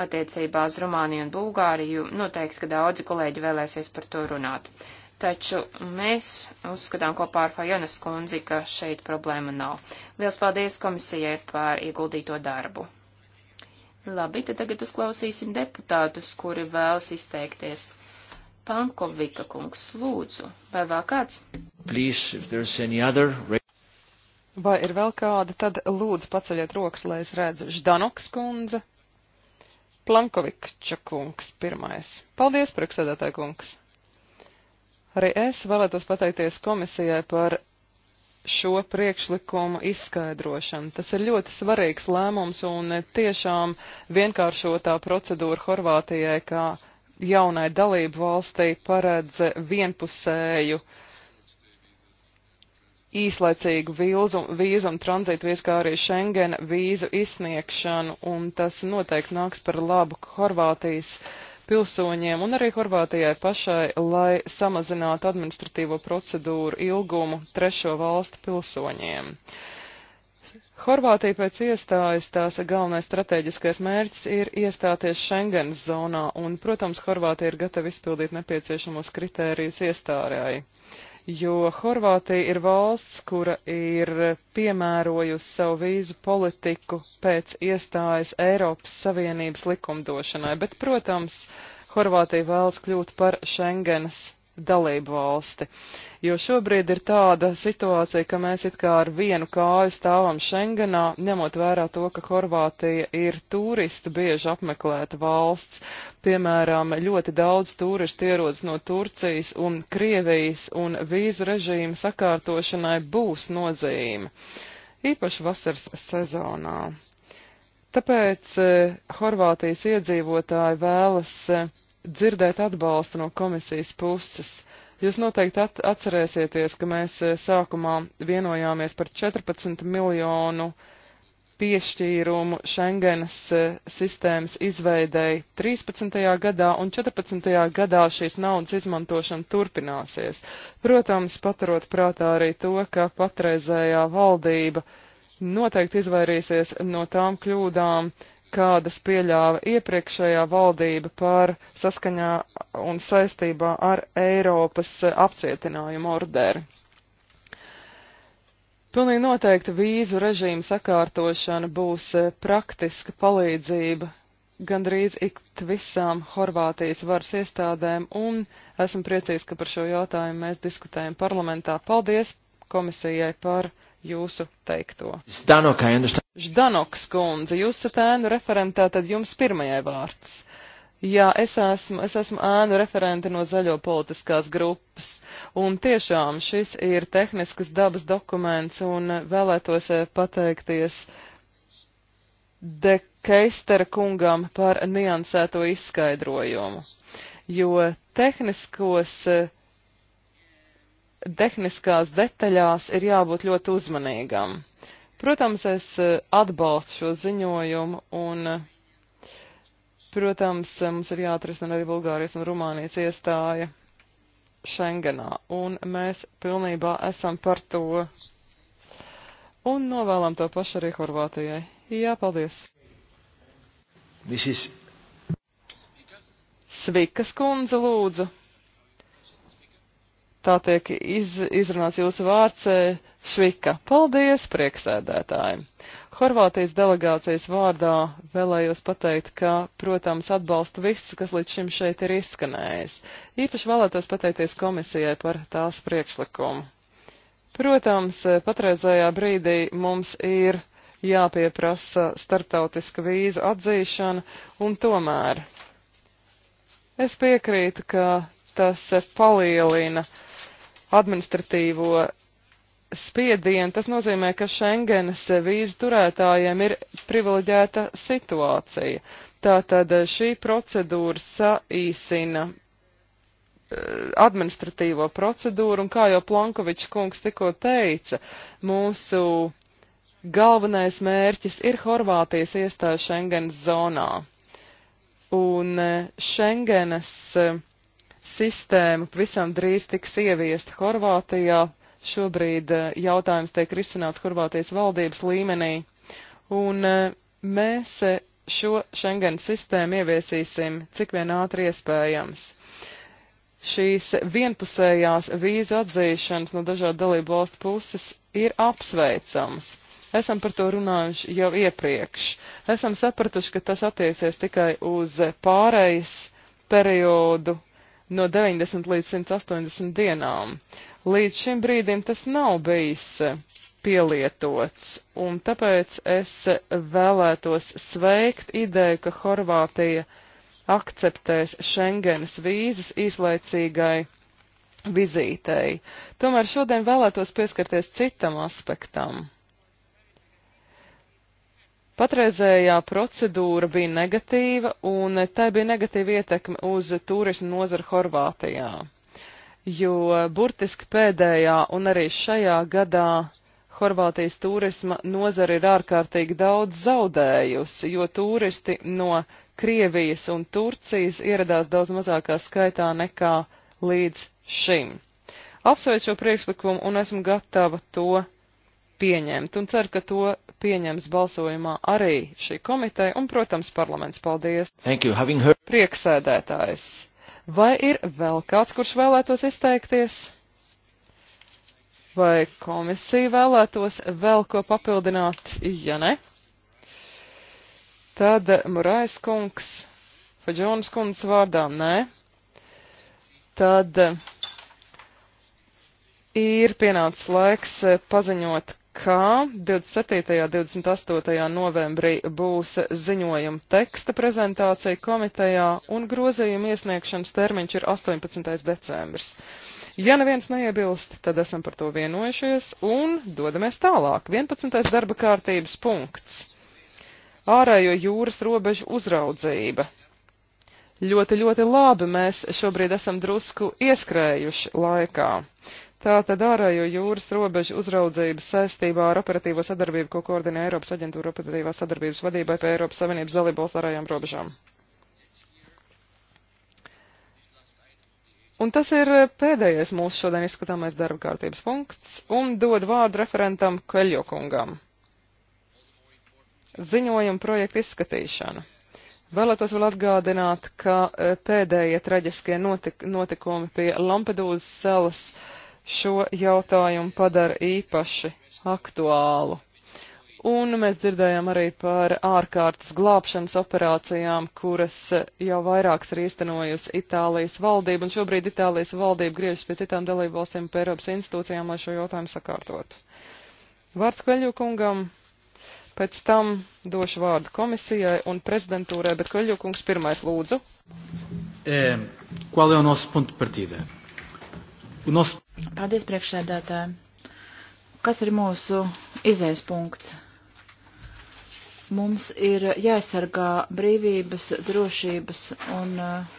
attiecībā uz Rumāniju un Bulgāriju. Noteikti, ka daudzi kolēģi vēlēsies par to runāt. Uh, taču mēs uzskatām kopā ar Fajonas kundzi, ka šeit problēma nav. Liels paldies komisijai par ieguldīto darbu. Labi, tad tagad uzklausīsim deputātus, kuri vēlas izteikties. Pankovika kungs, lūdzu, vai vēl kāds? Please, other... Vai ir vēl kāda, tad lūdzu paceļiet rokas, lai es redzu Ždanoks kundze. Plankovikča kungs pirmais. Paldies, priekšsēdētāja kungs. Arī es vēlētos pateikties komisijai par šo priekšlikumu izskaidrošanu. Tas ir ļoti svarīgs lēmums un tiešām vienkāršotā procedūra Horvātijai, kā jaunai dalību valstī paredz vienpusēju īslaicīgu vīzu, vīzu un tranzītu vīzu, kā arī Schengen vīzu izsniegšanu, un tas noteikti nāks par labu Horvātijas uh, pilsoņiem un arī Horvātijai pašai, lai samazinātu administratīvo procedūru ilgumu trešo valstu pilsoņiem. Horvātija pēc iestājas tās galvenais strateģiskais mērķis ir iestāties Schengens zonā, un, protams, Horvātija ir gatava izpildīt nepieciešamos kritērijus iestārēji jo Horvātija ir valsts, kura ir piemērojusi savu vīzu politiku pēc iestājas Eiropas Savienības likumdošanai, bet, protams, Horvātija vēlas kļūt par Schengenas dalību valsti. Jo šobrīd ir tāda situācija, ka mēs it kā ar vienu kāju stāvam Schengenā, ņemot vērā to, ka Horvātija ir turistu bieži apmeklēta valsts. Piemēram, ļoti daudz turistu ierodas no Turcijas un Krievijas, un vīzu režīmu sakārtošanai būs nozīme. Īpaši vasaras sezonā. Tāpēc eh, Horvātijas iedzīvotāji vēlas eh, dzirdēt atbalstu no komisijas puses. Jūs noteikti at atcerēsieties, ka mēs eh, sākumā vienojāmies par 14 miljonu piešķīrumu Schengenas eh, sistēmas izveidēji 13. gadā un 14. gadā šīs naudas izmantošana turpināsies. Protams, paturot prātā arī to, ka patreizējā valdība noteikti izvairīsies no tām kļūdām, kādas pieļāva iepriekšējā valdība par saskaņā un saistībā ar Eiropas apcietinājumu orderi. Pilnīgi noteikti vīzu režīmu sakārtošana būs eh, praktiska palīdzība gandrīz ik visām Horvātijas varas iestādēm, un esmu priecīgs, ka par šo jautājumu mēs diskutējam parlamentā. Paldies komisijai par jūsu teikto. Ždanoka, Ždanoks kundze, jūs esat ēnu referentā, tad jums pirmajai vārds. Jā, es esmu, es esmu ēnu referente no zaļo politiskās grupas, un tiešām šis ir tehniskas dabas dokuments, un vēlētos eh, pateikties De Keistera kungam par niansēto izskaidrojumu, jo tehniskos uh, tehniskās detaļās ir jābūt ļoti uzmanīgam. Protams, es e, atbalstu šo ziņojumu un, e, protams, e, mums ir jāatrisina arī Bulgārijas un Rumānijas iestāja Schengenā, un mēs pilnībā esam par to. Un novēlam to pašu arī Horvātijai. Jā, paldies. Visis. Svikas kundze lūdzu tā tiek iz, izrunāts jūsu vārds Švika. Paldies, prieksēdētāji! Horvātijas delegācijas vārdā vēlējos pateikt, ka, protams, atbalstu visu, kas līdz šim šeit ir izskanējis. Īpaši vēlētos pateikties komisijai par tās priekšlikumu. Protams, patreizajā brīdī mums ir jāpieprasa starptautiska vīza atzīšana, un tomēr es piekrītu, ka tas palielina administratīvo spiedienu, tas nozīmē, ka Schengenas vīzu turētājiem ir privileģēta situācija. Tātad šī procedūra saīsina eh, administratīvo procedūru, un kā jau Plankovičs kungs tikko teica, mūsu galvenais mērķis ir Horvātijas iestāja Schengenas zonā. Un eh, Schengenas uh, sistēma pavisam drīz tiks ieviesta Horvātijā. Šobrīd eh, jautājums tiek risināts Horvātijas valdības līmenī. Un eh, mēs eh, šo Schengen sistēmu ieviesīsim cik vien ātri iespējams. Šīs vienpusējās vīzu atzīšanas no dažādu dalību valstu puses ir apsveicams. Esam par to runājuši jau iepriekš. Esam sapratuši, ka tas attieksies tikai uz pārejas periodu no 90 līdz 180 dienām. Līdz šim brīdim tas nav bijis e, pielietots, un tāpēc es vēlētos sveikt ideju, ka Horvātija akceptēs Schengenas vīzas īslaicīgai vizītei. Tomēr šodien vēlētos pieskarties citam aspektam. Patreizējā procedūra bija negatīva, un tai bija negatīva ietekme uz turismu nozaru Horvātijā, jo burtiski pēdējā un arī šajā gadā Horvātijas turisma nozara ir ārkārtīgi daudz zaudējusi, jo turisti no Krievijas un Turcijas ieradās daudz mazākā skaitā nekā līdz šim. Apsveicu šo priekšlikumu un esmu gatava to pieņemt, un ceru, ka to pieņems balsojumā arī šī komiteja un, protams, parlaments. Paldies! Thank you, having heard... Prieksēdētājs. Vai ir vēl kāds, kurš vēlētos izteikties? Vai komisija vēlētos vēl ko papildināt? Ja ne, tad Murais kungs, Faģonas kundas vārdā nē. Tad ir pienācis laiks paziņot ka 27. un 28. novembrī būs ziņojuma teksta prezentācija komitejā un grozījuma iesniegšanas termiņš ir 18. decembris. Ja neviens neiebilst, tad esam par to vienojušies un dodamies tālāk. 11. darba kārtības punkts. Ārējo jūras robežu uzraudzība. Ļoti, ļoti labi mēs šobrīd esam drusku ieskrējuši laikā. Tātad ārējo jūras robežu uzraudzību saistībā ar operatīvo sadarbību, ko koordinē Eiropas aģentūra operatīvās sadarbības vadībai pie Eiropas Savienības dalībvalsts ārējām robežām. Un tas ir pēdējais mūsu šodien izskatāmais darba kārtības punkts un dod vārdu referentam Kveļokungam. Ziņojumu projektu izskatīšanu. Vēlētos vēl atgādināt, ka eh, pēdējie traģiskie notik notikumi pie Lampedūzas salas uh, šo jautājumu padara īpaši aktuālu. Un mēs dzirdējām arī par ārkārtas glābšanas operācijām, kuras jau vairākas ir īstenojusi Itālijas valdība, un šobrīd Itālijas valdība griežas pie citām dalību valstīm, pie Eiropas institūcijām, lai šo jautājumu sakārtotu. Vārds Kveļu kungam, pēc tam došu vārdu komisijai un prezidentūrai, bet Kveļu kungs pirmais lūdzu. E, qual é o nosso ponto de partida? nos... Paldies, priekšsēdētāji. Kas ir mūsu izējas punkts? Mums ir jāaizsargā brīvības, drošības un uh,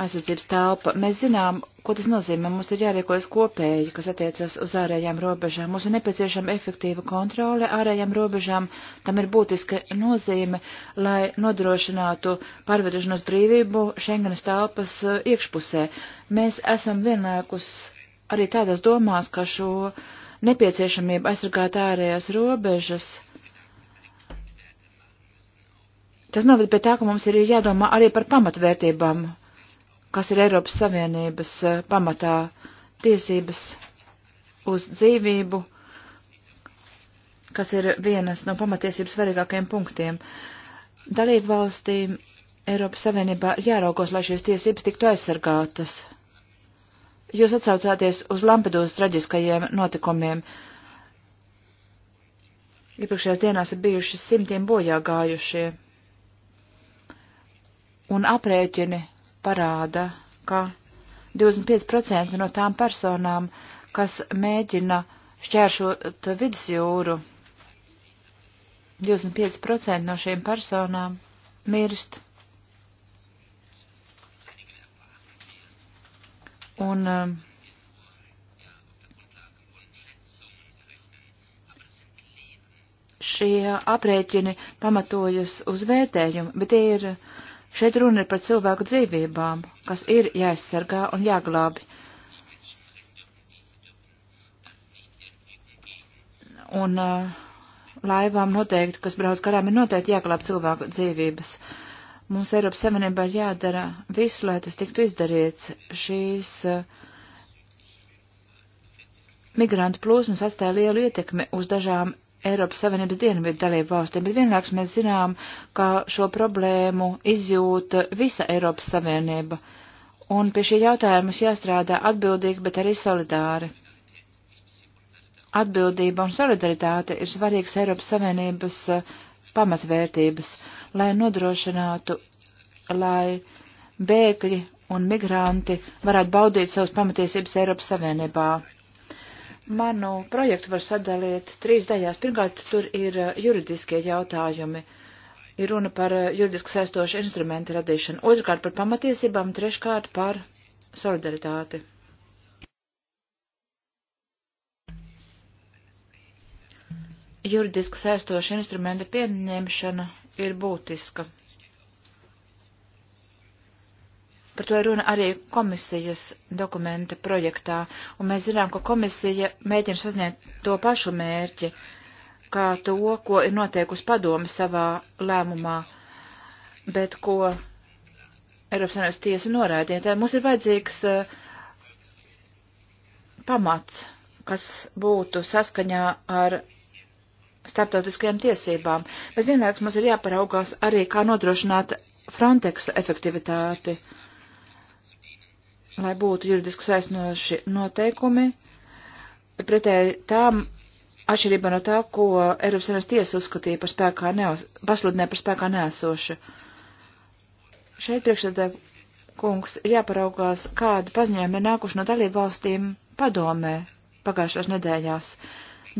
aizsardzības telpa. Mēs zinām, ko tas nozīmē. Mums ir jārīkojas kopēji, kas attiecas uz ārējām robežām. Mums ir nepieciešama efektīva kontrole ārējām robežām. Tam ir būtiska nozīme, lai nodrošinātu pārvedušanos brīvību Schengenas telpas eh, iekšpusē. Mēs esam vienlaikus arī tādās domās, ka šo nepieciešamību aizsargāt ārējās robežas. Tas noved pie tā, ka mums ir jādomā arī par pamatvērtībām, kas ir Eiropas Savienības eh, pamatā tiesības uz dzīvību, kas ir vienas no pamatiesības svarīgākajiem punktiem. Dalību valstīm Eiropas Savienībā ir jāraugos, lai šīs tiesības tiktu aizsargātas. Jūs atsaucāties uz Lampedūzas traģiskajiem notikumiem. Iepriekšējās dienās ir bijuši simtiem bojā gājušie. Un aprēķini parāda, ka 25% no tām personām, kas mēģina šķēršot vidusjūru, 25% no šīm personām mirst. Un um, šie aprēķini pamatojas uz vērtējumu, bet tie ir Šeit runa ir par cilvēku dzīvībām, kas ir jāaizsargā un jāglābi. Un uh, laivām noteikti, kas brauc garām, ir noteikti jāglāb cilvēku dzīvības. Mums Eiropas Savienībā ir jādara visu, lai tas tiktu izdarīts. Šīs uh, migrantu plūsmas atstāja lielu ietekmi uz dažām Eiropas Savienības dienvidu dalību valstīm, bet vienlaiks mēs zinām, ka šo problēmu izjūta visa Eiropas Savienība, un pie šī jautājuma mums jāstrādā atbildīgi, bet arī solidāri. Atbildība un solidaritāte ir svarīgas Eiropas Savienības eh, pamatvērtības, lai nodrošinātu, lai bēgļi un migranti varētu baudīt savas pamatiesības Eiropas Savienībā manu projektu var sadalīt trīs daļās. Pirmkārt, tur ir uh, juridiskie jautājumi. Ir runa par uh, juridiski saistošu instrumentu radīšanu. Otrkārt, par pamatiesībām. Treškārt, par solidaritāti. Juridiski saistoša instrumenta pieņemšana ir būtiska. Par to ir runa arī komisijas dokumenta projektā, un mēs zinām, ka komisija mēģina sasniegt to pašu mērķi, kā to, ko ir noteikusi padome savā lēmumā, bet ko Eiropas Savienības tiesa noraidīja. Tad mums ir vajadzīgs eh, pamats, kas būtu saskaņā ar starptautiskajām tiesībām, bet vienlaikus mums ir jāparaugās arī, kā nodrošināt Frontex efektivitāti. Uh, lai būtu juridiski saistinoši noteikumi, pretēji tām atšķirībā no tā, ko Eiropas Savienības tiesa uzskatīja par spēkā neos, pasludinē par spēkā neesošu. Šeit priekšsēdē kungs ir jāparaugās, kāda paziņojuma ir nākuši no dalību valstīm padomē pagājušās nedēļās.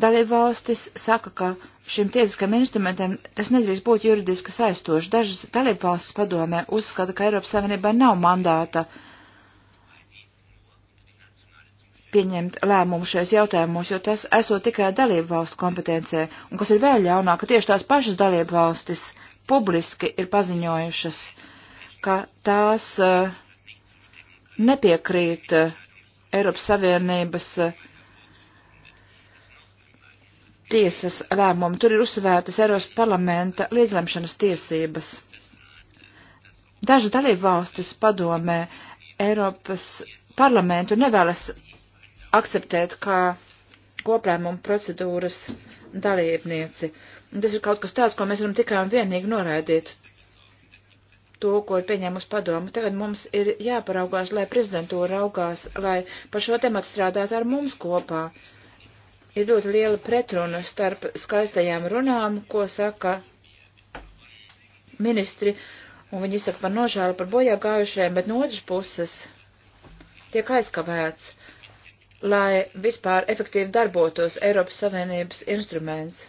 Dalību valstis saka, ka šim tiesiskam instrumentam tas nedrīkst būt juridiski saistoši. Dažas dalību valstis padomē uzskata, ka Eiropas Savienībā nav mandāta uh, pieņemt lēmumu šajos jautājumos, jo tas esot tikai dalību valstu kompetencē, un kas ir vēl ļaunāk, ka tieši tās pašas dalību valstis publiski ir paziņojušas, ka tās uh, nepiekrīt uh, Eiropas Savienības uh, tiesas lēmumu. Tur ir uzsvērtas Eiropas parlamenta līdzlemšanas tiesības. Dažu dalību valstis padomē Eiropas parlamentu nevēlas akceptēt kā koplēmumu procedūras dalībnieci. Un tas ir kaut kas tāds, ko mēs varam tikai un vienīgi noraidīt to, ko ir pieņēmusi padomu. Tagad mums ir jāparaugās, lai prezidentūra raugās, lai par šo tematu strādātu ar mums kopā. Ir ļoti liela pretruna starp skaistajām runām, ko saka ministri, un viņi saka par nožēlu par bojā gājušajiem, bet no otras puses tiek aizkavēts lai vispār efektīvi darbotos Eiropas Savienības instruments.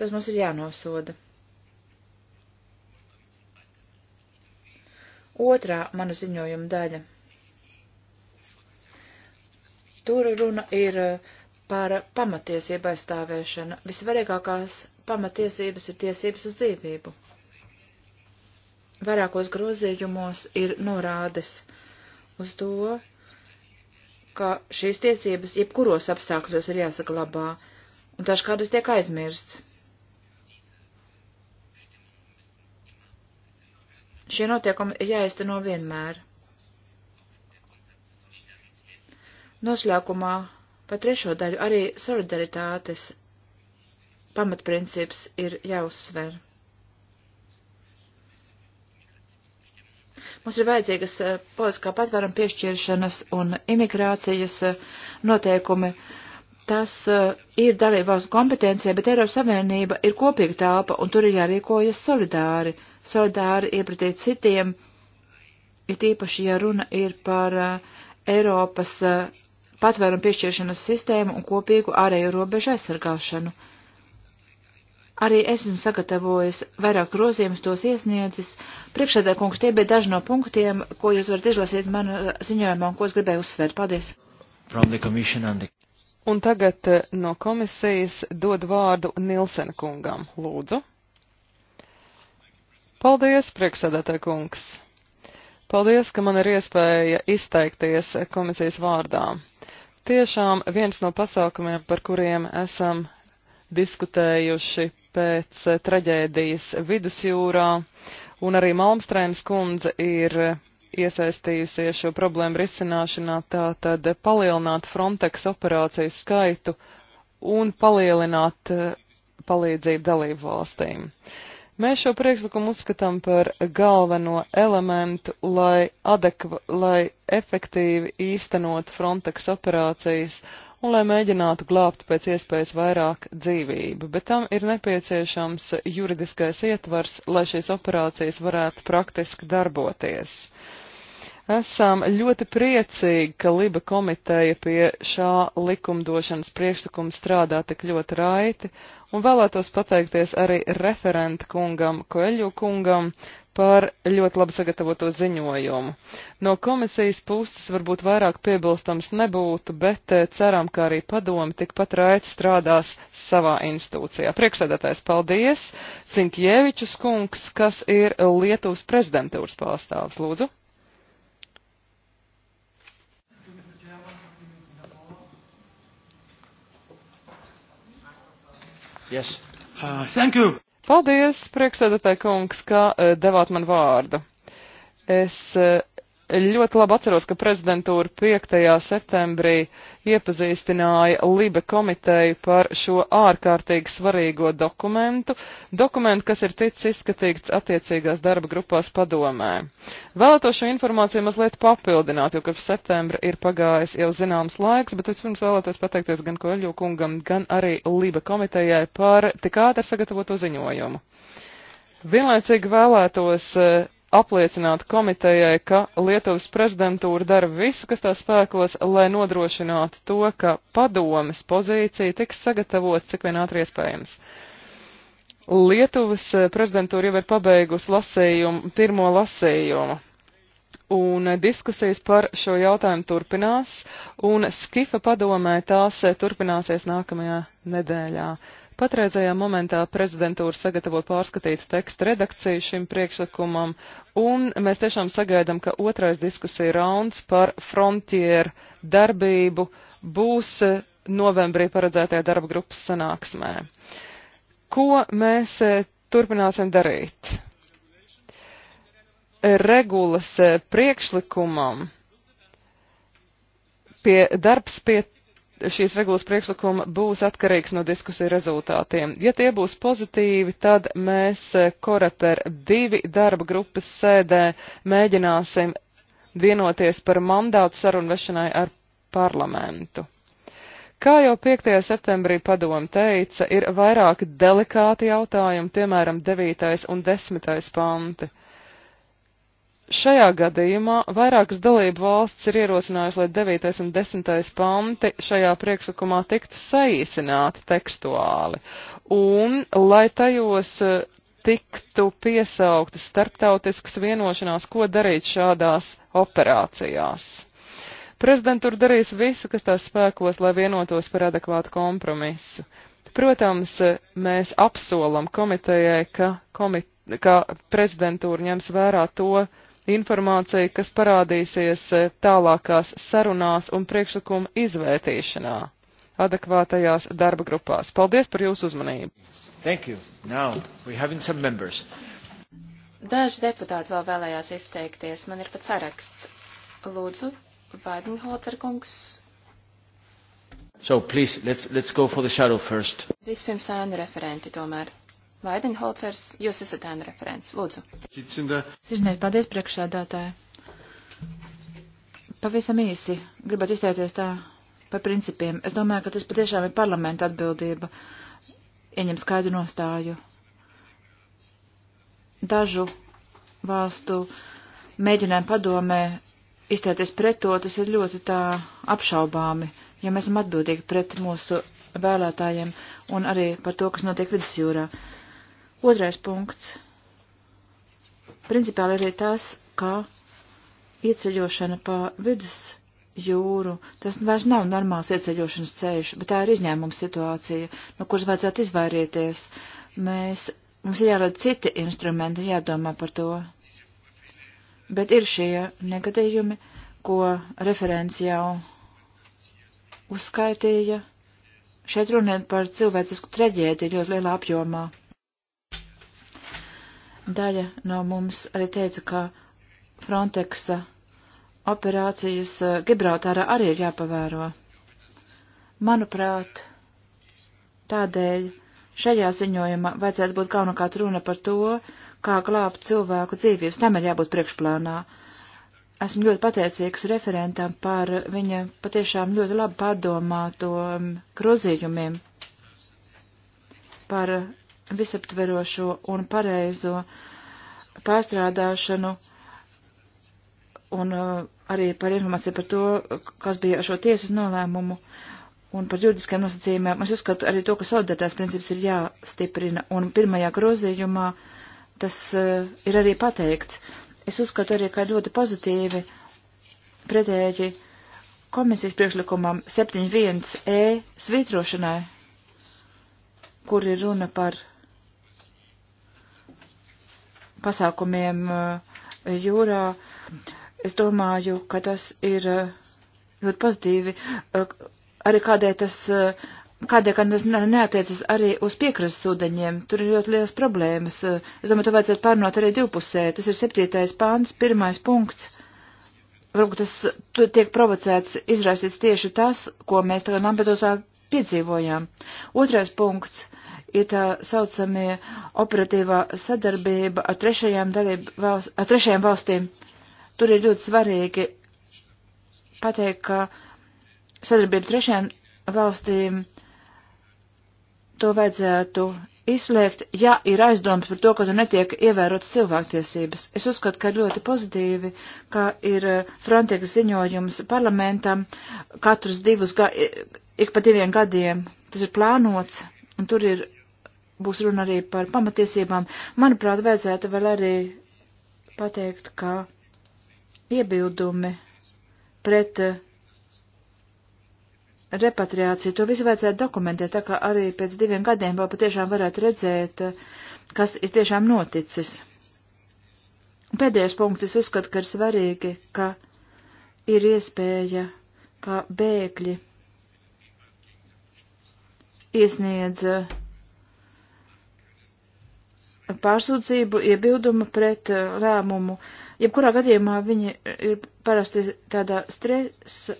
Tas mums ir jānosoda. Otrā mana ziņojuma daļa. Tur runa ir eh, par pamatiesību aizstāvēšanu. Visvarīgākās pamatiesības ir tiesības uz dzīvību. Vairākos grozījumos ir norādes uz to, ka šīs tiesības jebkuros apstākļos ir jāsaglabā, un dažkārt tiek aizmirsts. Šie notiekumi ir jāizteno vienmēr. Noslēgumā par trešo daļu arī solidaritātes pamatprincips ir jāuzsver. Mums ir vajadzīgas eh, politiskā patvēruma piešķiršanas un imigrācijas eh, noteikumi. Tas eh, ir dalībvalstu kompetencija, bet Eiropas Savienība ir kopīga tāpa, un tur ir jārīkojas solidāri, solidāri iepratīt citiem, it īpaši, ja runa ir par Eiropas patvērumu piešķiršanas sistēmu un kopīgu ārējo robežu aizsargāšanu. Arī es esmu sagatavojis vairāk grozījumus, tos iesniedzis. Priekšsēdē, kungs, tie bija daži no punktiem, ko jūs varat izlasīt man ziņojumā un ko es gribēju uzsvērt. Paldies! The... Un tagad eh, no komisijas dod vārdu Nilsena kungam. Lūdzu! Paldies, priekšsēdētāj kungs! Paldies, ka man ir iespēja izteikties komisijas vārdā. Tiešām viens no pasākumiem, par kuriem esam diskutējuši pēc eh, traģēdijas vidusjūrā, un arī Malmstrēns kundze ir eh, iesaistījusies šo problēmu risināšanā, tātad palielināt Frontex operāciju skaitu un palielināt eh, palīdzību dalību valstīm. Mēs šo priekšlikumu uzskatām par galveno elementu, lai, adekva, lai efektīvi īstenot Frontex operācijas un lai mēģinātu glābt pēc iespējas vairāk dzīvību, bet tam ir nepieciešams juridiskais ietvars, lai šīs operācijas varētu praktiski darboties. Uh, Esam ļoti priecīgi, ka Liba komiteja pie šā likumdošanas priekšlikuma strādā tik ļoti raiti, un vēlētos pateikties arī referenta kungam, Koeļu kungam, par ļoti labi sagatavoto ziņojumu. No komisijas puses varbūt vairāk piebilstams nebūtu, bet eh, ceram, ka arī padomi tikpat raiti strādās savā institūcijā. Priekšsēdētājs paldies, Sinkievičus kungs, kas ir Lietuvas prezidentūras pārstāvs. Lūdzu! Yes. Uh, thank you. Paldies, priekšsēdētāji kungs, ka uh, devāt man vārdu. Es uh, ļoti labi atceros, ka prezidentūra 5. septembrī iepazīstināja Libe komiteju par šo ārkārtīgi svarīgo dokumentu, dokumentu, kas ir ticis izskatīts attiecīgās darba grupās padomē. Vēlētos šo informāciju mazliet papildināt, jo kopš septembra ir pagājis jau zināms laiks, bet vispirms vēlētos pateikties gan Koļu kungam, gan arī Libe komitejai par tik ātri sagatavoto ziņojumu. Vienlaicīgi vēlētos uh, apliecināt komitejai, ka Lietuvas prezidentūra dara visu, kas tā spēkos, lai nodrošinātu to, ka padomes pozīcija tiks sagatavot cik vien ātri iespējams. Lietuvas eh, prezidentūra jau ir pabeigusi lasējumu, pirmo lasējumu. Un diskusijas par šo jautājumu turpinās, un Skifa padomē tās eh, turpināsies nākamajā nedēļā. Patreizajā momentā prezidentūra sagatavo pārskatīt tekstu redakciju šim priekšlikumam, un mēs tiešām sagaidām, ka otrais diskusija rauns par frontieru darbību būs novembrī paredzētajā darba grupas sanāksmē. Ko mēs e, turpināsim darīt? Regulas e, priekšlikumam pie darbs pie šīs regulas priekšlikuma būs atkarīgs no diskusiju rezultātiem. Ja tie būs pozitīvi, tad mēs eh, Koreper divi darba grupas sēdē mēģināsim vienoties par mandātu sarunvešanai ar parlamentu. Kā jau 5. septembrī padomu teica, ir vairāki delikāti jautājumi, piemēram, 9. un 10. panti. Šajā gadījumā vairākas dalību valsts ir ierosinājusi, lai 9. un 10. panti šajā priekšlikumā tiktu saīsināti tekstuāli, un lai tajos eh, tiktu piesauktas starptautiskas vienošanās, ko darīt šādās operācijās. Prezidentūra darīs visu, kas tās spēkos, lai vienotos par adekvātu kompromisu. Protams, mēs apsolam komitejai, ka, komit ka prezidentūra ņems vērā to, informācija, kas parādīsies eh, tālākās sarunās un priekšlikuma izvērtīšanā adekvātajās darba grupās. Paldies par jūsu uzmanību! Thank you. Now we having some members. Daži deputāti vēl vēlējās izteikties. Man ir pat saraksts. Lūdzu, Vaidenholzer kungs. So, please, let's, let's go for the shadow first. Vispirms ēnu referenti tomēr. Vaidenholcers, jūs esat ēna referents. Lūdzu. Sirdnieki, paldies priekšsēdētāji. Pavisam īsi gribat izteikties tā par principiem. Es domāju, ka tas patiešām ir parlamenta atbildība ieņem skaidru nostāju. Dažu valstu mēģinājumu padomē izteikties pret to, tas ir ļoti tā apšaubāmi, ja mēs esam atbildīgi pret mūsu vēlētājiem un arī par to, kas notiek vidusjūrā. Uh, Otrais punkts. Principāli arī tas, ka ieceļošana pa vidus jūru. Tas vairs nav normāls ieceļošanas ceļš, bet tā ir izņēmuma situācija, no kuras vajadzētu izvairīties. Mēs, mums ir jārada citi instrumenti, jādomā par to. Bet ir šie negadījumi, ko referents jau uzskaitīja. Šeit runiet par cilvēcisku traģēdiju ļoti lielā apjomā. Daļa no mums arī teica, ka Frontexa operācijas eh, Gibraltārā arī ir jāpavēro. Manuprāt, tādēļ šajā ziņojumā vajadzētu būt galvenokārt runa par to, kā glābt cilvēku dzīvības. Tam ir jābūt priekšplānā. Esmu ļoti pateicīgs referentam par viņa patiešām ļoti labi pārdomāto mm, grozījumiem par visaptverošo un pareizo pārstrādāšanu un uh, arī par informāciju par to, kas bija ar šo tiesas nolēmumu un par juridiskiem nosacījumiem. Es uzskatu arī to, ka solidaritātes princips ir jāstiprina un pirmajā grozījumā tas uh, ir arī pateikts. Es uzskatu arī, ka ļoti pozitīvi pretēji komisijas priekšlikumam 7.1e svītrošanai, kur ir runa par pasākumiem eh, jūrā. Es domāju, ka tas ir eh, ļoti pozitīvi. Eh, arī kādēļ tas, kādēļ kā tas neatiecas arī uz piekrastes ūdeņiem, tur ir ļoti liels problēmas. Es domāju, to vajadzētu pārnot arī divpusē. Tas ir septītais pāns, pirmais punkts. Varbūt tas tiek provocēts, izraisīts tieši tas, ko mēs tagad Lampedusā piedzīvojām. Otrais punkts ir tā saucamie operatīvā sadarbība ar trešajām, dalību, valst, ar trešajām valstīm. Tur ir ļoti svarīgi pateikt, ka sadarbība trešajām valstīm to vajadzētu izslēgt, ja ir aizdomas par to, ka tur netiek ievērotas cilvēktiesības. Es uzskatu, ka ļoti pozitīvi, ka ir eh, Frontex ziņojums parlamentam katrus divus, ga, ik pa diviem gadiem. Tas ir plānots, un tur ir būs runa arī par pamatiesībām, manuprāt, vajadzētu vēl arī pateikt, ka iebildumi pret eh, repatriāciju, to visu vajadzētu dokumentēt, tā kā arī pēc diviem gadiem vēl patiešām varētu redzēt, eh, kas ir tiešām noticis. Pēdējais punkts, es uzskatu, ka ir svarīgi, ka ir iespēja, ka bēgļi iesniedz uh, pārsūdzību, iebildumu pret uh, lēmumu. Jebkurā gadījumā viņi ir parasti tādā stresa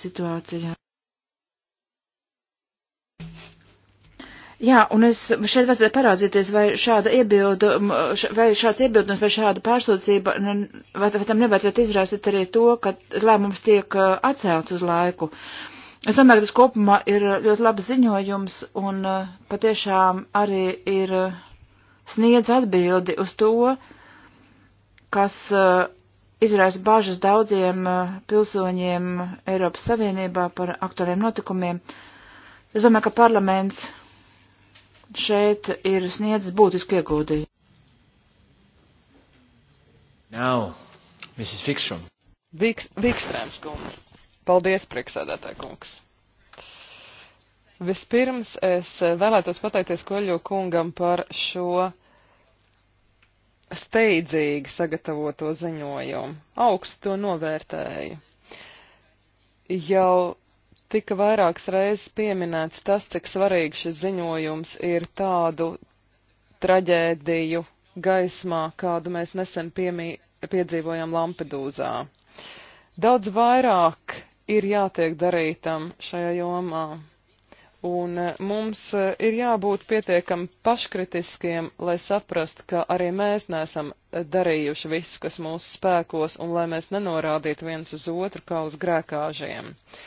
situācijā. Jā, un es šeit vajadzēja parādzīties, vai šāda iebildu, vai šāds iebildums, vai šāda pārsūdzība, nu, vai, vai tam nevajadzētu izrāsīt arī to, ka lēmums tiek uh, atcelts uz laiku. Uh, Es domāju, ka tas kopumā ir ļoti labs ziņojums un eh, patiešām arī ir eh, sniedz atbildi uz to, kas eh, izraisa bažas daudziem pilsoņiem Eiropas Savienībā par aktuāliem notikumiem. Es domāju, ka parlaments šeit ir sniedzis būtiski ieguldījumu. Now, Mrs. Vikström. Vikstrēms kundze. Paldies, prieksēdētāji kungs! Vispirms es eh, vēlētos pateikties Koļo kungam par šo steidzīgi sagatavoto ziņojumu. Augstu to novērtēju. Jau tika vairākas reizes pieminēts tas, cik svarīgi šis ziņojums ir tādu traģēdiju gaismā, kādu mēs nesen piemī, piedzīvojām Lampedūzā. Daudz vairāk ir jātiek darītam šajā jomā. Un e, mums e, ir jābūt pietiekami paškritiskiem, lai saprastu, ka arī mēs neesam e, darījuši visu, kas mūsu spēkos, un lai mēs nenorādītu viens uz otru kā uz grēkāžiem. Uh,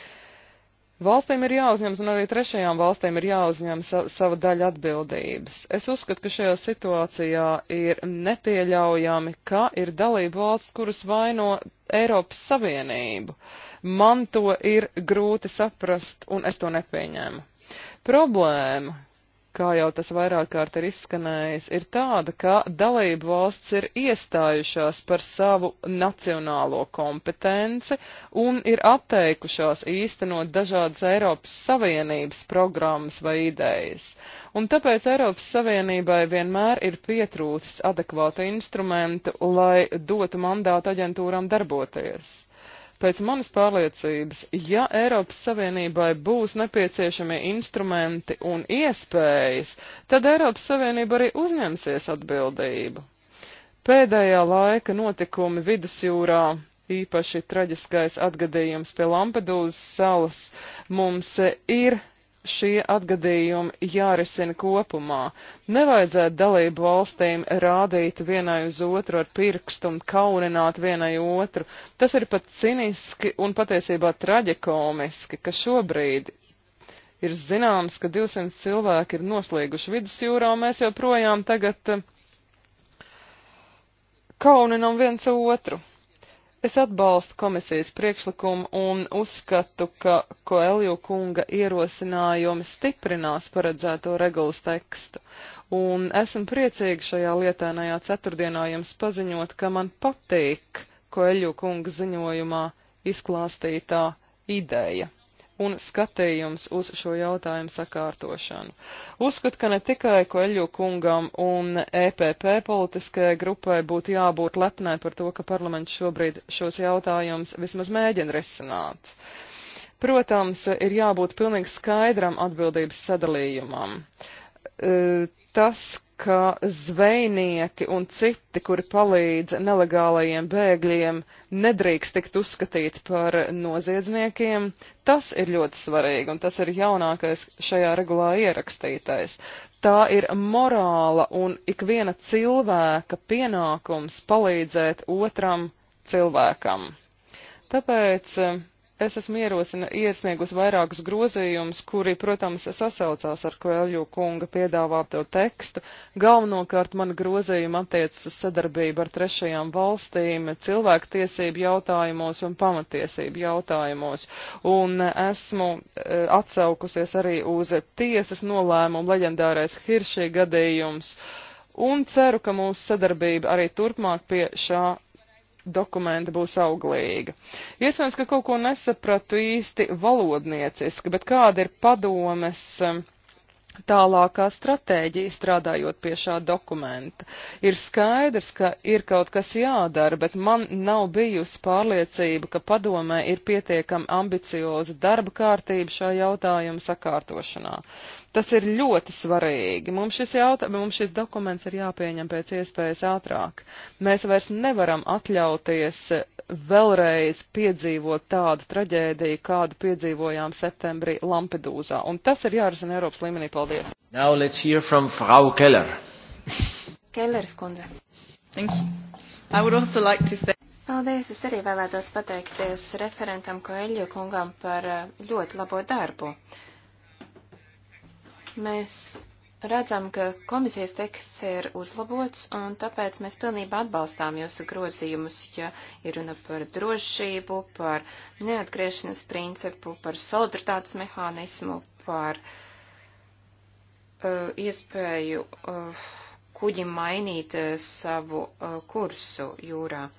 Valstīm ir jāuzņems un arī trešajām valstīm ir jāuzņem sa sava daļa atbildības. Es uzskatu, ka šajā situācijā ir nepieļaujami, ka ir dalība valsts, kuras vaino Eiropas Savienību. Man to ir grūti saprast un es to nepieņēmu. Problēma, kā jau tas vairāk kārt ir izskanējis, ir tāda, ka dalību valsts ir iestājušās par savu nacionālo kompetenci un ir atteikušās īstenot dažādas Eiropas Savienības programmas vai idejas. Un tāpēc Eiropas Savienībai vienmēr ir pietrūcis adekvāta instrumenta, lai dotu mandātu aģentūram darboties. Pēc manas pārliecības, ja Eiropas Savienībai būs nepieciešamie instrumenti un iespējas, tad Eiropas Savienība arī uzņemsies atbildību. Pēdējā laika notikumi vidusjūrā īpaši traģiskais atgadījums pie Lampedūzas salas, mums ir šie atgadījumi jārisina kopumā. Nevajadzētu dalību valstīm rādīt vienai uz otru ar pirkstu un kaunināt vienai otru. Tas ir pat ciniski un patiesībā traģikomiski, ka šobrīd ir zināms, ka 200 cilvēki ir noslieguši vidusjūrā, un mēs joprojām tagad eh, kauninam viens otru. Es atbalstu komisijas priekšlikumu un uzskatu, ka Koelju kunga ierosinājumi stiprinās paredzēto regulas tekstu. Un esmu priecīgi šajā lietēnajā ceturtdienā jums paziņot, ka man patīk Koelju kunga ziņojumā izklāstītā ideja un skatījums uz šo jautājumu sakārtošanu. Uzskat, ka ne tikai Koeļo kungam un EPP politiskajai grupai būtu jābūt lepnai par to, ka parlaments šobrīd šos jautājumus vismaz mēģina risināt. Protams, ir jābūt pilnīgi skaidram atbildības sadalījumam. E, tas, ka zvejnieki un citi, kuri palīdz nelegālajiem bēgļiem, nedrīkst tikt uzskatīti par noziedzniekiem. Tas ir ļoti svarīgi, un tas ir jaunākais šajā regulā ierakstītais. Tā ir morāla un ikviena cilvēka pienākums palīdzēt otram cilvēkam. Tāpēc es esmu ierosina, iesniegus vairākus grozījumus, kuri, protams, sasaucās ar Koelju kunga piedāvāto tekstu. Galvenokārt man grozījumi attiecas uz sadarbību ar trešajām valstīm, cilvēktiesību jautājumos un pamatiesību jautājumos. Un esmu e, atsaukusies arī uz tiesas nolēmumu leģendārais Hiršī gadījums. Un ceru, ka mūsu sadarbība arī turpmāk pie šā dokumenta būs auglīga. Iespējams, ka kaut ko nesapratu īsti valodnieciski, bet kāda ir padomes um, tālākā stratēģija strādājot pie šā dokumenta? Ir skaidrs, ka ir kaut kas jādara, bet man nav bijusi pārliecība, ka padomē ir pietiekami ambicioza darba kārtība šā jautājuma sakārtošanā. Tas ir ļoti svarīgi. Mums šis, jautā, mums šis dokuments ir jāpieņem pēc iespējas ātrāk. Mēs vairs nevaram atļauties vēlreiz piedzīvot tādu traģēdiju, kādu piedzīvojām septembrī Lampedūzā. Un tas ir jārisina Eiropas līmenī. Paldies! Now let's hear from Frau Keller. Kelleris kundze. Thank you. I would also like to thank. Paldies! Es arī vēlētos pateikties referentam Koeļu kungam par eh, ļoti labo darbu. Uh, Mēs redzam, ka komisijas teksts ir uzlabots, un tāpēc mēs pilnībā atbalstām jūsu grozījumus, ja ir runa par drošību, par neatgriešanas principu, par solidaritātes mehānismu, par uh, iespēju uh, kuģim mainīt uh, savu uh, kursu jūrā. Uh,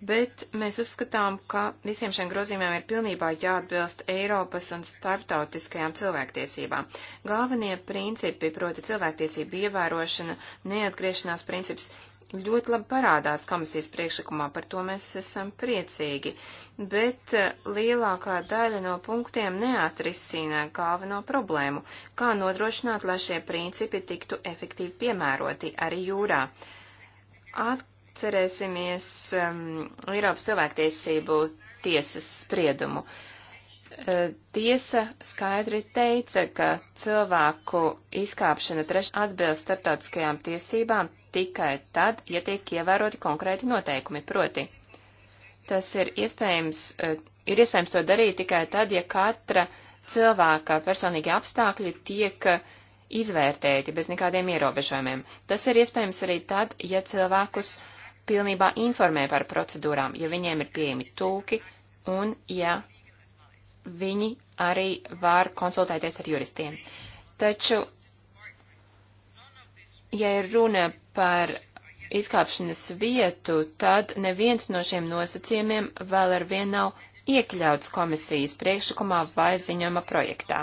bet mēs uzskatām, ka visiem šiem grozījumiem ir pilnībā jāatbilst Eiropas un starptautiskajām cilvēktiesībām. Galvenie principi, proti cilvēktiesību ievērošana, neatgriešanās princips, ļoti labi parādās komisijas priekšlikumā, par to mēs esam priecīgi, bet eh, lielākā daļa no punktiem neatrisina galveno problēmu, kā nodrošināt, lai šie principi tiktu efektīvi piemēroti arī jūrā. At Cerēsimies um, Eiropas cilvēktiesību tiesas spriedumu. Uh, tiesa skaidri teica, ka cilvēku izkāpšana treš atbilst starptautiskajām tiesībām tikai tad, ja tiek ievēroti konkrēti noteikumi. Proti, tas ir iespējams, uh, ir iespējams to darīt tikai tad, ja katra cilvēka personīgie apstākļi tiek uh, izvērtēti bez nekādiem ierobežojumiem. Tas ir iespējams arī tad, ja cilvēkus uh, pilnībā informē par procedūrām, ja viņiem ir pieejami tulki un ja viņi arī var konsultēties ar juristiem. Taču, ja ir runa par izkāpšanas vietu, tad neviens no šiem nosacījumiem vēl ar vien nav iekļauts komisijas priekšlikumā vai ziņojuma projektā.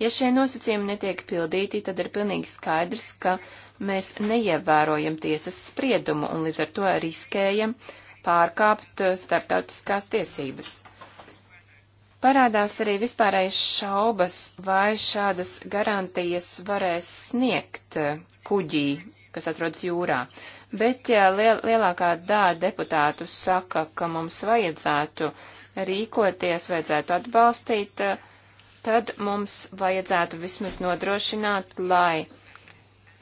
Ja šie nosacījumi netiek pildīti, tad ir pilnīgi skaidrs, ka uh, mēs neievērojam tiesas spriedumu un līdz ar to riskējam pārkāpt eh, starptautiskās tiesības. Parādās arī vispārējais šaubas, vai šādas garantijas varēs sniegt eh, kuģī, kas atrodas jūrā. Bet ja liel, lielākā daļa deputātu saka, ka mums vajadzētu rīkoties, vajadzētu atbalstīt, eh, tad mums vajadzētu vismaz nodrošināt, lai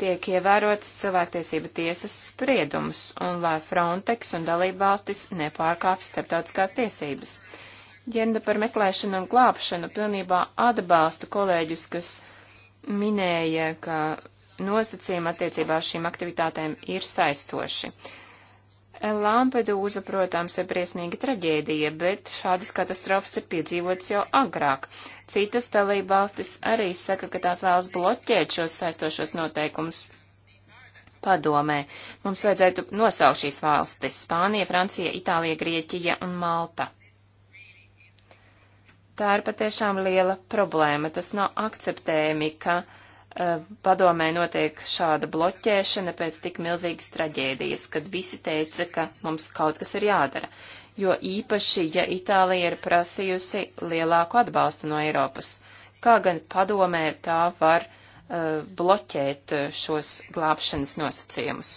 tiek ievērots cilvēktiesība tiesas spriedums un lai Frontex un dalībvalstis nepārkāpj starptautiskās tiesības. Ģenda par meklēšanu un glābšanu pilnībā atbalsta kolēģus, kas minēja, ka nosacījumi attiecībā uz šīm aktivitātēm ir saistoši. Uh, Lampedūza, protams, ir briesmīga traģēdija, bet šādas katastrofas ir piedzīvotas jau agrāk. Citas dalībvalstis arī saka, ka tās vēlas bloķēt šos saistošos noteikumus padomē. Mums vajadzētu nosaukt šīs valstis - Spānija, Francija, Itālija, Grieķija un Malta. Tā ir patiešām liela problēma. Tas nav akceptējami, ka Eh, padomē notiek šāda bloķēšana pēc tik milzīgas traģēdijas, kad visi teica, ka mums kaut kas ir jādara, jo īpaši, ja Itālija ir prasījusi lielāku atbalstu no Eiropas, kā gan padomē tā var uh, bloķēt eh, šos glābšanas nosacījumus.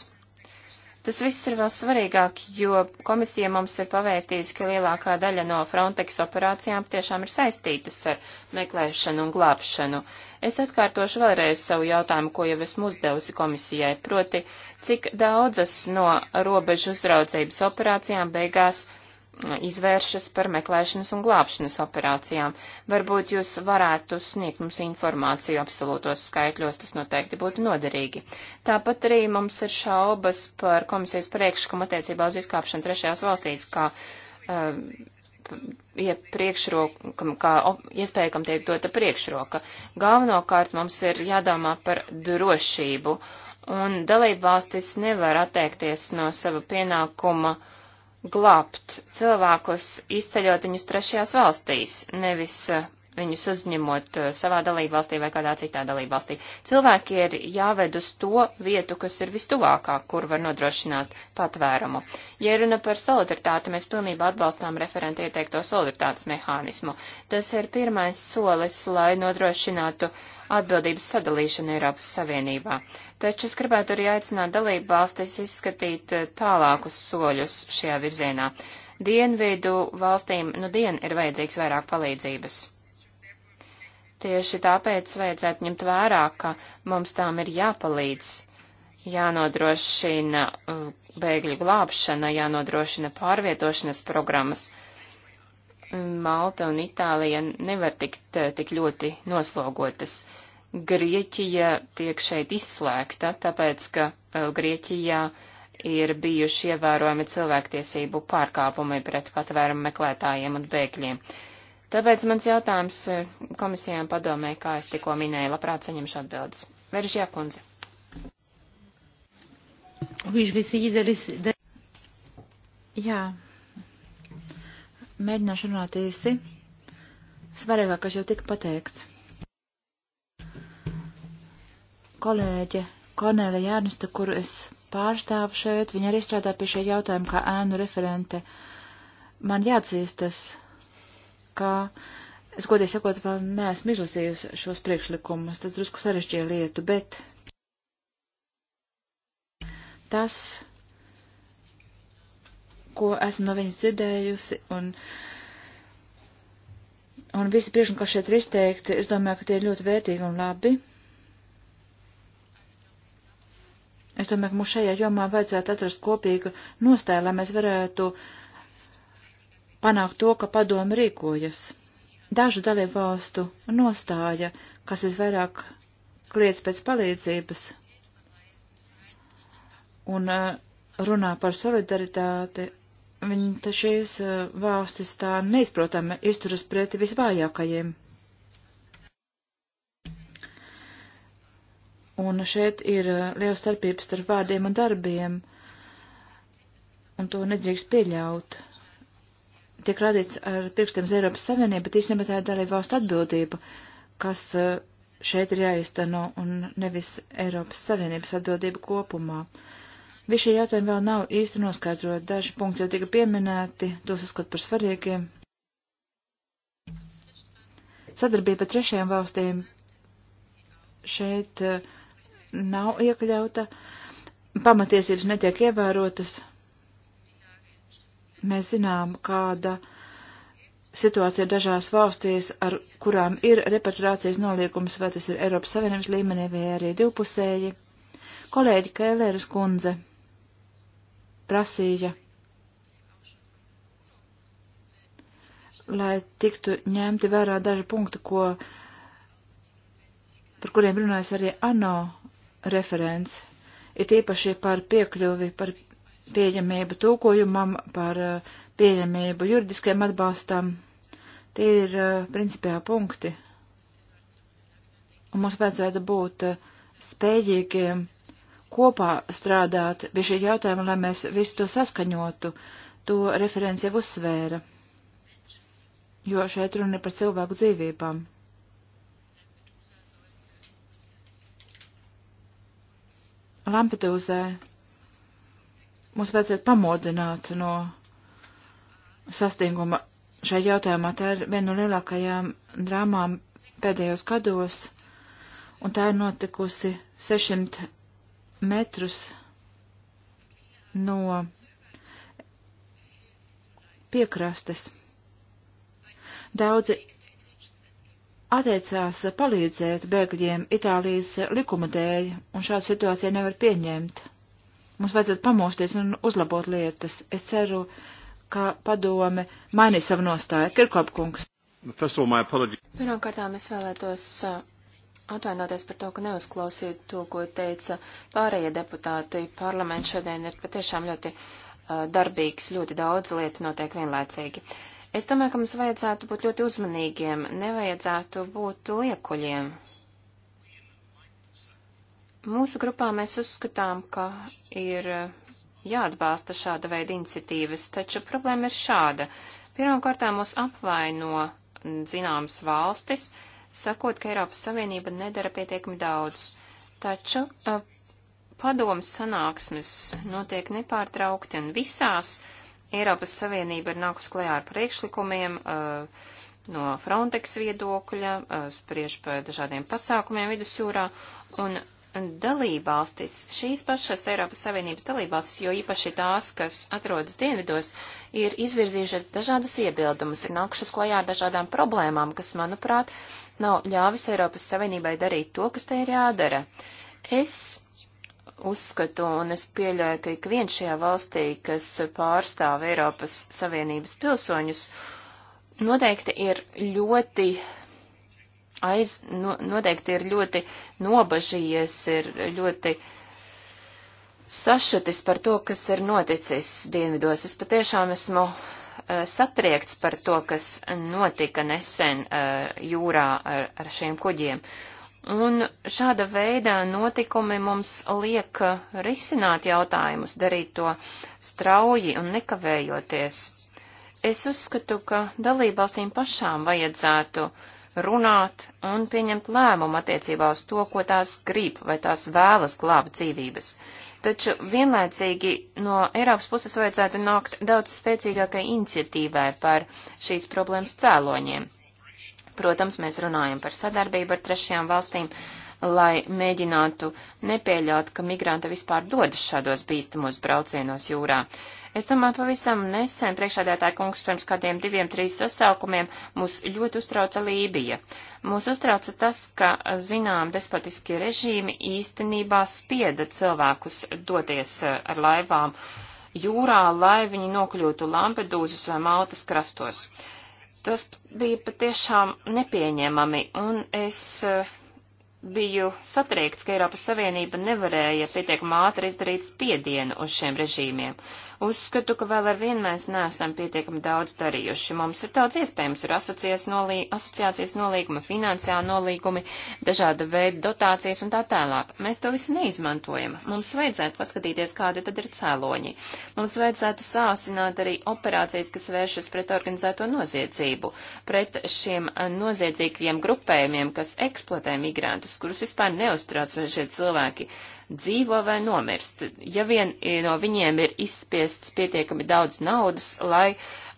Tas viss ir vēl svarīgāk, jo komisija mums ir pavēstījusi, ka lielākā daļa no Frontex operācijām tiešām ir saistītas ar meklēšanu un glābšanu. Es atkārtošu vēlreiz savu jautājumu, ko jau esmu uzdevusi komisijai, proti, cik daudzas no robežu uzraudzības operācijām beigās izvēršas par meklēšanas un glābšanas operācijām. Varbūt jūs varētu sniegt mums informāciju absolūtos skaitļos, tas noteikti būtu noderīgi. Tāpat arī mums ir šaubas par komisijas priekšlikumu attiecībā uz izkāpšanu trešajās valstīs, kā um, ja priekšrokam, kā iespējam tiek dota priekšroka. Galvenokārt mums ir jādomā par drošību, un dalību valstis nevar atteikties no sava pienākuma uh, glābt cilvēkus, izceļot viņus trešajās valstīs, nevis viņus uzņemot eh, savā dalībvalstī vai kādā citā dalībvalstī. Cilvēki ir jāved uz to vietu, kas ir vistuvākā, kur var nodrošināt patvērumu. Ja runa par solidaritāti, mēs pilnībā atbalstām referenta ieteikto solidaritātes mehānismu. Tas ir pirmais solis, lai nodrošinātu atbildības sadalīšanu Eiropas Savienībā. Taču es gribētu arī aicināt dalībvalstis izskatīt eh, tālākus soļus šajā virzienā. Dienvidu valstīm nu dien ir vajadzīgs vairāk palīdzības. Tieši tāpēc vajadzētu ņemt vērā, ka mums tām ir jāpalīdz, jānodrošina uh, bēgļu glābšana, jānodrošina pārvietošanas programmas. Malta un Itālija nevar tikt uh, tik ļoti noslogotas. Grieķija tiek šeit izslēgta, tāpēc, ka uh, Grieķijā ir bijuši ievērojami cilvēktiesību pārkāpumi pret patvērumu meklētājiem un bēgļiem. Tāpēc mans jautājums eh, komisijām padomē, kā es tikko minēju, labprāt saņemšu atbildes. Veržjā kundze. Jā. Mēģināšu runāt īsi. Svarīgākais jau tika pateikts. Kolēģe Kornēla Jārnista, kuru es pārstāvu šeit, viņa arī strādā pie šī jautājuma kā ēnu referente. Man jāatzīstas, ka es godīgi sakot, vēl neesmu izlasījusi šos priekšlikumus, tas drusku sarežģīja lietu, bet tas, ko esmu no viņas dzirdējusi, un, un visi priekšlikumi, kas šeit ir izteikti, es domāju, ka tie ir ļoti vērtīgi un labi. Es domāju, ka mums šajā jomā vajadzētu atrast kopīgu nostāju, lai mēs varētu uh, panākt to, ka padomu rīkojas. Dažu dalībvalstu nostāja, kas visvairāk kliedz pēc palīdzības un eh, runā par solidaritāti, viņi šīs eh, valstis tā neizprotami izturas pret visvājākajiem. Un šeit ir eh, liela starpības starp vārdiem un darbiem, un to nedrīkst pieļaut tiek radīts ar pirkstiem uz Eiropas Savienību, bet īstenībā tā ir dalība valstu atbildība, kas eh, šeit ir jāizteno un nevis Eiropas Savienības atbildība kopumā. Visi šie jautājumi vēl nav īsti noskaidrot, daži punkti jau tika pieminēti, tos uzskat par svarīgiem. Sadarbība trešajām valstīm šeit eh, nav iekļauta, pamatiesības netiek ievērotas, Mēs zinām, kāda situācija dažās valstīs, ar kurām ir repatriācijas noliekums, vai tas ir Eiropas Savienības līmenī vai arī divpusēji. Kolēģi Kēlēras kundze prasīja, lai tiktu ņemti vērā daži punkti, ko, par kuriem runājas arī ANO referents, ir tīpaši par piekļuvi, par pieejamību tūkojumam, par eh, pieejamību juridiskiem atbalstam. Tie ir eh, principiāli punkti. Un mums vajadzētu būt eh, spējīgiem kopā strādāt pie šī jautājuma, lai mēs visu to saskaņotu. To referents jau uzsvēra, jo šeit runa ir par cilvēku dzīvībām. Lampedūzē mums vajadzētu pamodināt no sastinguma šai jautājumā. Tā ir viena no lielākajām drāmām pēdējos gados, un tā ir notikusi 600 metrus no piekrastes. Daudzi atteicās palīdzēt bēgļiem Itālijas likuma dēļ, un šādu situāciju nevar pieņemt. Mums vajadzētu pamosties un uzlabot lietas. Es ceru, ka padome mainīs savu nostāju. Kirkopkungs. Pirmkārtām es vēlētos uh, atvainoties par to, ka neuzklausīju to, ko teica pārējie deputāti. Parlaments šodien ir patiešām ļoti uh, darbīgs, ļoti daudz lietu notiek vienlaicīgi. Es domāju, ka mums vajadzētu būt ļoti uzmanīgiem, nevajadzētu būt liekuļiem. Mūsu grupā mēs uzskatām, ka ir eh, jāatbalsta šāda veida iniciatīvas, taču problēma ir šāda. Pirmkārt, mūs apvaino zināmas valstis, sakot, ka Eiropas Savienība nedara pietiekami daudz, taču eh, padomas sanāksmes notiek nepārtraukti un visās Eiropas Savienība ir nākus klajā ar priekšlikumiem, uh, no Frontex viedokļa, spriež par dažādiem pasākumiem vidusjūrā, un dalībvalstis, šīs pašas Eiropas Savienības dalībvalstis, jo īpaši tās, kas atrodas dienvidos, ir izvirzījušas dažādus iebildumus, ir nākušas klajā ar dažādām problēmām, kas, manuprāt, nav ļāvis Eiropas Savienībai darīt to, kas tai ir jādara. Es uzskatu un es pieļauju, ka ik viens šajā valstī, kas pārstāv Eiropas Savienības pilsoņus, noteikti ir ļoti aiz, no, noteikti ir ļoti nobažījies, ir ļoti sašutis par to, kas ir noticis dienvidos. Es patiešām esmu eh, satriekts par to, kas notika nesen eh, jūrā ar, ar šiem kuģiem. Un šāda veida notikumi mums liek eh, risināt jautājumus, darīt to strauji un nekavējoties. Es uzskatu, ka dalībvalstīm pašām vajadzētu uh, runāt un pieņemt lēmumu attiecībā uz to, ko tās grib vai tās vēlas glābt dzīvības. Taču vienlaicīgi no Eiropas puses vajadzētu nākt daudz spēcīgākai iniciatīvai par šīs problēmas cēloņiem. Protams, mēs runājam par sadarbību ar trešajām valstīm, lai mēģinātu nepieļaut, ka migranta vispār dodas šādos bīstamos braucienos jūrā. Uh, Es domāju, pavisam nesen priekšādētāja kungs pirms kādiem diviem, trīs sasaukumiem mūs ļoti uztrauca Lībija. Mūs uztrauca tas, ka, zinām, despotiskie režīmi īstenībā spieda cilvēkus doties eh, ar laivām jūrā, lai viņi nokļūtu Lampedūzas vai Maltas krastos. Tas bija patiešām nepieņemami, un es eh, biju satriekts, ka Eiropas Savienība nevarēja pietiekam ātri izdarīt spiedienu uz šiem režīmiem. Uzskatu, ka vēl ar vienu mēs neesam pietiekami daudz darījuši. Mums ir daudz iespējams, ir asociācijas, nolī, asociācijas nolīgumi, finansiāli nolīgumi, dažāda veida dotācijas un tā tālāk. Mēs to visu neizmantojam. Mums vajadzētu paskatīties, kādi tad ir cēloņi. Mums vajadzētu sāsināt arī operācijas, kas vēršas pret organizēto noziedzību, pret šiem noziedzīgajiem grupējumiem, kas eksploatē migrantus, kurus vispār neuzturāts vai šie cilvēki dzīvo vai nomirst, ja vien eh, no viņiem ir izspiests pietiekami daudz naudas, lai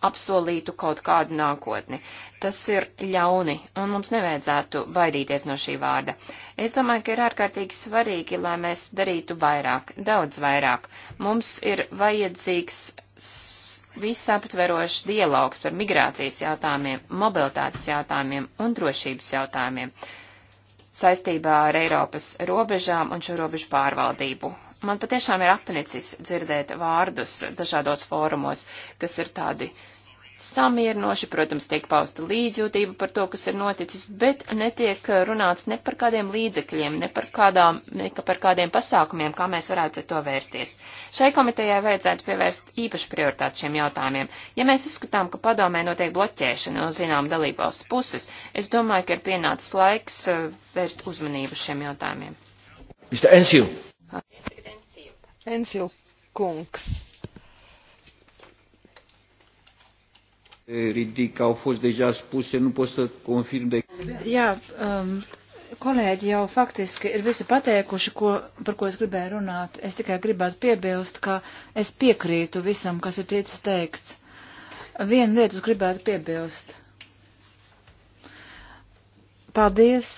apsolītu kaut kādu nākotni. Tas ir ļauni, un mums nevajadzētu baidīties no šī vārda. Es domāju, ka ir ārkārtīgi svarīgi, lai mēs darītu vairāk, daudz vairāk. Mums ir vajadzīgs visaptverošs dialogs par migrācijas jautājumiem, mobilitātes jautājumiem un drošības jautājumiem saistībā ar Eiropas robežām un šo robežu pārvaldību. Man patiešām ir apnicis dzirdēt vārdus dažādos fórumos, kas ir tādi uh, samierinoši, protams, tiek pausta līdzjūtība par to, kas ir noticis, bet netiek runāts ne par kādiem līdzekļiem, ne par, kādām, ne par kādiem pasākumiem, kā mēs varētu pret to vērsties. Šai komitejai vajadzētu pievērst īpašu prioritāti šiem jautājumiem. Ja mēs uzskatām, ka padomē notiek bloķēšana no zinām dalībvalstu puses, es domāju, ka ir pienācis laiks eh, vērst uzmanību šiem jautājumiem. Mr. Ensju. Ensju kungs. E, ridic, au fost deja spuse, nu pot să confirm de... Jā, um, kolēģi jau faktiski ir visu pateikuši, ko, par ko es gribēju runāt. Es tikai gribētu piebilst, ka es piekrītu visam, kas ir ticis teikts. Vienu lietu es gribētu piebilst. Paldies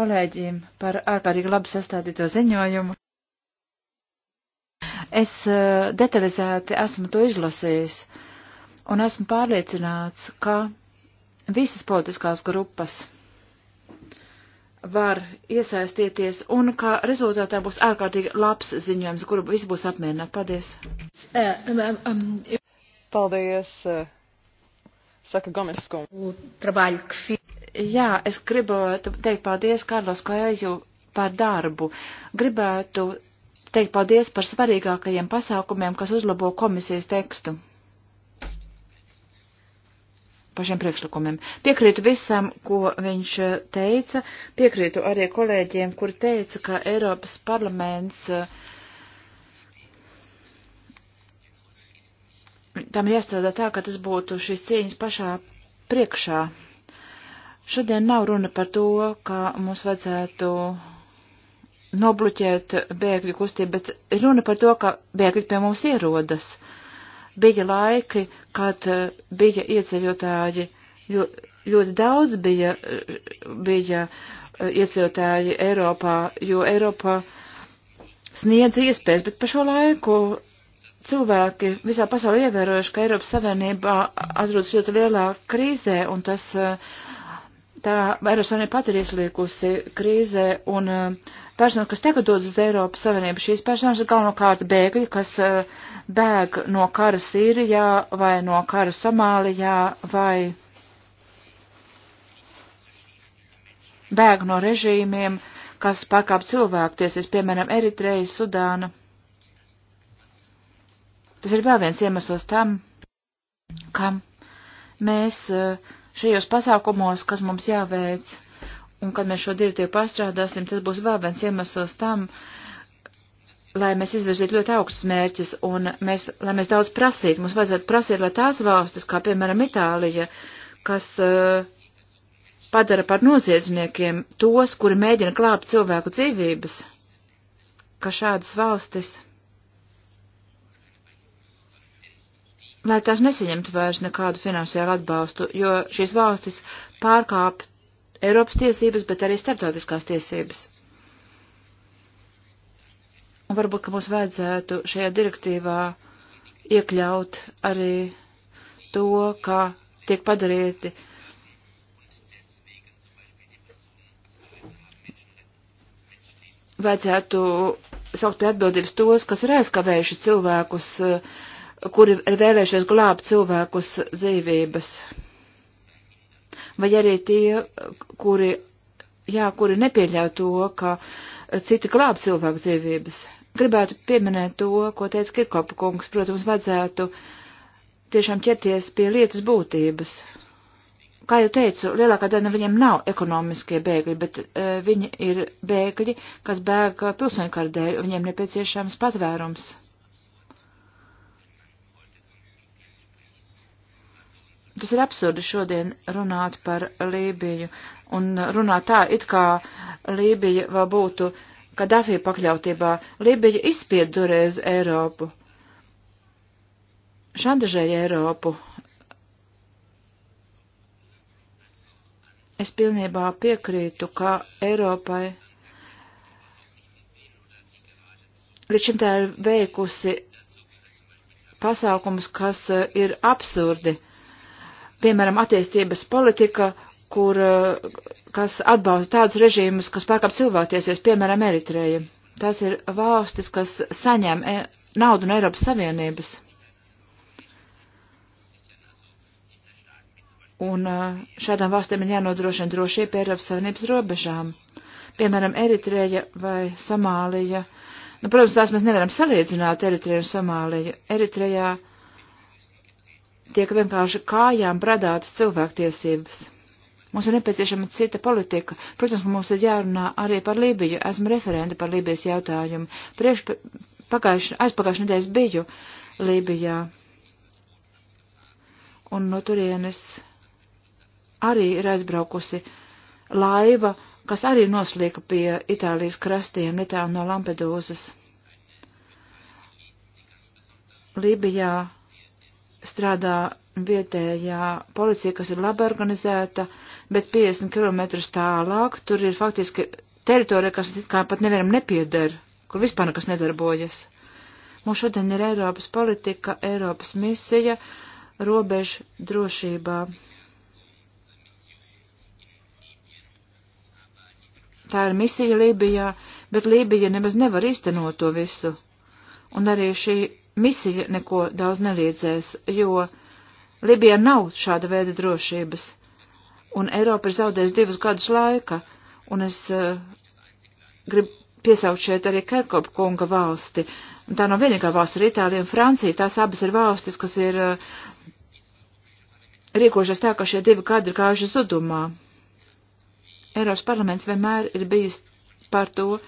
kolēģiem par ārkārtīgi labi sastādīto ziņojumu. Es uh, detalizēti esmu to izlasījis. Uh, un esmu pārliecināts, ka visas politiskās grupas var iesaistīties un ka rezultātā būs ārkārtīgi labs ziņojums, kuru visi būs apmierināti. Paldies! Paldies! Eh, saka Gomes skundu. Jā, es gribētu teikt paldies Karlos Koeju par darbu. Gribētu teikt paldies par svarīgākajiem pasākumiem, kas uzlabo komisijas tekstu par šiem priekšlikumiem. Piekrītu visam, ko viņš eh, teica, piekrītu arī kolēģiem, kur teica, ka Eiropas parlaments eh, tam ir jāstrādā tā, ka tas būtu šīs cīņas pašā priekšā. Šodien nav runa par to, ka mums vajadzētu nobluķēt bēgļu kustību, bet runa par to, ka bēgļi pie mums ierodas. Uh, Bija laiki, kad eh, bija ieceļotāji, jo, ļoti daudz bija, eh, bija eh, ieceļotāji Eiropā, jo Eiropa sniedz iespējas, bet pa šo laiku cilvēki visā pasaulē ievērojuši, ka Eiropas Savienībā atrodas ļoti lielā krīzē, un tas tā vairs vai ne pat ir iesliekusi krīzē, un eh, personas, kas tagad dodas uz Eiropas Savienību, šīs personas ir galvenokārt bēgļi, kas eh, bēg no kara Sīrijā vai no kara Somālijā vai bēg no režīmiem, kas pārkāp cilvēktiesības, piemēram, Eritreja, Sudāna. Tas ir vēl viens iemesls tam, kam mēs uh, šajos pasākumos, kas mums jāveic, un kad mēs šo direktīvu pārstrādāsim, tas būs vēl viens iemesls tam, lai mēs izvirzītu ļoti augstus mērķus, un mēs, lai mēs daudz prasītu. Mums vajadzētu prasīt, lai tās valstis, kā piemēram Itālija, kas uh, padara par noziedzniekiem tos, kuri mēģina klāpt cilvēku dzīvības, ka šādas valstis lai tās nesaņemtu vairs nekādu finansiālu atbalstu, jo šīs valstis pārkāp Eiropas tiesības, bet arī starptautiskās tiesības. Un varbūt, ka mums vajadzētu šajā direktīvā iekļaut arī to, kā tiek padarīti vajadzētu saukt pie atbildības tos, kas ir aizkavējuši cilvēkus uh, kuri ir vēlējušies glābt cilvēkus dzīvības. Vai arī tie, kuri, jā, kuri nepieļauj to, ka citi glāb cilvēku dzīvības. Gribētu pieminēt to, ko teica Kirkopa kungs, protams, vajadzētu tiešām ķerties pie lietas būtības. Kā jau teicu, lielākā daļa no viņiem nav ekonomiskie bēgļi, bet uh, e, viņi ir bēgļi, kas bēg pilsoņu kardēļ, un viņiem nepieciešams patvērums. Uh, Tas ir absurdi šodien runāt par Lībiju un runāt tā, it kā Lībija vēl būtu Kadafī pakļautībā. Lībija izspied durēs Eiropu, šantažēja Eiropu. Es pilnībā piekrītu, ka Eiropai līdz šim tā ir veikusi pasākumus, kas ir absurdi piemēram, attīstības politika, kur, eh, kas atbalsta tādus režīmus, kas pārkāp cilvēktiesies, piemēram, Eritreja. Tas ir valstis, kas saņem e naudu no Eiropas Savienības. Un eh, šādām valstīm ir jānodrošina drošība Eiropas Savienības robežām. Piemēram, Eritreja vai Somālija. Nu, protams, tās mēs nevaram salīdzināt Eritreju un Somāliju. Eritrejā. Eritrejā tiek vienkārši kājām bradātas cilvēktiesības. Mums ir nepieciešama cita politika. Protams, mums ir jārunā arī par Lībiju. Esmu referenta par Lībijas jautājumu. Priekš aizpagājušajā nedēļas biju Lībijā. Un no turienes arī ir aizbraukusi laiva, kas arī noslīka pie Itālijas krastiem netālu no Lampedūzas. Lībijā strādā vietējā policija, kas ir labi organizēta, bet 50 km tālāk tur ir faktiski teritorija, kas kā pat nevienam nepieder, kur vispār nekas nedarbojas. Mums šodien ir Eiropas politika, Eiropas misija, robežu drošībā. Tā ir misija Lībijā, bet Lībija nemaz nevar iztenot to visu. Un arī šī misija neko daudz neliedzēs, jo Libijā nav šāda veida drošības, un Eiropa ir zaudējusi divus gadus laika, un es uh, eh, gribu piesaukt šeit arī Kerkopa kunga valsti, un tā nav vienīgā valsts, ir Itālija un Francija, tās abas ir valstis, kas ir uh, eh, rīkošies tā, ka šie divi gadi ir gājuši zudumā. Eiropas parlaments vienmēr ir bijis par to, uh,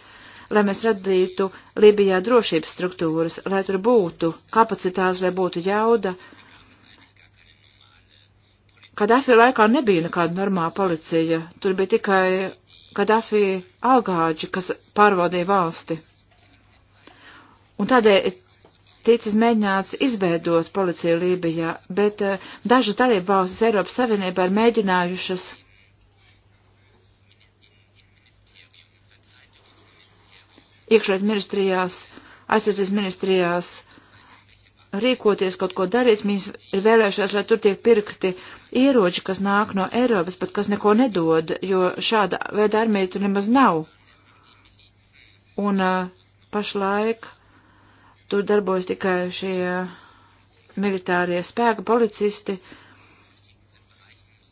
lai mēs radītu Libijā drošības struktūras, lai tur būtu kapacitātes, lai būtu jauda. Kadafi laikā nebija nekāda normāla policija, tur bija tikai Kadafi algāģi, kas pārvaldīja valsti. Un tādēļ ticis mēģināts izveidot policiju Lībijā, bet uh, dažas dalībvalstis Eiropas Savienībā ir mēģinājušas iekšliet ministrijās, aizsardzības ministrijās rīkoties, kaut ko darīt. Mēs ir vēlējušies, lai tur tiek pirkti ieroči, kas nāk no Eiropas, bet kas neko nedod, jo šāda veida armija tur nemaz nav. Un uh, pašlaik tur darbojas tikai šie militārie spēka policisti.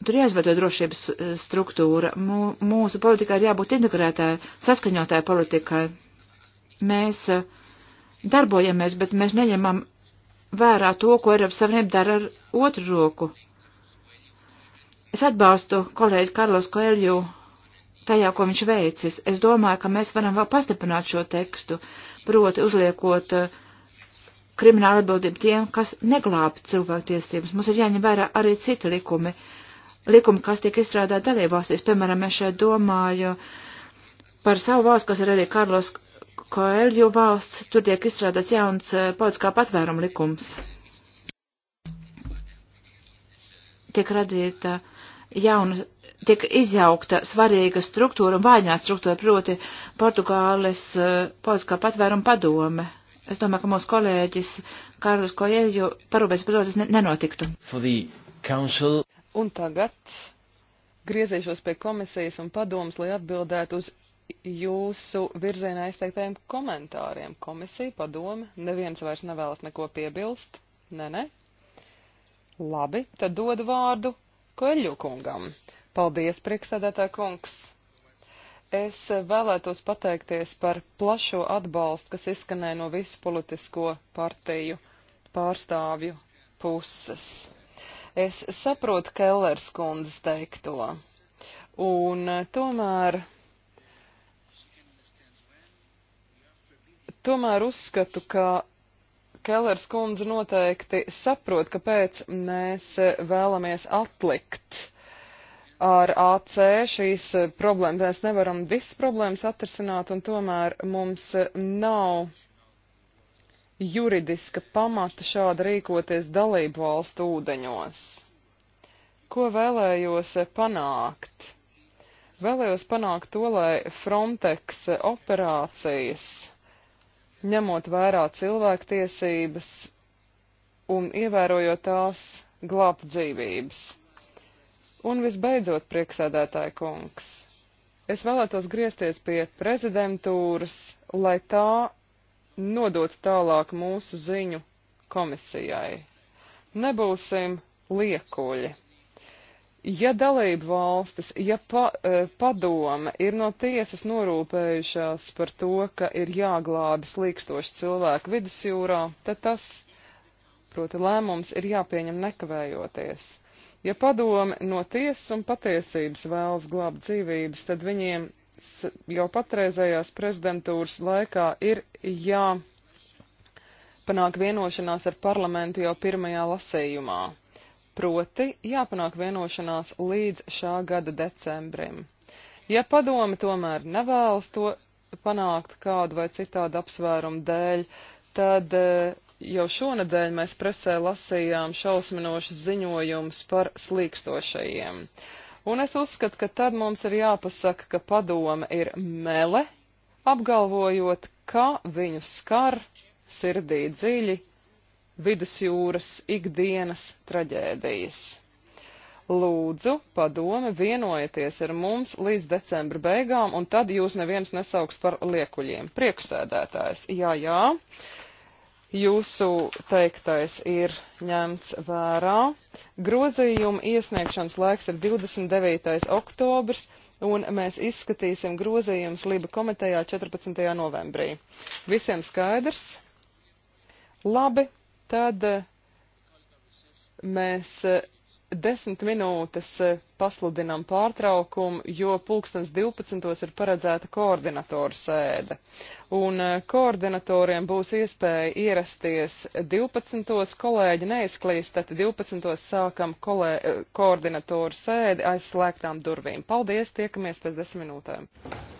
Tur jāizveido drošības uh, struktūra. Mūsu politikai ir jābūt integrētāji, saskaņotāji politikai mēs eh, darbojamies, bet mēs neņemam vērā to, ko Eiropas Savienība dara ar otru roku. Es atbalstu kolēģi Karlos Koelju tajā, ko viņš veicis. Es domāju, ka mēs varam vēl pastiprināt šo tekstu, proti uzliekot eh, kriminālu atbildību tiem, kas neglāb cilvēktiesības. Mums ir jāņem vērā arī citi likumi, likumi, kas tiek izstrādāti dalībvalstīs. Piemēram, es šeit domāju par savu valsts, kas ir arī Karlos Koelju valsts, tur tiek izstrādāts jauns eh, politiskā patvēruma likums. Tiek radīta jauna, tiek izjaukta svarīga struktūra un vājā struktūra, proti Portugāles eh, politiskā patvēruma padome. Es domāju, ka mūsu kolēģis Kārlis Koelju parūpēs par to, tas nenotiktu. Un tagad griezīšos pie komisijas un padomas, lai atbildētu uz jūsu virzienā izteiktajiem komentāriem. Komisija, padome, neviens vairs nevēlas neko piebilst. Nē, nē. Labi, tad dodu vārdu Koeļu kungam. Paldies, priekšsēdētā kungs. Es vēlētos pateikties par plašo atbalstu, kas izskanēja no visu politisko partiju pārstāvju puses. Es saprotu Kellers kundzes teikto, un tomēr Tomēr uzskatu, ka Kellers kundze noteikti saprot, kāpēc mēs vēlamies atlikt ar AC šīs problēmas. Mēs nevaram visas problēmas atrisināt, un tomēr mums nav juridiska pamata šādi rīkoties dalību valstu ūdeņos. Ko vēlējos panākt? Vēlējos panākt to, lai Frontex operācijas ņemot vērā cilvēktiesības un ievērojot tās glābt dzīvības. Un visbeidzot, prieksēdētāja kungs, es vēlētos griezties pie prezidentūras, lai tā nodot tālāk mūsu ziņu komisijai. Nebūsim liekuļi. Ja dalību valstis, ja pa, e, padome ir no tiesas norūpējušās par to, ka ir jāglābi slīkstoši cilvēki vidusjūrā, tad tas, proti, lēmums ir jāpieņem nekavējoties. Ja padome no tiesas un patiesības vēlas glābt dzīvības, tad viņiem jau patreizējās prezidentūras laikā ir jāpanāk vienošanās ar parlamentu jau pirmajā lasējumā proti jāpanāk vienošanās līdz šā gada decembrim. Ja padome tomēr nevēlas to panākt kādu vai citādu apsvērumu dēļ, tad eh, jau šonadēļ mēs presē lasījām šausminošas ziņojumus par slīkstošajiem. Un es uzskatu, ka tad mums ir jāpasaka, ka padome ir mele, apgalvojot, ka viņu skar sirdī dziļi vidusjūras ikdienas traģēdijas. Lūdzu, padome, vienojieties ar mums līdz decembra beigām, un tad jūs neviens nesauks par liekuļiem. Prieksēdētājs, jā, jā, jūsu teiktais ir ņemts vērā. Grozījuma iesniegšanas laiks ir 29. oktobrs un mēs izskatīsim grozījumus Liba komitejā 14. novembrī. Visiem skaidrs? Labi, tad eh, mēs eh, desmit minūtes eh, pasludinām pārtraukumu, jo pulkstens 12. ir paredzēta koordinatoru sēde. Un koordinatoriem būs iespēja ierasties 12. kolēģi neizklīst, tad 12. sākam kolē, koordinatoru sēdi aizslēgtām durvīm. Paldies, tiekamies pēc desmit minūtēm.